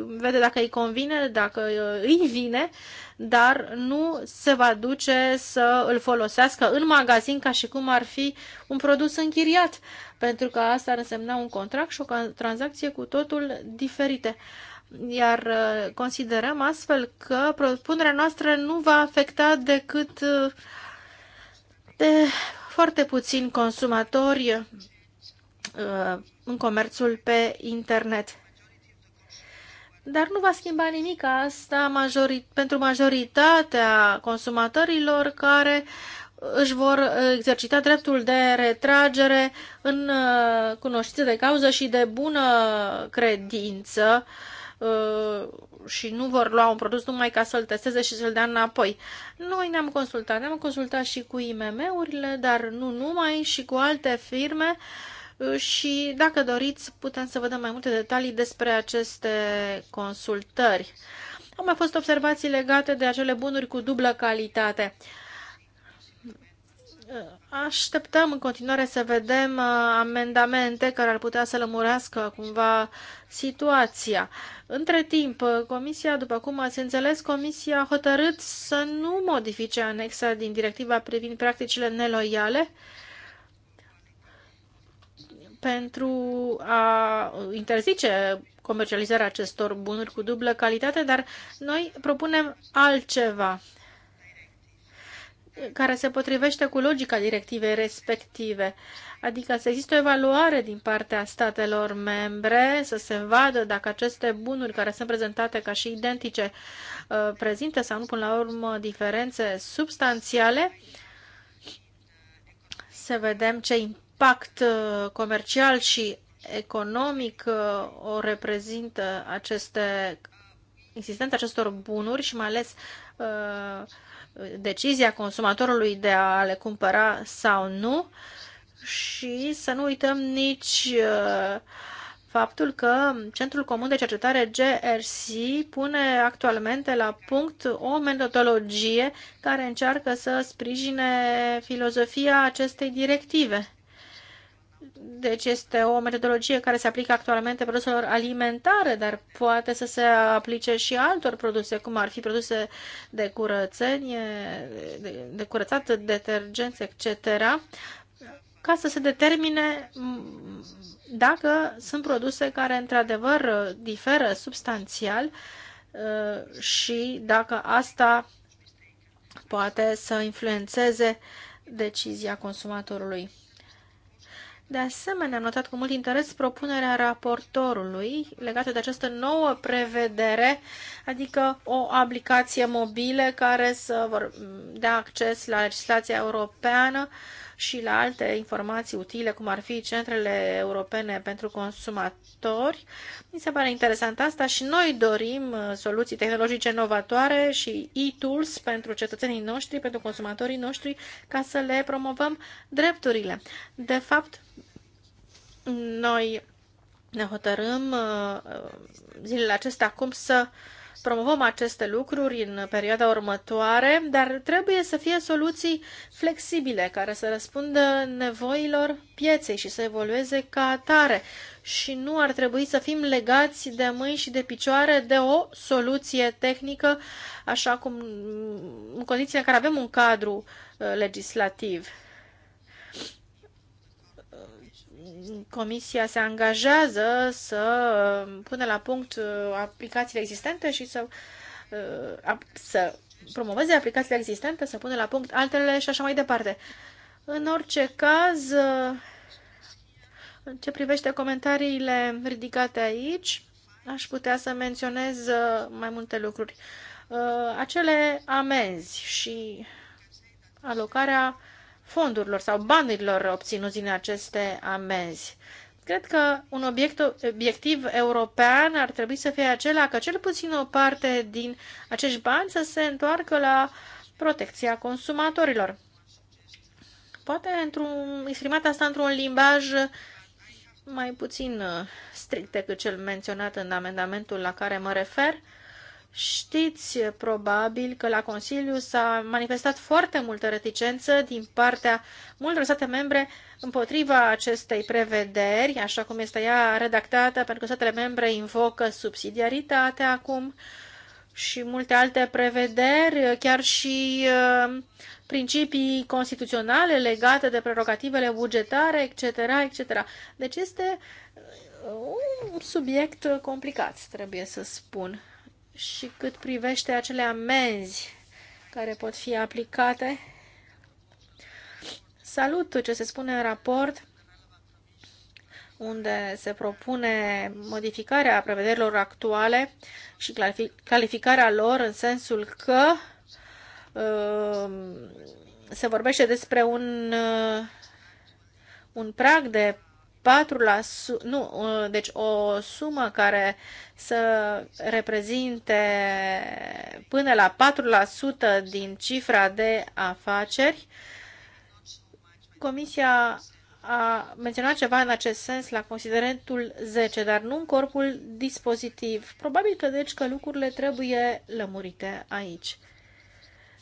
A: vede dacă îi convine, dacă uh, îi vine, dar nu se va duce să îl folosească în magazin ca și cum ar fi un produs închiriat, pentru că asta ar însemna un contract și o tranzacție cu totul diferite iar uh, considerăm astfel că propunerea noastră nu va afecta decât uh, de foarte puțini consumatori Uh, în comerțul pe internet. Dar nu va schimba nimic asta majori, pentru majoritatea consumatorilor care își vor exercita dreptul de retragere în uh, cunoștință de cauză și de bună credință uh, și nu vor lua un produs numai ca să-l testeze și să-l dea înapoi. Noi ne-am consultat, ne-am consultat și cu IMM-urile, dar nu numai, și cu alte firme uh, și dacă doriți putem să vedem mai multe detalii despre aceste consultări. Au mai fost observații legate de acele bunuri cu dublă calitate. Așteptăm în continuare să vedem uh, amendamente care ar putea să lămurească cumva situația. Între timp, uh, Comisia, după cum ați înțeles, Comisia a hotărât să nu modifice anexa din directiva privind practicile neloiale, pentru a interzice comercializarea acestor bunuri cu dublă calitate, dar noi propunem altceva care se potrivește cu logica directivei respective. Adică să există o evaluare din partea statelor membre, să se vadă dacă aceste bunuri care sunt prezentate ca și identice uh, prezintă sau nu până la urmă diferențe substanțiale, să vedem ce impact uh, comercial și economic uh, o reprezintă aceste, existența acestor bunuri și mai ales uh, decizia consumatorului de a le cumpăra sau nu și să nu uităm nici faptul că Centrul Comun de Cercetare GRC pune actualmente la punct o metodologie care încearcă să sprijine filozofia acestei directive. Deci este o metodologie care se aplică actualmente produselor alimentare, dar poate să se aplice și altor produse, cum ar fi produse de curățenie, de curățat, detergenți, etc., ca să se determine dacă sunt produse care într-adevăr diferă substanțial uh, și dacă asta poate să influențeze decizia consumatorului. De asemenea, am notat cu mult interes propunerea raportorului legată de această nouă prevedere, adică o aplicație mobile care să vor dea acces la legislația europeană și la alte informații utile, cum ar fi centrele europene pentru consumatori. Mi se pare interesant asta și noi dorim uh, soluții tehnologice novatoare și e-tools pentru cetățenii noștri, pentru consumatorii noștri, ca să le promovăm drepturile. De fapt, noi ne hotărâm uh, uh, zilele acestea acum să uh, promovăm aceste lucruri în perioada următoare, dar trebuie să fie soluții flexibile care să răspundă nevoilor pieței și să evolueze ca atare și nu ar trebui să fim legați de mâini și de picioare de o soluție tehnică, așa cum în condiția în care avem un cadru uh, legislativ Comisia se angajează să uh, pună la punct uh, aplicațiile existente și să, uh, să promoveze aplicațiile existente, să pună la punct altele și așa mai departe. În orice caz, în ce privește comentariile ridicate aici, aș putea să menționez mai multe lucruri. Acele amenzi și alocarea fondurilor sau banilor obținuți din aceste amenzi. Cred că un obiect, obiectiv european ar trebui să fie acela că cel puțin o parte din acești bani să se întoarcă la protecția consumatorilor. Poate într-un, exprimat asta într-un limbaj mai puțin uh, strict decât cel menționat în amendamentul la care mă refer, Știți probabil că la Consiliu s-a manifestat foarte multă reticență din partea multor state membre împotriva acestei prevederi, așa cum este ea redactată, pentru că statele membre invocă subsidiaritatea acum și multe alte prevederi, chiar și uh, principii constituționale legate de prerogativele bugetare, etc., etc. Deci este uh, un subiect complicat, trebuie să spun și cât privește acele amenzi care pot fi aplicate. Salut ce se spune în raport unde se propune modificarea prevederilor actuale și calificarea lor în sensul că um, se vorbește despre un, uh, un prag de 4%, nu, uh, deci o sumă care să reprezinte până la 4% din cifra de afaceri. Comisia a menționat ceva în acest sens la considerentul 10, dar nu în corpul dispozitiv. Probabil că deci că lucrurile trebuie lămurite aici.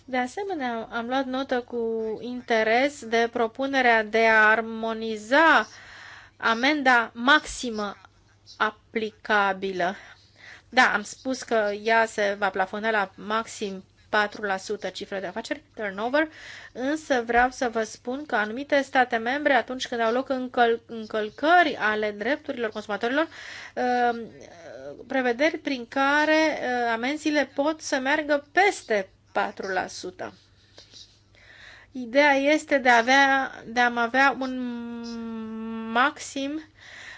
A: De asemenea, am luat notă cu interes de propunerea de a armoniza uh, amenda maximă aplicabilă. Da, am spus că ea se va plafona la maxim 4% cifră de afaceri, turnover, însă vreau să vă spun că anumite state membre, atunci când au loc încăl- încălcări ale drepturilor consumatorilor, uh, prevederi prin care uh, amenziile pot să meargă peste 4%. Ideea este de, a avea, de a avea un maxim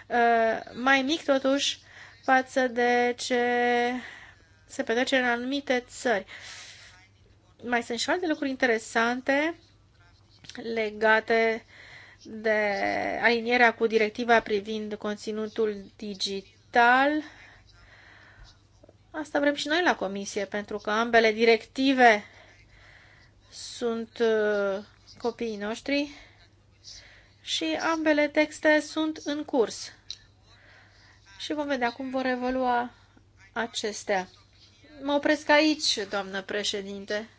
A: uh, mai mic totuși față de ce se petrece în anumite țări. Mai sunt și alte lucruri interesante legate de alinierea cu directiva privind conținutul digital. Asta vrem și noi la comisie, pentru că ambele directive sunt uh, copiii noștri și ambele texte sunt în curs. Și vom vedea cum vor evolua acestea. Mă opresc aici, doamnă președinte.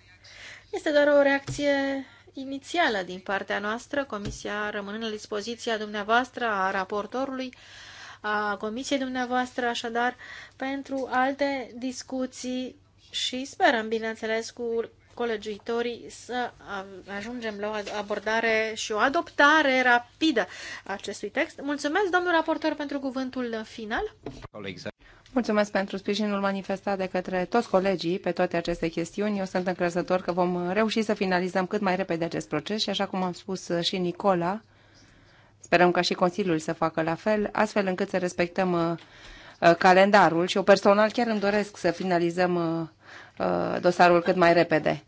A: Este doar o reacție inițială din partea noastră, Comisia rămânând la dispoziția dumneavoastră a raportorului, a Comisiei dumneavoastră, așadar, pentru alte discuții și sperăm, bineînțeles, cu colegiuitorii să ajungem la o abordare și o adoptare rapidă a acestui text. Mulțumesc, domnul raportor, pentru cuvântul final.
C: Mulțumesc pentru sprijinul manifestat de către toți colegii pe toate aceste chestiuni. Eu sunt încrezător că vom reuși să finalizăm cât mai repede acest proces și, așa cum am spus și Nicola, sperăm ca și Consiliul să facă la fel, astfel încât să respectăm uh, calendarul și eu personal chiar îmi doresc să finalizăm uh, Uh, dosarul cât mai repede.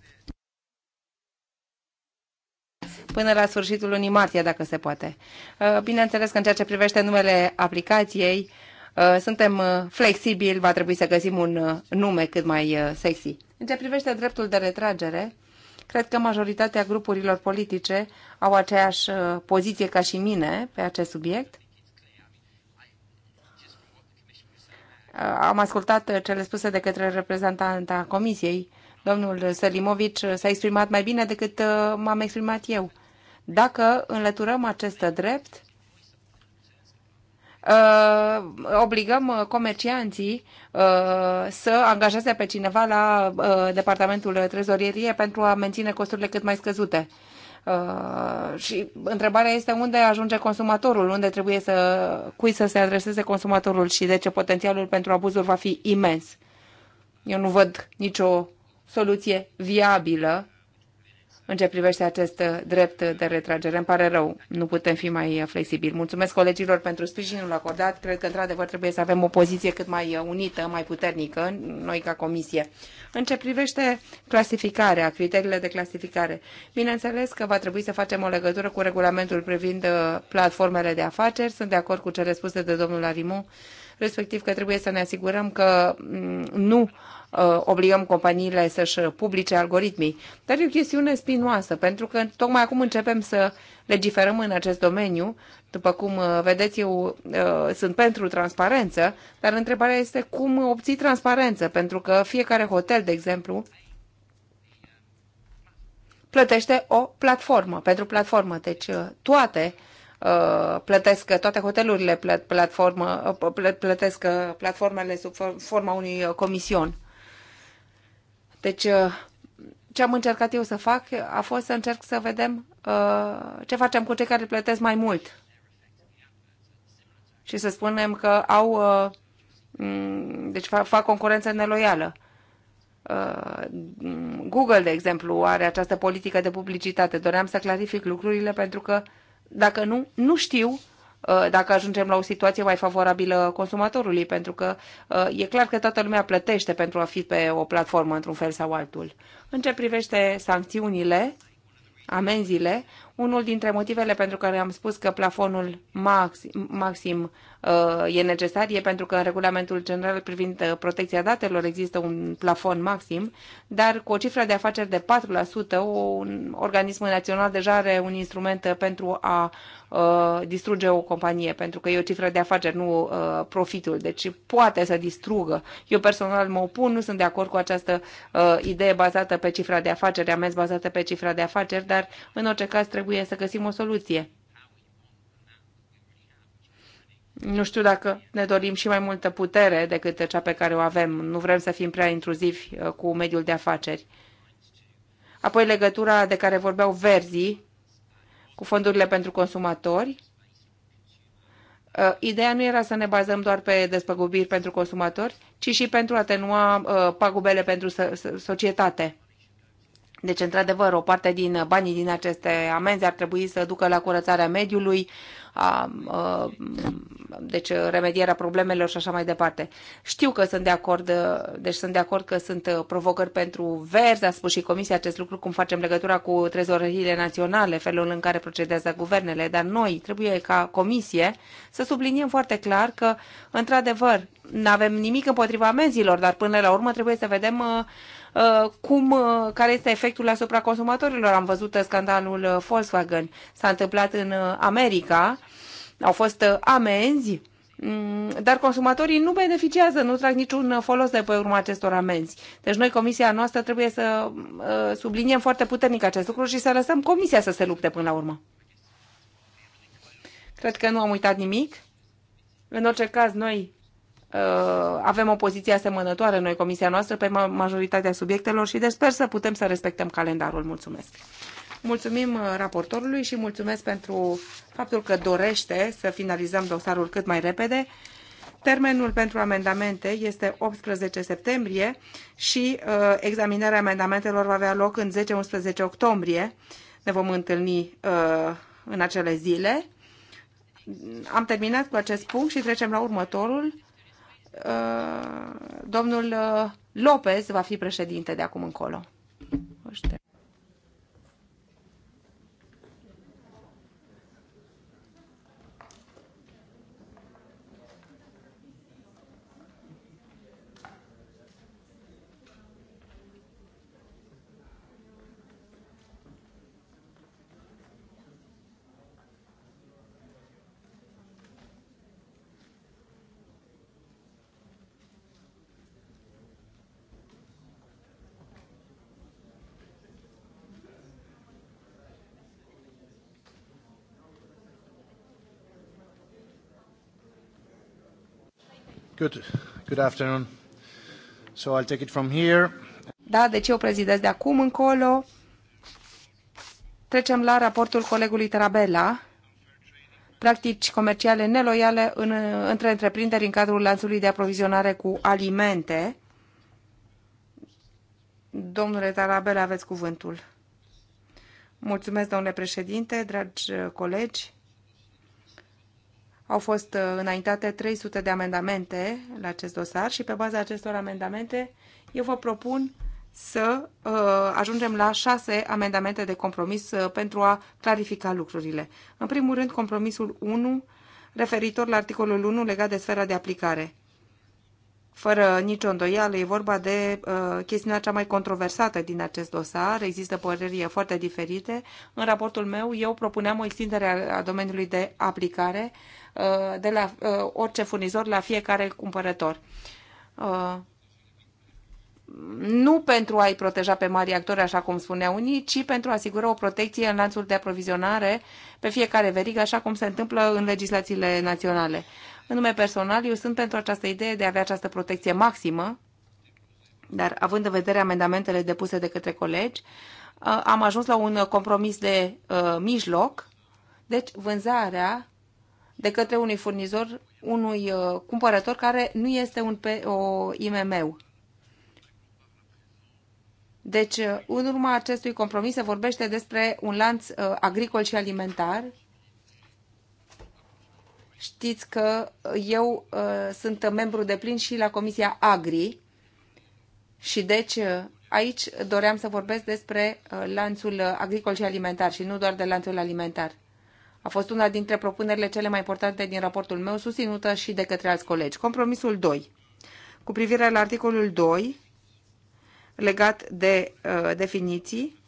C: Până la sfârșitul lunii martie, dacă se poate. Uh, bineînțeles că în ceea ce privește numele aplicației, uh, suntem flexibili, va trebui să găsim un nume cât mai sexy. În ceea ce privește dreptul de retragere, cred că majoritatea grupurilor politice au aceeași poziție ca și mine pe acest subiect. Uh, am ascultat uh, cele spuse de către reprezentanta Comisiei. Domnul Selimovic uh, s-a exprimat mai bine decât m-am exprimat eu. Dacă înlăturăm acest drept, obligăm comercianții să angajeze pe cineva la departamentul trezorierie pentru a menține costurile cât mai scăzute. Uh, și întrebarea este unde ajunge consumatorul, unde trebuie să, cui să se adreseze consumatorul și de ce potențialul pentru abuzuri va fi imens. Eu nu văd nicio soluție viabilă în ce privește acest uh, drept de retragere. Îmi pare rău, nu putem fi mai uh, flexibili. Mulțumesc colegilor pentru sprijinul acordat. Cred că, într-adevăr, trebuie să avem o poziție cât mai uh, unită, mai puternică, noi ca comisie. În ce privește clasificarea, criteriile de clasificare, bineînțeles că va trebui să facem o legătură cu regulamentul privind platformele de afaceri. Sunt de acord cu cele spuse de domnul Arimu, respectiv că trebuie să ne asigurăm că mm, nu Uh, obligăm companiile să-și publice algoritmii. Dar e o chestiune spinoasă, pentru că tocmai acum începem să legiferăm în acest domeniu. După cum uh, vedeți, eu uh, sunt pentru transparență, dar întrebarea este cum obții transparență, pentru că fiecare hotel, de exemplu, plătește o platformă, pentru platformă. Deci toate plătesc, toate hotelurile plătesc platformele sub forma unui comision. Deci, uh, ce am încercat eu să fac a fost să încerc să vedem uh, ce facem cu cei care plătesc mai mult. Și să spunem că au. Uh, deci fac concurență neloială. Google, de exemplu, are această politică de publicitate. Doream să clarific lucrurile pentru că, dacă nu, nu știu Uh, dacă ajungem la o situație mai favorabilă consumatorului, pentru că uh, e clar că toată lumea plătește pentru a fi pe o platformă într-un fel sau altul. În ce privește sancțiunile, amenziile, unul dintre motivele pentru care am spus că plafonul maxim, maxim uh, e necesar e pentru că în regulamentul general privind uh, protecția datelor există un plafon maxim, dar cu o cifră de afaceri de 4%, un organism național deja are un instrument uh, pentru a distruge o companie, pentru că e o cifră de afaceri, nu profitul. Deci poate să distrugă. Eu personal mă opun, nu sunt de acord cu această idee bazată pe cifra de afaceri, amenzi bazată pe cifra de afaceri, dar în orice caz trebuie trebuie să găsim o soluție. Nu știu dacă ne dorim și mai multă putere decât cea pe care o avem. Nu vrem să fim prea intruzivi uh, cu mediul de afaceri. Apoi legătura de care vorbeau verzii cu fondurile pentru consumatori. Uh, ideea nu era să ne bazăm doar pe despăgubiri pentru consumatori, ci și pentru a atenua uh, pagubele pentru societate. Deci, într-adevăr, o parte din banii din aceste amenzi ar trebui să ducă la curățarea mediului, a, a, deci remedierea problemelor și așa mai departe. Știu că sunt de acord, deci sunt de acord că sunt provocări pentru verzi, a spus și Comisia acest lucru, cum facem legătura cu trezorările naționale, felul în care procedează guvernele, dar noi trebuie ca Comisie să subliniem foarte clar că, într-adevăr, nu avem nimic împotriva amenzilor, dar până la urmă trebuie să vedem Uh, cum, uh, care este efectul asupra consumatorilor. Am văzut uh, scandalul Volkswagen. S-a întâmplat în America. Au fost amenzi mm, dar consumatorii nu beneficiază, nu trag niciun folos de pe urma acestor amenzi. Deci noi, comisia noastră, trebuie să subliniem foarte puternic acest lucru și să lăsăm comisia să se lupte până la urmă. Cred că nu am uitat nimic. În orice caz, noi Uh, avem o poziție asemănătoare noi, comisia noastră, pe majoritatea subiectelor și deci sper să putem să respectăm calendarul. Mulțumesc! Mulțumim uh, raportorului și mulțumesc pentru faptul că dorește să finalizăm dosarul cât mai repede. Termenul pentru amendamente este 18 septembrie și uh, examinarea amendamentelor va avea loc în 10-11 octombrie. Ne vom întâlni uh, în acele zile. Am terminat cu acest punct și trecem la următorul Uh, domnul uh, Lopez va fi președinte de acum încolo. Good. Good afternoon. So I'll take it from here. Da, deci eu prezidez de acum încolo. Trecem la raportul colegului Tarabella. Practici comerciale neloiale în, între întreprinderi în cadrul lanțului de aprovizionare cu alimente. Domnule Tarabella, aveți cuvântul. Mulțumesc, domnule președinte, dragi colegi. Au fost uh, înaintate 300 de amendamente la acest dosar și pe baza acestor amendamente eu vă propun să uh, ajungem la șase amendamente de compromis uh, pentru a clarifica lucrurile. În primul rând, compromisul 1 referitor la articolul 1 legat de sfera de aplicare. Fără nicio îndoială, e vorba de uh, chestiunea cea mai controversată din acest dosar. Există păreri foarte diferite. În raportul meu, eu propuneam o extindere a, a domeniului de aplicare Uh, de la uh, orice furnizor la fiecare cumpărător uh, nu pentru a-i proteja pe mari actori, așa cum spunea unii, ci pentru a asigura o protecție în lanțul de aprovizionare pe fiecare verigă, așa cum se întâmplă în legislațiile naționale. În nume personal, eu sunt pentru această idee de a avea această protecție maximă, dar având în vedere amendamentele depuse de către colegi, am ajuns la un compromis de uh, mijloc, deci vânzarea de către unui furnizor, unui uh, cumpărător care nu este un, o IMM. Deci, uh, în urma acestui compromis se vorbește despre un lanț uh, agricol și alimentar. Știți că eu sunt membru de plin și la Comisia Agri și deci aici doream să vorbesc despre lanțul agricol și alimentar și nu doar de lanțul alimentar a fost una dintre propunerile cele mai importante din raportul meu, susținută și de către alți colegi. Compromisul 2. Cu privire la articolul 2, legat de uh, definiții,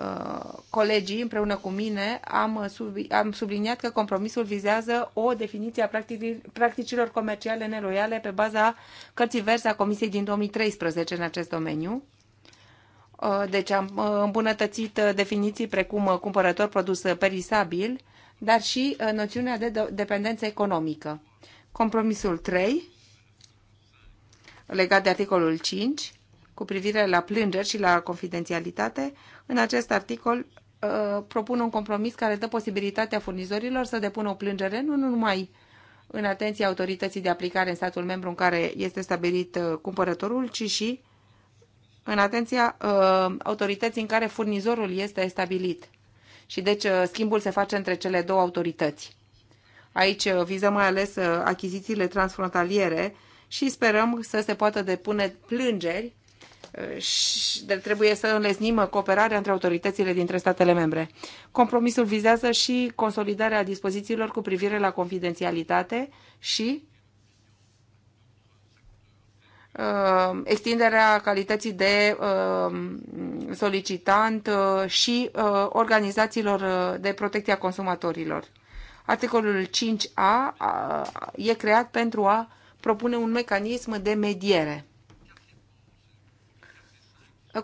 C: uh, colegii împreună cu mine am, uh, sub, am subliniat că compromisul vizează o definiție a practic, practicilor comerciale neloiale pe baza cărții verzi a Comisiei din 2013 în acest domeniu. Uh, deci am uh, îmbunătățit definiții precum cumpărător produs perisabil dar și uh, noțiunea de dependență economică. Compromisul 3, legat de articolul 5, cu privire la plângeri și la confidențialitate, în acest articol uh, propun un compromis care dă posibilitatea furnizorilor să depună o plângere nu numai în atenția autorității de aplicare în statul membru în care este stabilit uh, cumpărătorul, ci și în atenția autorității în care furnizorul este stabilit și deci uh, schimbul se face între cele două autorități. Aici uh, vizăm mai ales uh, achizițiile transfrontaliere și sperăm să se poată depune plângeri și trebuie să înlesnim cooperarea între autoritățile dintre statele membre. Compromisul vizează și consolidarea dispozițiilor cu privire la confidențialitate și Uh, extinderea calității de uh, solicitant uh, și organizațiilor de protecție a consumatorilor. Articolul 5a e creat pentru a propune un mecanism de mediere.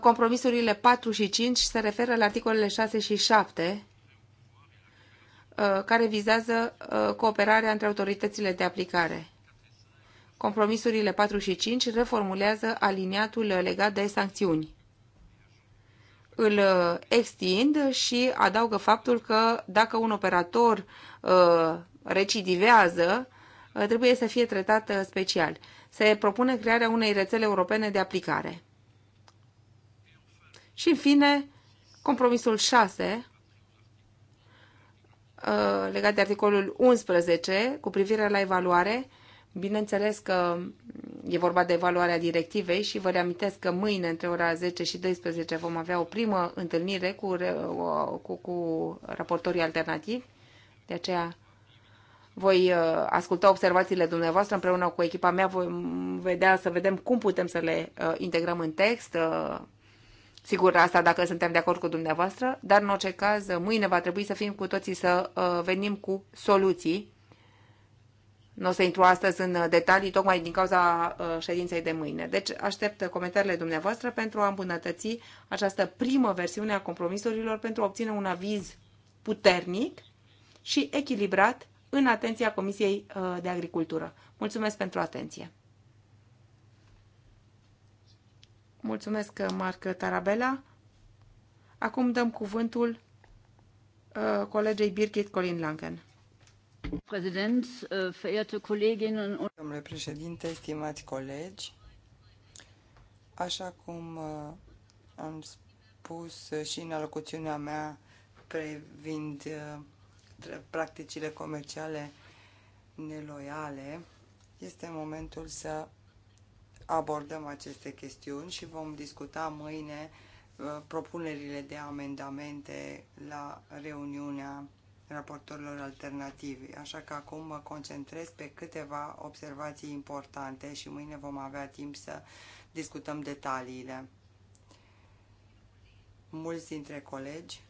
C: Compromisurile 4 și 5 se referă la articolele 6 și 7, care vizează cooperarea între autoritățile de aplicare. Compromisurile 4 și 5 reformulează aliniatul legat de sancțiuni. Îl uh, extind și adaugă faptul că dacă un operator uh, recidivează, uh, trebuie să fie tratat special. Se propune crearea unei rețele europene de aplicare. Și, în fine, compromisul 6, legat de articolul 11, cu privire la evaluare, Bineînțeles că e vorba de evaluarea directivei și vă reamintesc că mâine între ora 10 și 12 vom avea o primă întâlnire cu, cu, cu raportorii alternativi. De aceea voi uh, asculta observațiile dumneavoastră împreună cu echipa mea, voi vedea să vedem cum putem să le uh, integrăm în text. Uh, sigur, asta dacă suntem de acord cu dumneavoastră, dar în orice caz, mâine va trebui să fim cu toții să venim cu soluții nu o să intru astăzi în detalii, tocmai din cauza uh, ședinței de mâine. Deci aștept comentariile dumneavoastră pentru a îmbunătăți această primă versiune a compromisurilor pentru a obține un aviz puternic și echilibrat în atenția Comisiei uh, de Agricultură. Mulțumesc pentru atenție! Mulțumesc, Marc Tarabela. Acum dăm cuvântul uh, colegei Birgit Colin Langen.
B: Äh, Domnule președinte, stimați colegi, așa cum uh, am spus și în alocuțiunea mea privind uh, practicile comerciale neloiale, este momentul să abordăm aceste chestiuni și vom discuta mâine uh, propunerile de amendamente la reuniunea raportorilor alternativi, așa că acum mă concentrez pe câteva observații importante și mâine vom avea timp să discutăm detaliile. Mulți dintre colegi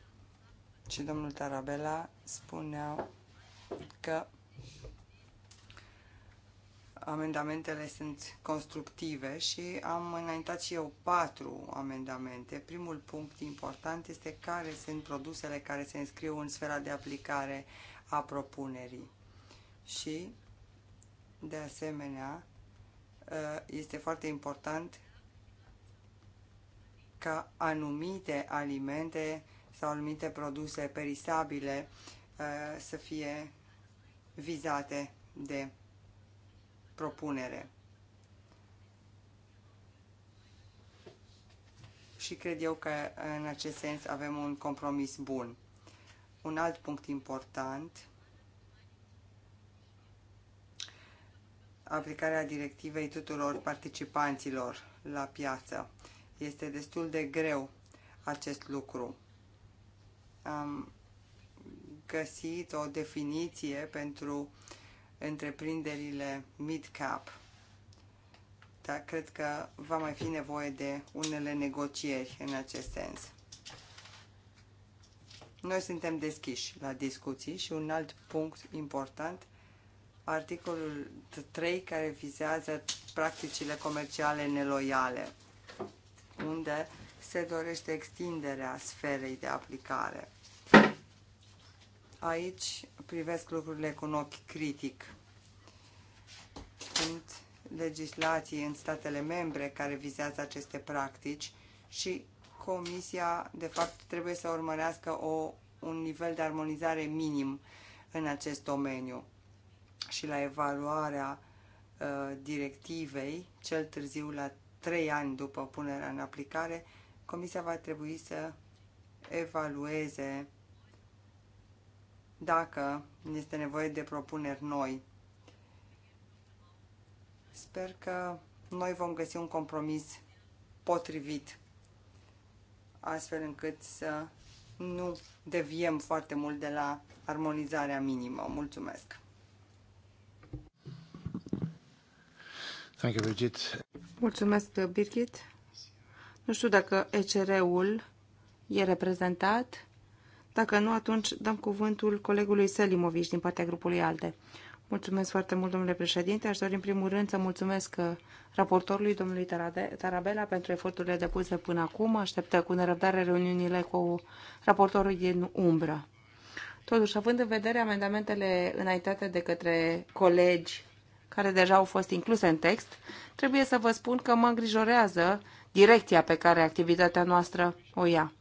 B: și domnul Tarabela spuneau că Amendamentele sunt constructive și am înaintat și eu patru amendamente. Primul punct important este care sunt produsele care se înscriu în sfera de aplicare a propunerii. Și, de asemenea, ă, este foarte important ca anumite alimente sau anumite produse perisabile ă, să fie vizate de propunere. Și cred eu că în acest sens avem un compromis bun. Un alt punct important aplicarea directivei tuturor participanților la piață. Este destul de greu acest lucru. Am găsit o definiție pentru întreprinderile mid-cap. Dar cred că va mai fi nevoie de unele negocieri în acest sens. Noi suntem deschiși la discuții și un alt punct important, articolul 3 care vizează practicile comerciale neloiale, unde se dorește extinderea sferei de aplicare. Aici privesc lucrurile cu un ochi critic. Sunt legislații în statele membre care vizează aceste practici și Comisia, de fapt, trebuie să urmărească o, un nivel de armonizare minim în acest domeniu și la evaluarea uh, directivei, cel târziu la trei ani după punerea în aplicare, Comisia va trebui să evalueze dacă este nevoie de propuneri noi. Sper că noi vom găsi un compromis potrivit, astfel încât să nu deviem foarte mult de la armonizarea minimă. Mulțumesc!
A: Thank you, Birgit.
C: Mulțumesc, Birgit. Nu știu dacă ECR-ul e reprezentat. Dacă nu, atunci dăm cuvântul colegului Selimovici din partea grupului ALDE. Mulțumesc foarte mult, domnule președinte. Aș dori în primul rând să mulțumesc uh, raportorului, domnului Tarabela, pentru eforturile depuse până acum. Așteptă uh, cu nerăbdare reuniunile cu raportorul din umbră. Totuși, având în vedere amendamentele înaintate de către colegi care deja au fost incluse în text, trebuie să vă spun că mă îngrijorează direcția pe care activitatea noastră o ia.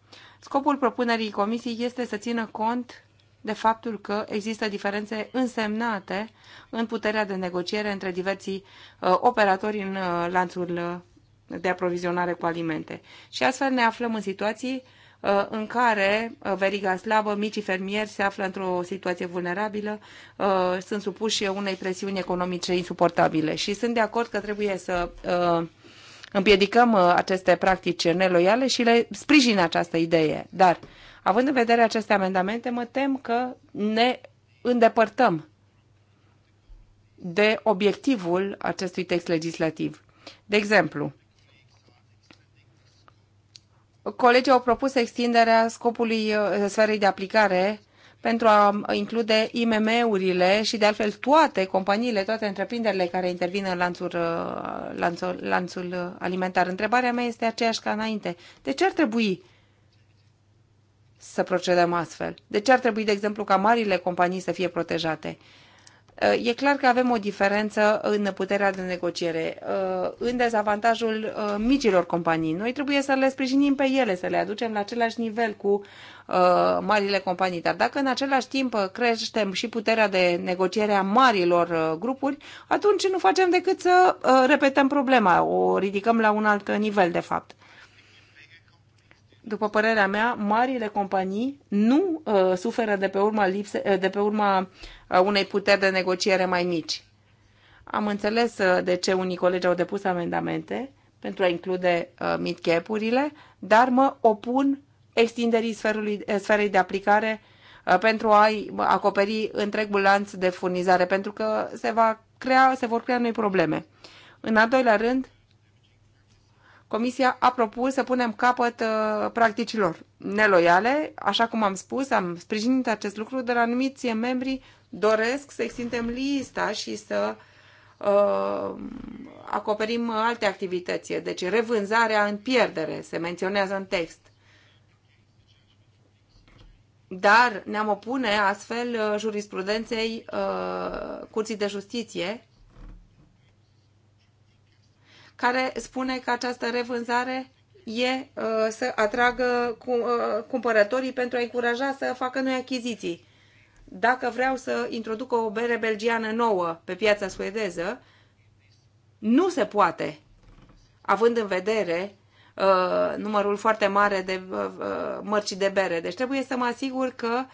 C: Scopul propunerii comisiei este să țină cont de faptul că există diferențe însemnate în puterea de negociere între diversii uh, operatori în uh, lanțul uh, de aprovizionare cu alimente. Și astfel ne aflăm în situații uh, în care uh, veriga slabă, micii fermieri se află într-o situație vulnerabilă, uh, sunt supuși unei presiuni economice insuportabile. Și sunt de acord că trebuie să împiedicăm uh, aceste practici neloiale și le sprijin această idee. Dar, având în vedere aceste amendamente, mă tem că ne îndepărtăm de obiectivul acestui text legislativ. De exemplu, colegii au propus extinderea scopului uh, sferei de aplicare pentru a include IMM-urile și, de altfel, toate companiile, toate întreprinderile care intervin în lanțul, uh, lanțul, lanțul uh, alimentar. Întrebarea mea este aceeași ca înainte. De ce ar trebui să procedăm astfel? De ce ar trebui, de exemplu, ca marile companii să fie protejate? E clar că avem o diferență în puterea de negociere, uh, în dezavantajul uh, micilor companii. Noi trebuie să le sprijinim pe ele, să le aducem la același nivel cu uh, marile companii. Dar dacă în același timp creștem și puterea de negociere a marilor grupuri, atunci nu facem decât să repetăm problema, o ridicăm la un alt nivel, de fapt după părerea mea, marile companii nu uh, suferă de pe, urma lipse, uh, de pe urma uh, unei puteri de negociere mai mici. Am înțeles uh, de ce unii colegi au depus amendamente pentru a include uh, mid-cap-urile, dar mă opun extinderii sferului, uh, sferei de aplicare uh, pentru a acoperi întregul lanț de furnizare, pentru că se, va crea, se vor crea noi probleme. În al doilea rând, Comisia a propus să punem capăt uh, practicilor neloiale. Așa cum am spus, am sprijinit acest lucru, dar anumiți membri doresc să extindem lista și să uh, acoperim alte activități. Deci revânzarea în pierdere se menționează în text. Dar ne-am opune astfel uh, jurisprudenței uh, Curții de Justiție care spune că această revânzare e uh, să atragă uh, cumpărătorii pentru a încuraja să facă noi achiziții. Dacă vreau să introduc o bere belgiană nouă pe piața suedeză, nu se poate, având în vedere uh, numărul foarte mare de mărci de bere. Deci trebuie să mă asigur că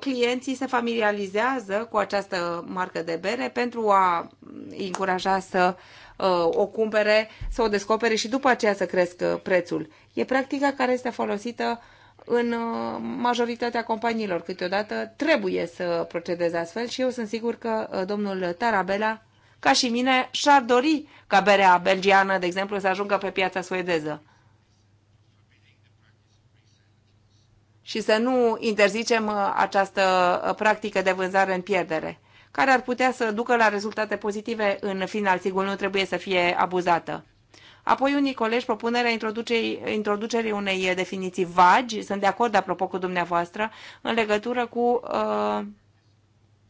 C: clienții se familiarizează cu această marcă de bere pentru a încuraja să Uh, o cumpere, să o descopere și după aceea să crească prețul. E practica care este folosită în uh, majoritatea companiilor. Câteodată trebuie să procedeze astfel și eu sunt sigur că uh, domnul Tarabela, ca și mine, și-ar dori ca berea belgiană, de exemplu, să ajungă pe piața suedeză. Și să nu interzicem această practică de vânzare în pierdere care ar putea să ducă la rezultate pozitive în final. Sigur, nu trebuie să fie abuzată. Apoi, unii colegi, propunerea introducerii, unei definiții vagi, sunt de acord, apropo, cu dumneavoastră, în legătură cu uh,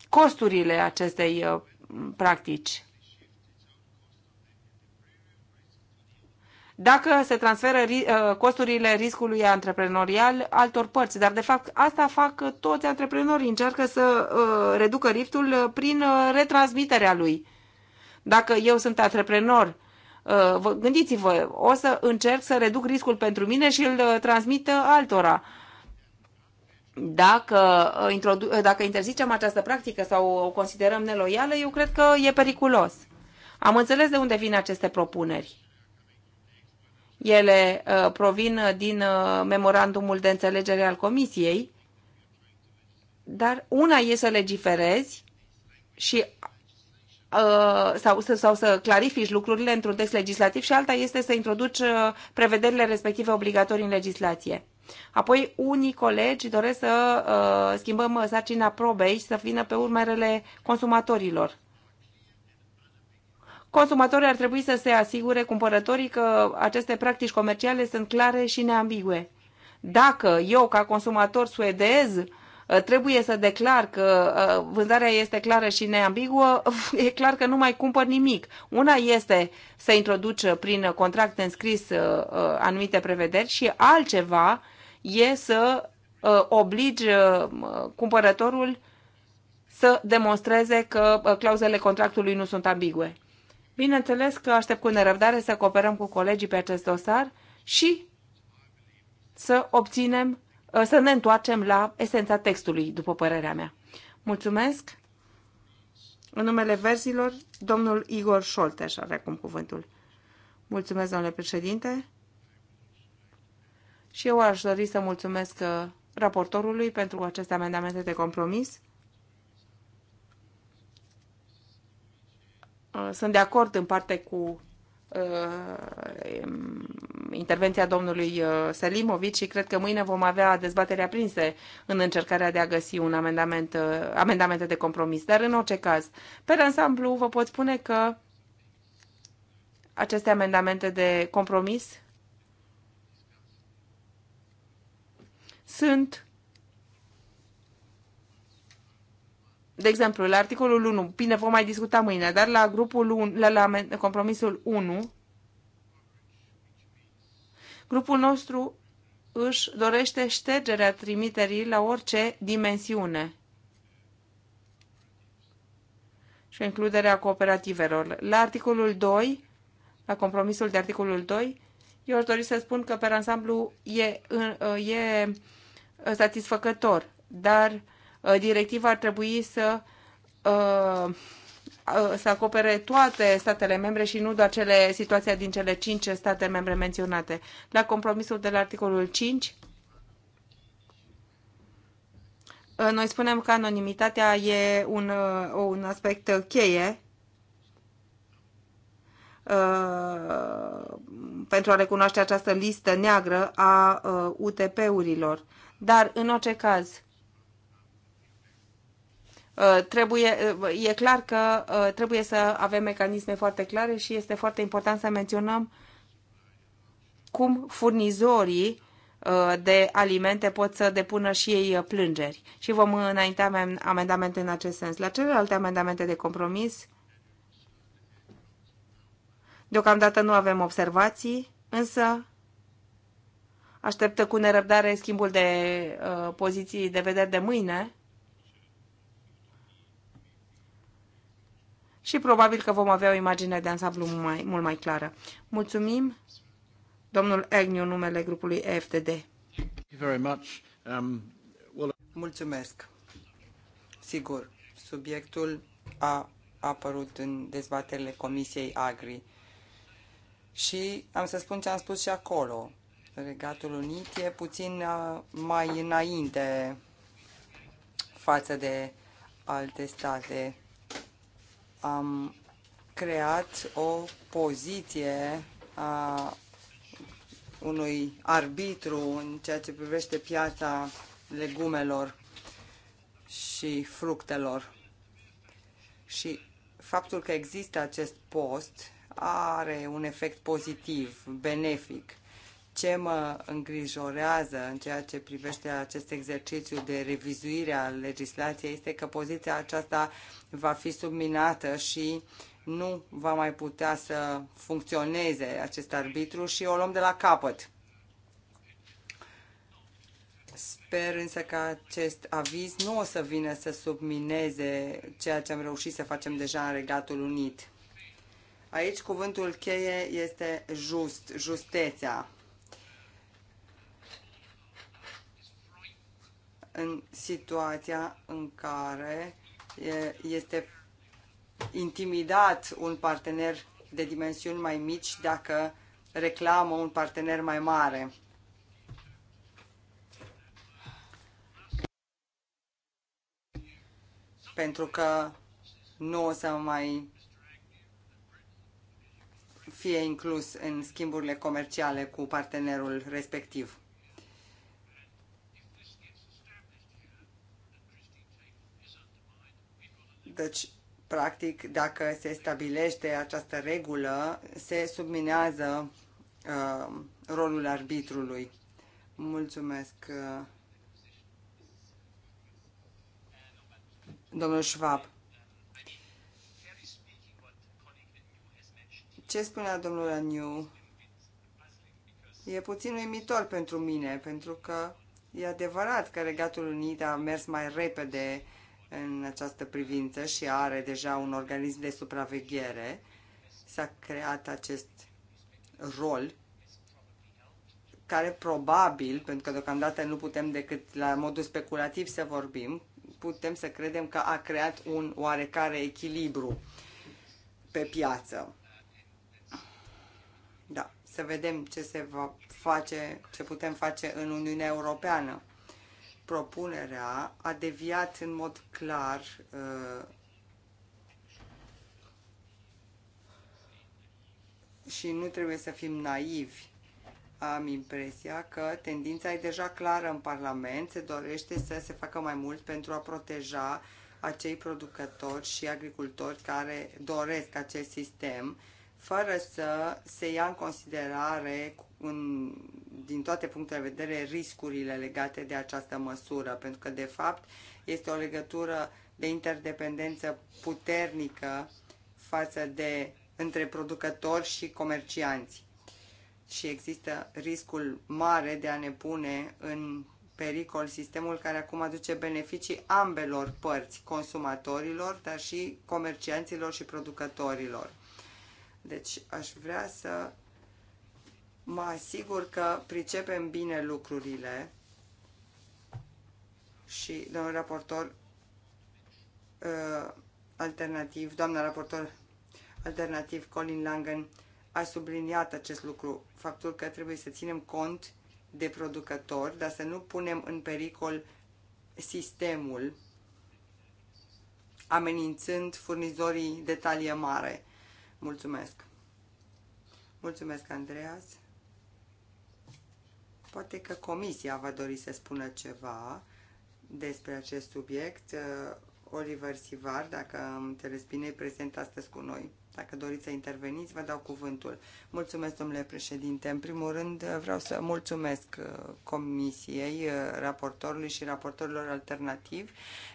C: costurile acestei uh, practici. dacă se transferă uh, costurile riscului antreprenorial altor părți. Dar, de fapt, asta fac toți antreprenorii. Încearcă să uh, reducă riftul uh, prin retransmiterea lui. Dacă eu sunt antreprenor, gândiți-vă, o să încerc să reduc riscul pentru mine și îl transmit altora dacă, dacă interzicem această practică sau o considerăm neloială, eu cred că e periculos. Am înțeles de unde vin aceste propuneri. Ele uh, provin uh, din uh, memorandumul de înțelegere al Comisiei, dar una e să legiferezi și sau, sau, sau să clarifici lucrurile într-un text legislativ și alta este să introduci prevederile respective obligatorii în legislație. Apoi, unii colegi doresc să uh, schimbăm sarcina probei și să vină pe urmele consumatorilor. Consumatorii ar trebui să se asigure cumpărătorii că aceste practici comerciale sunt clare și neambigue. Dacă eu, ca consumator suedez, trebuie să declar că uh, vânzarea este clară și neambiguă, e clar că nu mai cumpăr nimic. Una este să introduci prin contract înscris uh, uh, anumite prevederi și altceva e să obligi cumpărătorul să demonstreze că clauzele contractului nu sunt ambigue. Bineînțeles că aștept cu nerăbdare să cooperăm cu colegii pe acest dosar și să obținem, uh, să ne întoarcem la esența textului, după părerea mea. Mulțumesc! În numele verzilor, domnul Igor Șolteș are acum cuvântul. Mulțumesc, domnule președinte! Și eu aș dori să mulțumesc uh, raportorului pentru aceste amendamente de compromis. Uh, sunt de acord în parte cu uh, intervenția domnului uh, Selimovic și cred că mâine vom avea dezbatere aprinse în încercarea de a găsi un amendament, amendamente de compromis. Dar în orice caz, pe ansamblu vă pot spune că aceste amendamente de compromis sunt de exemplu, la articolul 1, bine, vom mai discuta mâine, dar la grupul 1, la, la compromisul 1, grupul nostru își dorește ștergerea trimiterii la orice dimensiune și includerea cooperativelor. La articolul 2, la compromisul de articolul 2, eu aș dori să spun că, pe ansamblu, e, e satisfăcător, dar uh, Uh, directiva ar trebui să uh, uh, să acopere toate statele membre și nu doar cele, situația din cele cinci state membre menționate. La compromisul de la articolul 5, noi spunem că anonimitatea e un, un aspect cheie pentru a recunoaște această listă neagră a UTP-urilor. Dar, în orice caz, Uh, trebuie, uh, e clar că uh, trebuie să avem mecanisme foarte clare și este foarte important să menționăm cum furnizorii de alimente pot să depună și ei plângeri. Și vom înainta amendamente în acest sens. La celelalte amendamente de compromis, deocamdată nu avem observații, însă așteptă cu nerăbdare schimbul de uh, poziții de vedere de mâine și probabil că vom avea o imagine de ansamblu mai, mult mai clară. Mulțumim, domnul Agnew, numele grupului EFTD.
B: Um, Mulțumesc. Sigur, subiectul a apărut în dezbaterile Comisiei Agri. Și am să spun ce am spus și acolo. Regatul Unit e puțin uh, mai înainte față de alte state am creat o poziție a unui arbitru în ceea ce privește piața legumelor și fructelor. Și faptul că există acest post are un efect pozitiv, benefic ce mă îngrijorează în ceea ce privește acest exercițiu de revizuire a legislației este că poziția aceasta va fi subminată și nu va mai putea să funcționeze acest arbitru și o luăm de la capăt. Sper însă că acest aviz nu o să vină să submineze ceea ce am reușit să facem deja în Regatul Unit. Aici cuvântul cheie este just, justețea. în situația în care este intimidat un partener de dimensiuni mai mici dacă reclamă un partener mai mare. Pentru că nu o să mai fie inclus în schimburile comerciale cu partenerul respectiv. Deci, practic, dacă se stabilește această regulă, se subminează uh, rolul arbitrului. Mulțumesc. Uh, domnul Schwab. Ce spunea domnul Aniu? E puțin uimitor pentru mine, pentru că e adevărat că Regatul Unit a mers mai repede uh, în această privință și are deja un organism de supraveghere. S-a creat acest rol care probabil, pentru că deocamdată nu putem decât la modul speculativ să vorbim, putem să credem că a creat un oarecare echilibru pe piață. Da, să vedem ce se va face, ce putem face în Uniunea Europeană propunerea a deviat în mod clar uh, și nu trebuie să fim naivi. Am impresia că tendința e deja clară în Parlament, se dorește să se facă mai mult pentru a proteja acei producători și agricultori care doresc acest sistem, fără să se ia în considerare în, din toate punctele de vedere riscurile legate de această măsură, pentru că, de fapt, este o legătură de interdependență puternică față de între producători și comercianți. Și există riscul mare de a ne pune în pericol sistemul care acum aduce beneficii ambelor părți, consumatorilor, dar și comercianților și producătorilor. Deci aș vrea să mă asigur că pricepem bine lucrurile și domnul raportor uh, alternativ, doamna raportor alternativ Colin Langen a subliniat acest lucru, faptul că trebuie să ținem cont de producători, dar să nu punem în pericol sistemul amenințând furnizorii de talie mare. Mulțumesc! Mulțumesc, Andreas! Poate că comisia va dori să spună ceva despre acest subiect. Uh, Oliver Sivar, dacă îmi înțeles bine, e prezent astăzi cu noi. Dacă doriți să interveniți, vă dau cuvântul. Mulțumesc, domnule președinte. În primul rând, uh, vreau să mulțumesc uh, comisiei, raportorului și raportorilor alternativi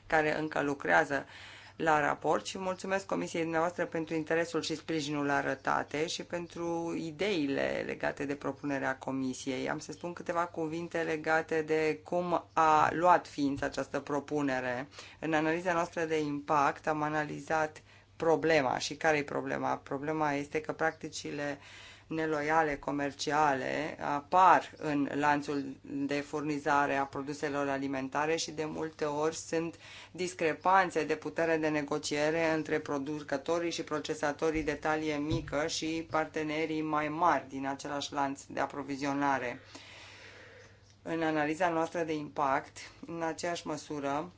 B: care încă lucrează uh, la raport și mulțumesc Comisiei dumneavoastră pentru interesul și sprijinul arătate și pentru ideile legate de propunerea Comisiei. Am să spun câteva cuvinte legate de cum a luat ființă această propunere. În analiza noastră de impact am analizat problema și care e problema. Problema este că practicile uh, neloiale comerciale apar în lanțul de furnizare a produselor alimentare și de multe ori sunt discrepanțe de putere de negociere între producătorii și procesatorii de talie mică și partenerii mai mari din același lanț de aprovizionare. În analiza noastră de impact, în aceeași măsură,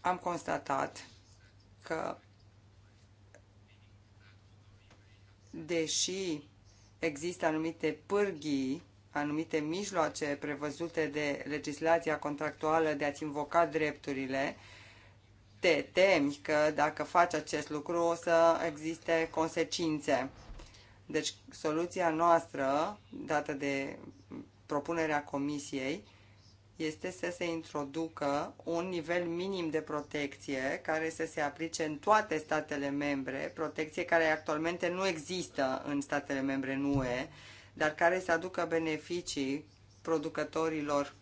B: am constatat că deși există anumite pârghii, anumite mijloace prevăzute de legislația contractuală de a-ți invoca drepturile, te temi că dacă faci acest lucru o să existe consecințe. Deci soluția noastră, dată de propunerea comisiei, este să se introducă un nivel minim de protecție care să se aplice în toate statele membre, protecție care actualmente nu există în statele membre NUE, dar care să aducă beneficii producătorilor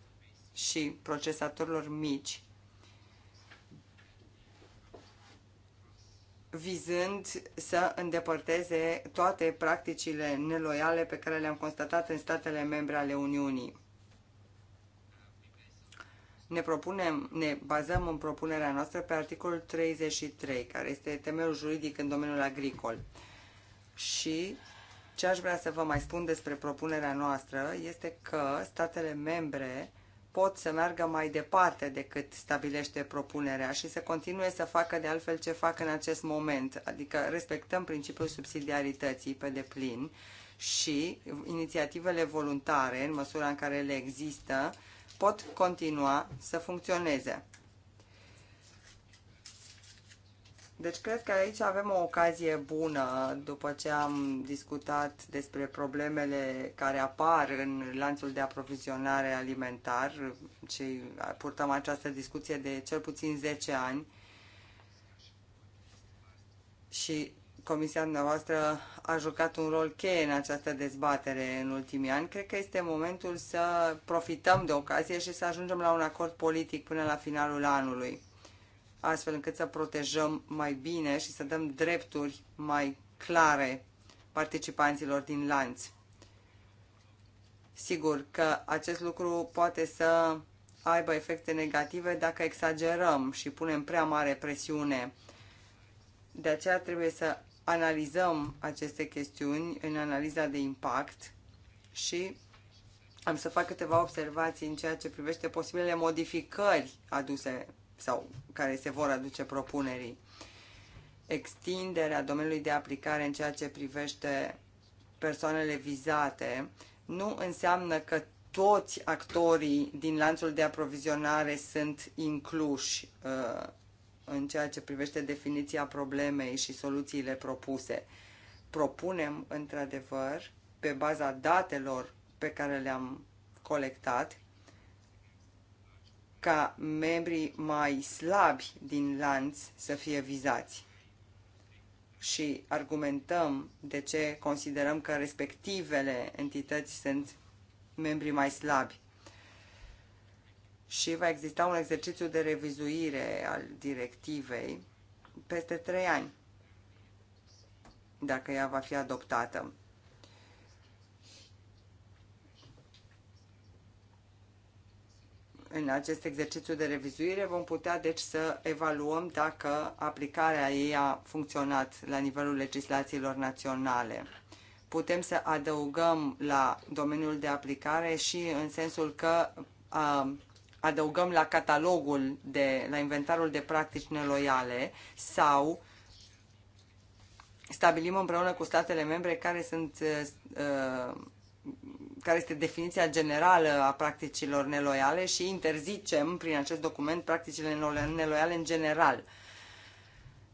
B: și procesatorilor mici, vizând să îndepărteze toate practicile neloiale pe care le-am constatat în statele membre ale Uniunii ne, propunem, ne bazăm în propunerea noastră pe articolul 33, care este temelul juridic în domeniul agricol. Și ce aș vrea să vă mai spun despre propunerea noastră este că statele membre pot să meargă mai departe decât stabilește propunerea și să continue să facă de altfel ce fac în acest moment, adică respectăm principiul subsidiarității pe deplin și inițiativele voluntare, în măsura în care le există, pot continua să funcționeze. Deci cred că aici avem o ocazie bună după ce am discutat despre problemele care apar în lanțul de aprovizionare alimentar și purtăm această discuție de cel puțin 10 ani și comisia noastră a jucat un rol cheie în această dezbatere în ultimii ani. Cred că este momentul să profităm de ocazie și să ajungem la un acord politic până la finalul anului, astfel încât să protejăm mai bine și să dăm drepturi mai clare participanților din lanț. Sigur că acest lucru poate să aibă efecte negative dacă exagerăm și punem prea mare presiune. De aceea trebuie să analizăm aceste chestiuni în analiza de impact și am să fac câteva observații în ceea ce privește posibilele modificări aduse sau care se vor aduce propunerii. Extinderea domeniului de aplicare în ceea ce privește persoanele vizate nu înseamnă că toți actorii din lanțul de aprovizionare sunt incluși uh, în ceea ce privește definiția problemei și soluțiile propuse. Propunem, într-adevăr, pe baza datelor pe care le-am colectat, ca membrii mai slabi din lanț să fie vizați. Și argumentăm de ce considerăm că respectivele entități sunt membrii mai slabi și va exista un exercițiu de revizuire al directivei peste trei ani, dacă ea va fi adoptată. În acest exercițiu de revizuire vom putea deci să evaluăm dacă aplicarea ei a funcționat la nivelul legislațiilor naționale putem să adăugăm la domeniul de aplicare și în sensul că uh, adăugăm la catalogul, de, la inventarul de practici neloiale sau stabilim împreună cu statele membre care sunt uh, uh care este definiția generală a practicilor neloiale și interzicem prin acest document practicile neloiale în general.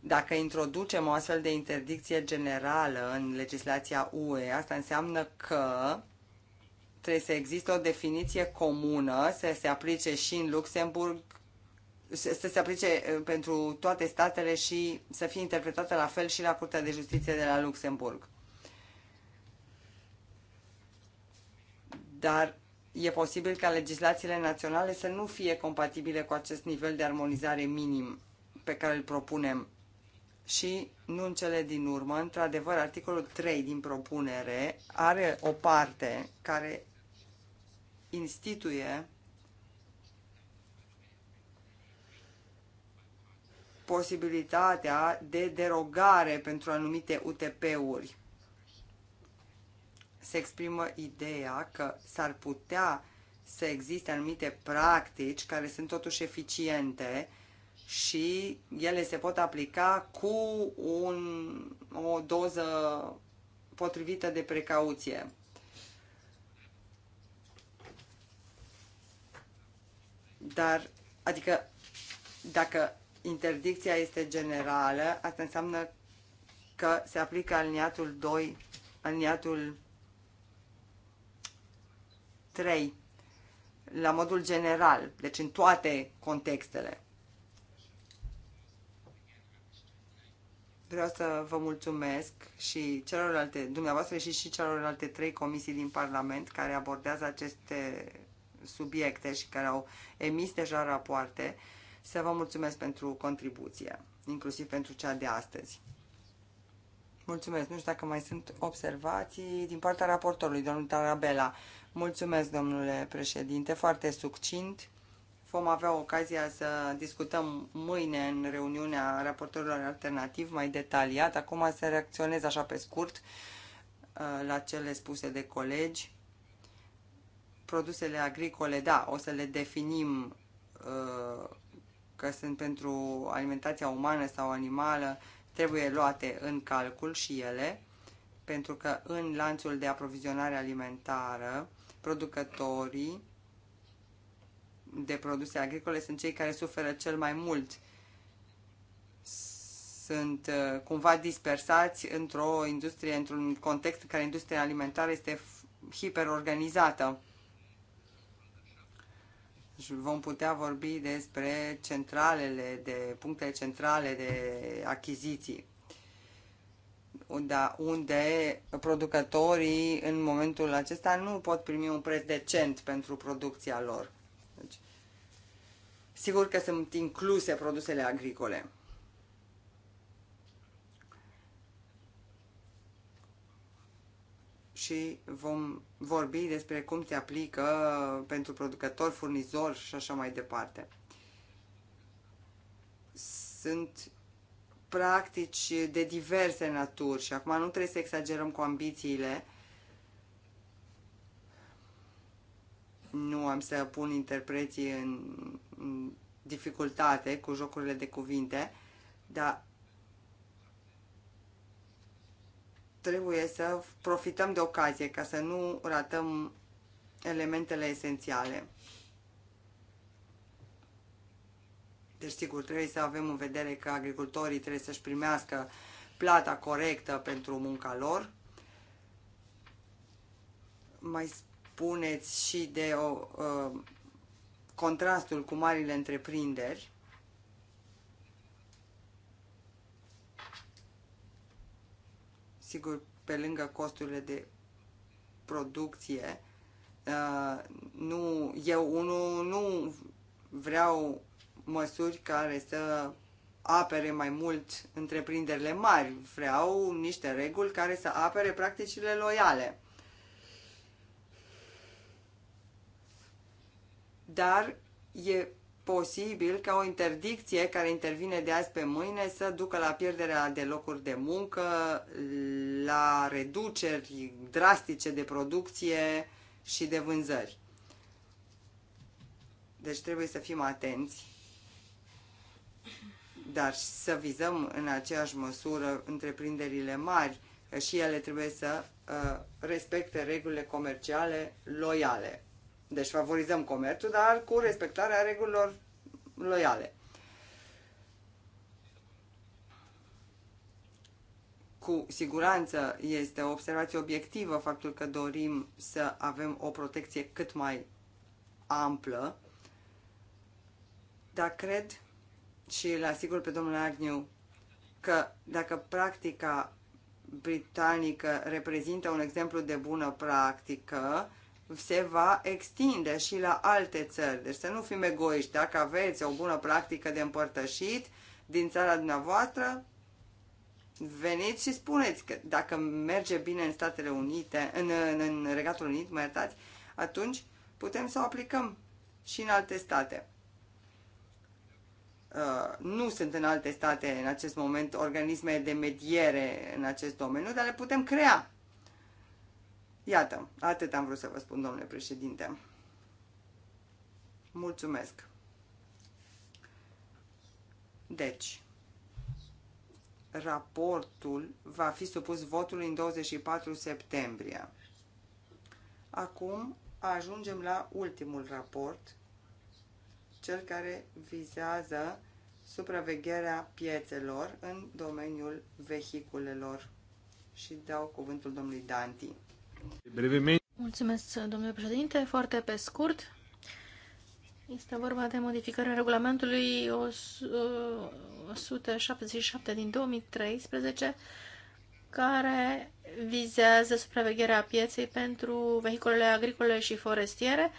B: Dacă introducem o astfel de interdicție generală în legislația UE, asta înseamnă că trebuie să existe o definiție comună, să se aplice și în Luxemburg, să se aplice uh, pentru toate statele și să fie interpretată la fel și la Curtea de Justiție de la Luxemburg. Dar e posibil ca legislațiile naționale să nu fie compatibile cu acest nivel de armonizare minim pe care îl propunem. Și, nu în cele din urmă, într-adevăr, articolul 3 din propunere are o parte care instituie posibilitatea de derogare pentru anumite UTP-uri. Se exprimă ideea că s-ar putea să existe anumite practici care sunt totuși eficiente și ele se pot aplica cu un, o doză potrivită de precauție. Dar, adică, dacă interdicția este generală, asta înseamnă că se aplică aliniatul 2, aliniatul 3, la modul general, deci în toate contextele. Vreau să vă mulțumesc și celorlalte, dumneavoastră și și celorlalte trei comisii din Parlament care abordează aceste subiecte și care au emis deja rapoarte, să vă mulțumesc pentru contribuție, inclusiv pentru cea de astăzi. Mulțumesc. Nu știu dacă mai sunt observații din partea raportorului, domnul Tarabela. Mulțumesc, domnule președinte, foarte succint. Vom avea ocazia să discutăm mâine în reuniunea raportorilor alternativ mai detaliat. Acum să reacționez așa pe scurt uh, la cele spuse de colegi produsele agricole, da, o să le definim uh, că sunt pentru alimentația umană sau animală, trebuie luate în calcul și ele, pentru că în lanțul de aprovizionare alimentară, producătorii de produse agricole sunt cei care suferă cel mai mult. Sunt uh, cumva dispersați într-o industrie, într-un context în care industria alimentară este hiperorganizată vom putea vorbi despre centralele, de punctele centrale de achiziții da, unde producătorii în momentul acesta nu pot primi un preț decent pentru producția lor. Deci, sigur că sunt incluse produsele agricole. și vom vorbi despre cum se aplică pentru producător, furnizor și așa mai departe. Sunt practici de diverse naturi și acum nu trebuie să exagerăm cu ambițiile. Nu am să pun interpreții în dificultate cu jocurile de cuvinte, dar trebuie să profităm de ocazie ca să nu ratăm elementele esențiale. Deci, sigur, trebuie să avem în vedere că agricultorii trebuie să-și primească plata corectă pentru munca lor. Mai spuneți și de o, uh, uh, contrastul cu marile întreprinderi. sigur, pe lângă costurile de producție, uh, nu, eu unul nu vreau măsuri care să apere mai mult întreprinderile mari. Vreau niște reguli care să apere practicile loiale. Dar e posibil ca o interdicție care intervine de azi pe mâine să ducă la pierderea de locuri de muncă, la reduceri drastice de producție și de vânzări. Deci trebuie să fim atenți, dar să vizăm în aceeași măsură întreprinderile mari, că și ele trebuie să uh, respecte regulile comerciale loiale. Deci favorizăm comerțul, dar cu respectarea regulilor loiale. Cu siguranță este o observație obiectivă faptul că dorim să avem o protecție cât mai amplă, dar cred și îl asigur pe domnul Agnew că dacă practica britanică reprezintă un exemplu de bună practică, se va extinde și la alte țări. Deci să nu fim egoiști. Dacă aveți o bună practică de împărtășit din țara dumneavoastră, veniți și spuneți că dacă merge bine în Statele Unite, în, în, în Regatul Unit, mă iertați, atunci putem să o aplicăm și în alte state. Uh, nu sunt în alte state în acest moment organisme de mediere în acest domeniu, dar le putem crea Iată, atât am vrut să vă spun, domnule președinte. Mulțumesc. Deci, raportul va fi supus votului în 24 septembrie. Acum ajungem la ultimul raport, cel care vizează supravegherea piețelor în domeniul vehiculelor și dau
A: cuvântul domnului Danti. Mulțumesc, domnule președinte. Foarte pe scurt, este vorba de modificarea regulamentului 177 din 2013, care vizează supravegherea pieței pentru vehiculele agricole și forestiere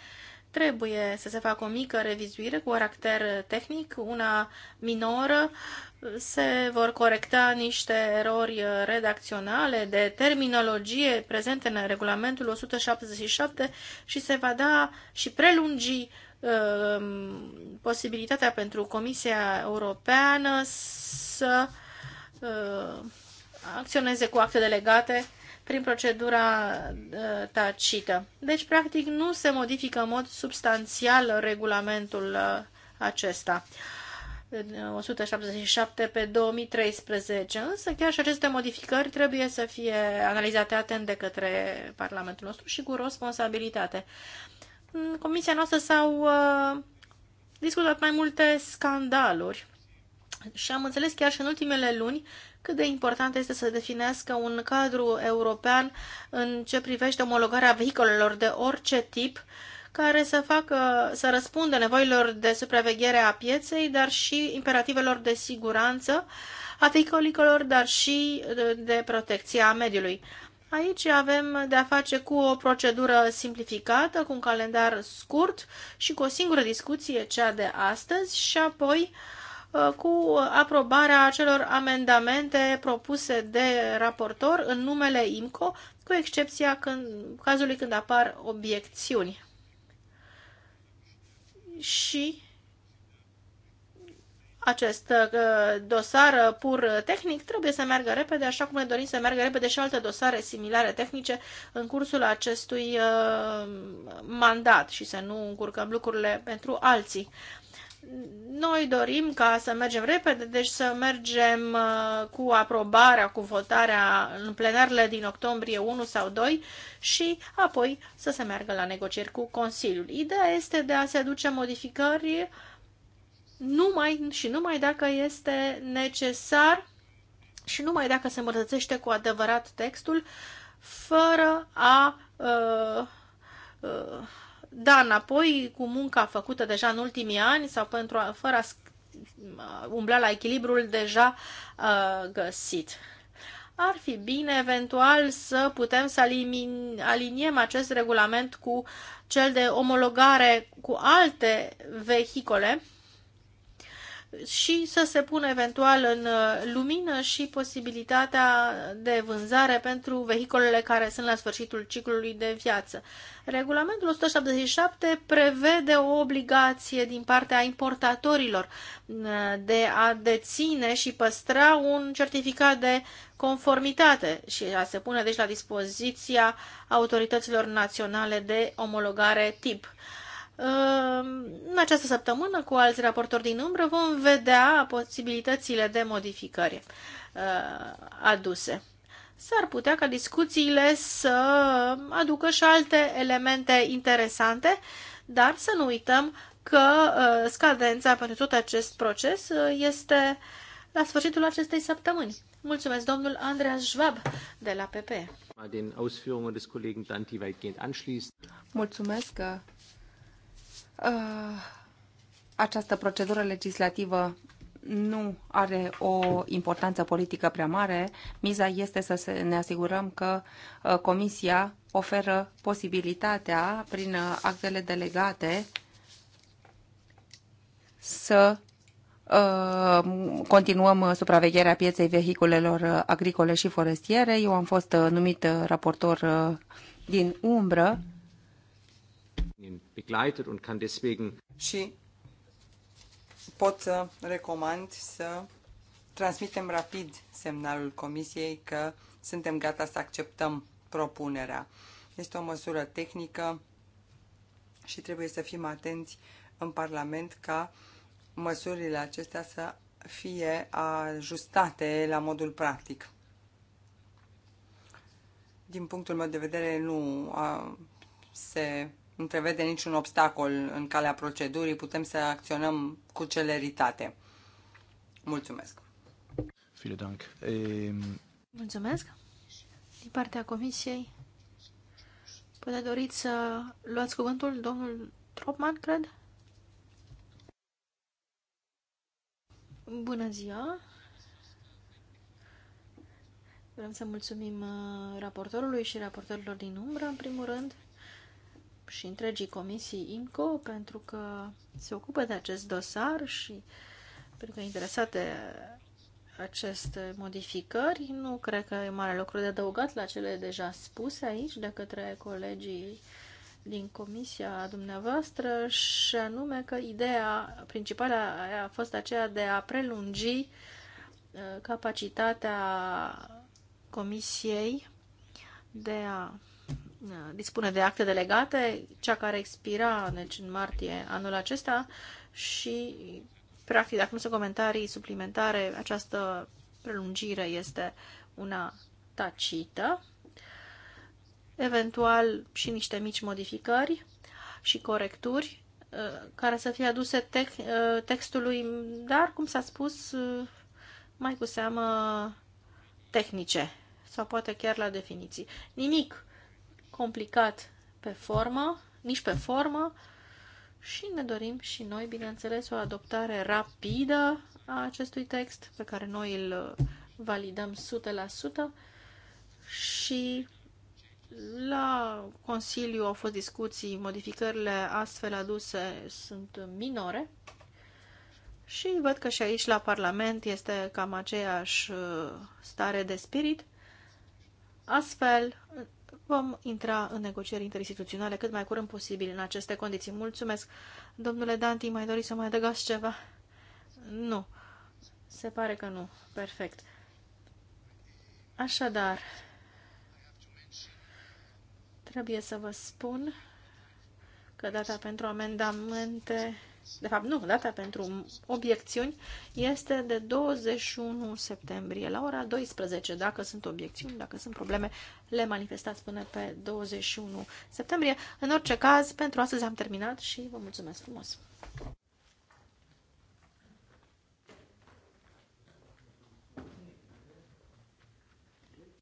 A: trebuie să se facă o mică revizuire cu caracter tehnic, una minoră, se vor corecta niște erori redacționale de terminologie prezente în regulamentul 177 și se va da și prelungi uh, posibilitatea pentru Comisia Europeană să uh, acționeze cu acte delegate prin procedura ă, tacită. Deci, practic, nu se modifică în mod substanțial regulamentul ă, acesta. 177 ă, pe 2013, însă chiar și aceste modificări trebuie să fie analizate atent de către Parlamentul nostru și cu responsabilitate. În comisia noastră s-au uh, discutat mai multe scandaluri și am înțeles chiar și în ultimele luni cât de important este să definească un cadru european în ce privește omologarea vehiculelor de orice tip care să, facă, să răspundă nevoilor de supraveghere a pieței, dar și imperativelor de siguranță a vehiculicolor, dar și de protecție a mediului. Aici avem de a face cu o procedură simplificată, cu un calendar scurt și cu o singură discuție, cea de astăzi, și apoi uh, Uh, cu aprobarea acelor amendamente propuse de raportor în numele IMCO, cu excepția când, cazului când apar obiecțiuni. Și acest uh, dosar pur tehnic trebuie să meargă repede, așa cum ne dorim să meargă repede și alte dosare similare tehnice în cursul acestui uh, mandat și să nu încurcăm lucrurile pentru alții. Noi dorim ca să mergem repede, deci să mergem uh, cu aprobarea, cu votarea în plenarele din octombrie 1 sau 2 și apoi să se meargă la negocieri cu Consiliul. Ideea este de a se aduce modificări numai și numai dacă este necesar și numai dacă se îmbunătățește cu adevărat textul, fără a uh, uh, da înapoi cu munca făcută deja în ultimii ani sau pentru a, fără a uh, umbla la echilibrul deja uh, găsit. Ar fi bine eventual să putem să aliniem acest regulament cu cel de omologare cu alte vehicole și să se pună eventual în uh, lumină și posibilitatea de vânzare pentru vehicolele care sunt la sfârșitul ciclului de viață. Regulamentul 177 prevede o obligație din partea importatorilor uh, de a deține și păstra un certificat de conformitate și a se pune deci la dispoziția autorităților naționale de omologare tip. Ehm, în această săptămână, cu alți raportori din umbră, vom vedea posibilitățile de modificări eh, aduse. S-ar putea ca discuțiile să aducă și alte elemente interesante, dar să nu uităm că eh, scadența pentru tot acest proces eh, este la sfârșitul acestei săptămâni. Mulțumesc, domnul Andreas Schwab de la PP.
C: Mulțumesc Uh, această procedură legislativă nu are o importanță politică prea mare. Miza este să ne asigurăm că uh, Comisia oferă posibilitatea, prin uh, actele delegate, să continuăm supravegherea pieței vehiculelor agricole și forestiere. Eu am fost numit raportor din umbră ihn begleitet
A: und kann deswegen.
B: Și pot să recomand să transmitem rapid semnalul Comisiei că suntem gata să acceptăm propunerea. Este o măsură tehnică și trebuie să fim atenți în Parlament ca măsurile acestea să fie ajustate la modul practic. Din punctul meu de vedere, nu a, se nu prevede niciun obstacol în calea procedurii, putem să acționăm cu celeritate. Mulțumesc!
C: Ehm.
A: Mulțumesc! Din partea Comisiei, poate doriți să luați cuvântul, domnul Tropman, cred? Bună ziua! Vrem să mulțumim uh, raportorului și raportorilor din umbră, în primul rând, și întregii comisii INCO pentru că se ocupă de acest dosar și pentru că interesate aceste modificări. Nu cred că e mare lucru de adăugat la cele deja spuse aici de către colegii din comisia dumneavoastră și anume că ideea principală a fost aceea de a prelungi uh, capacitatea comisiei de a dispune de acte delegate, cea care expira deci, în martie anul acesta și, practic, dacă nu sunt comentarii suplimentare, această prelungire este una tacită, eventual și niște mici modificări și corecturi uh, care să fie aduse tec uh, textului, dar, cum s-a spus, uh, mai cu seamă tehnice sau poate chiar la definiții. Nimic complicat pe formă, nici pe formă, și ne dorim și noi, bineînțeles, o adoptare rapidă a acestui text, pe care noi îl validăm 100% și la Consiliu au fost discuții, modificările astfel aduse sunt minore și văd că și aici la Parlament este cam aceeași uh, stare de spirit. Astfel, vom intra în negocieri interinstituționale cât mai curând posibil în aceste condiții. Mulțumesc. Domnule Danti, mai doriți să mai adăgați ceva? Nu. Se pare că nu. Perfect. Așadar, trebuie să vă spun că data pentru amendamente de fapt nu, data pentru obiecțiuni este de 21 septembrie la ora 12. Dacă sunt obiecțiuni, dacă sunt probleme, le manifestați până pe 21 septembrie. În orice caz, pentru astăzi am terminat și vă mulțumesc frumos!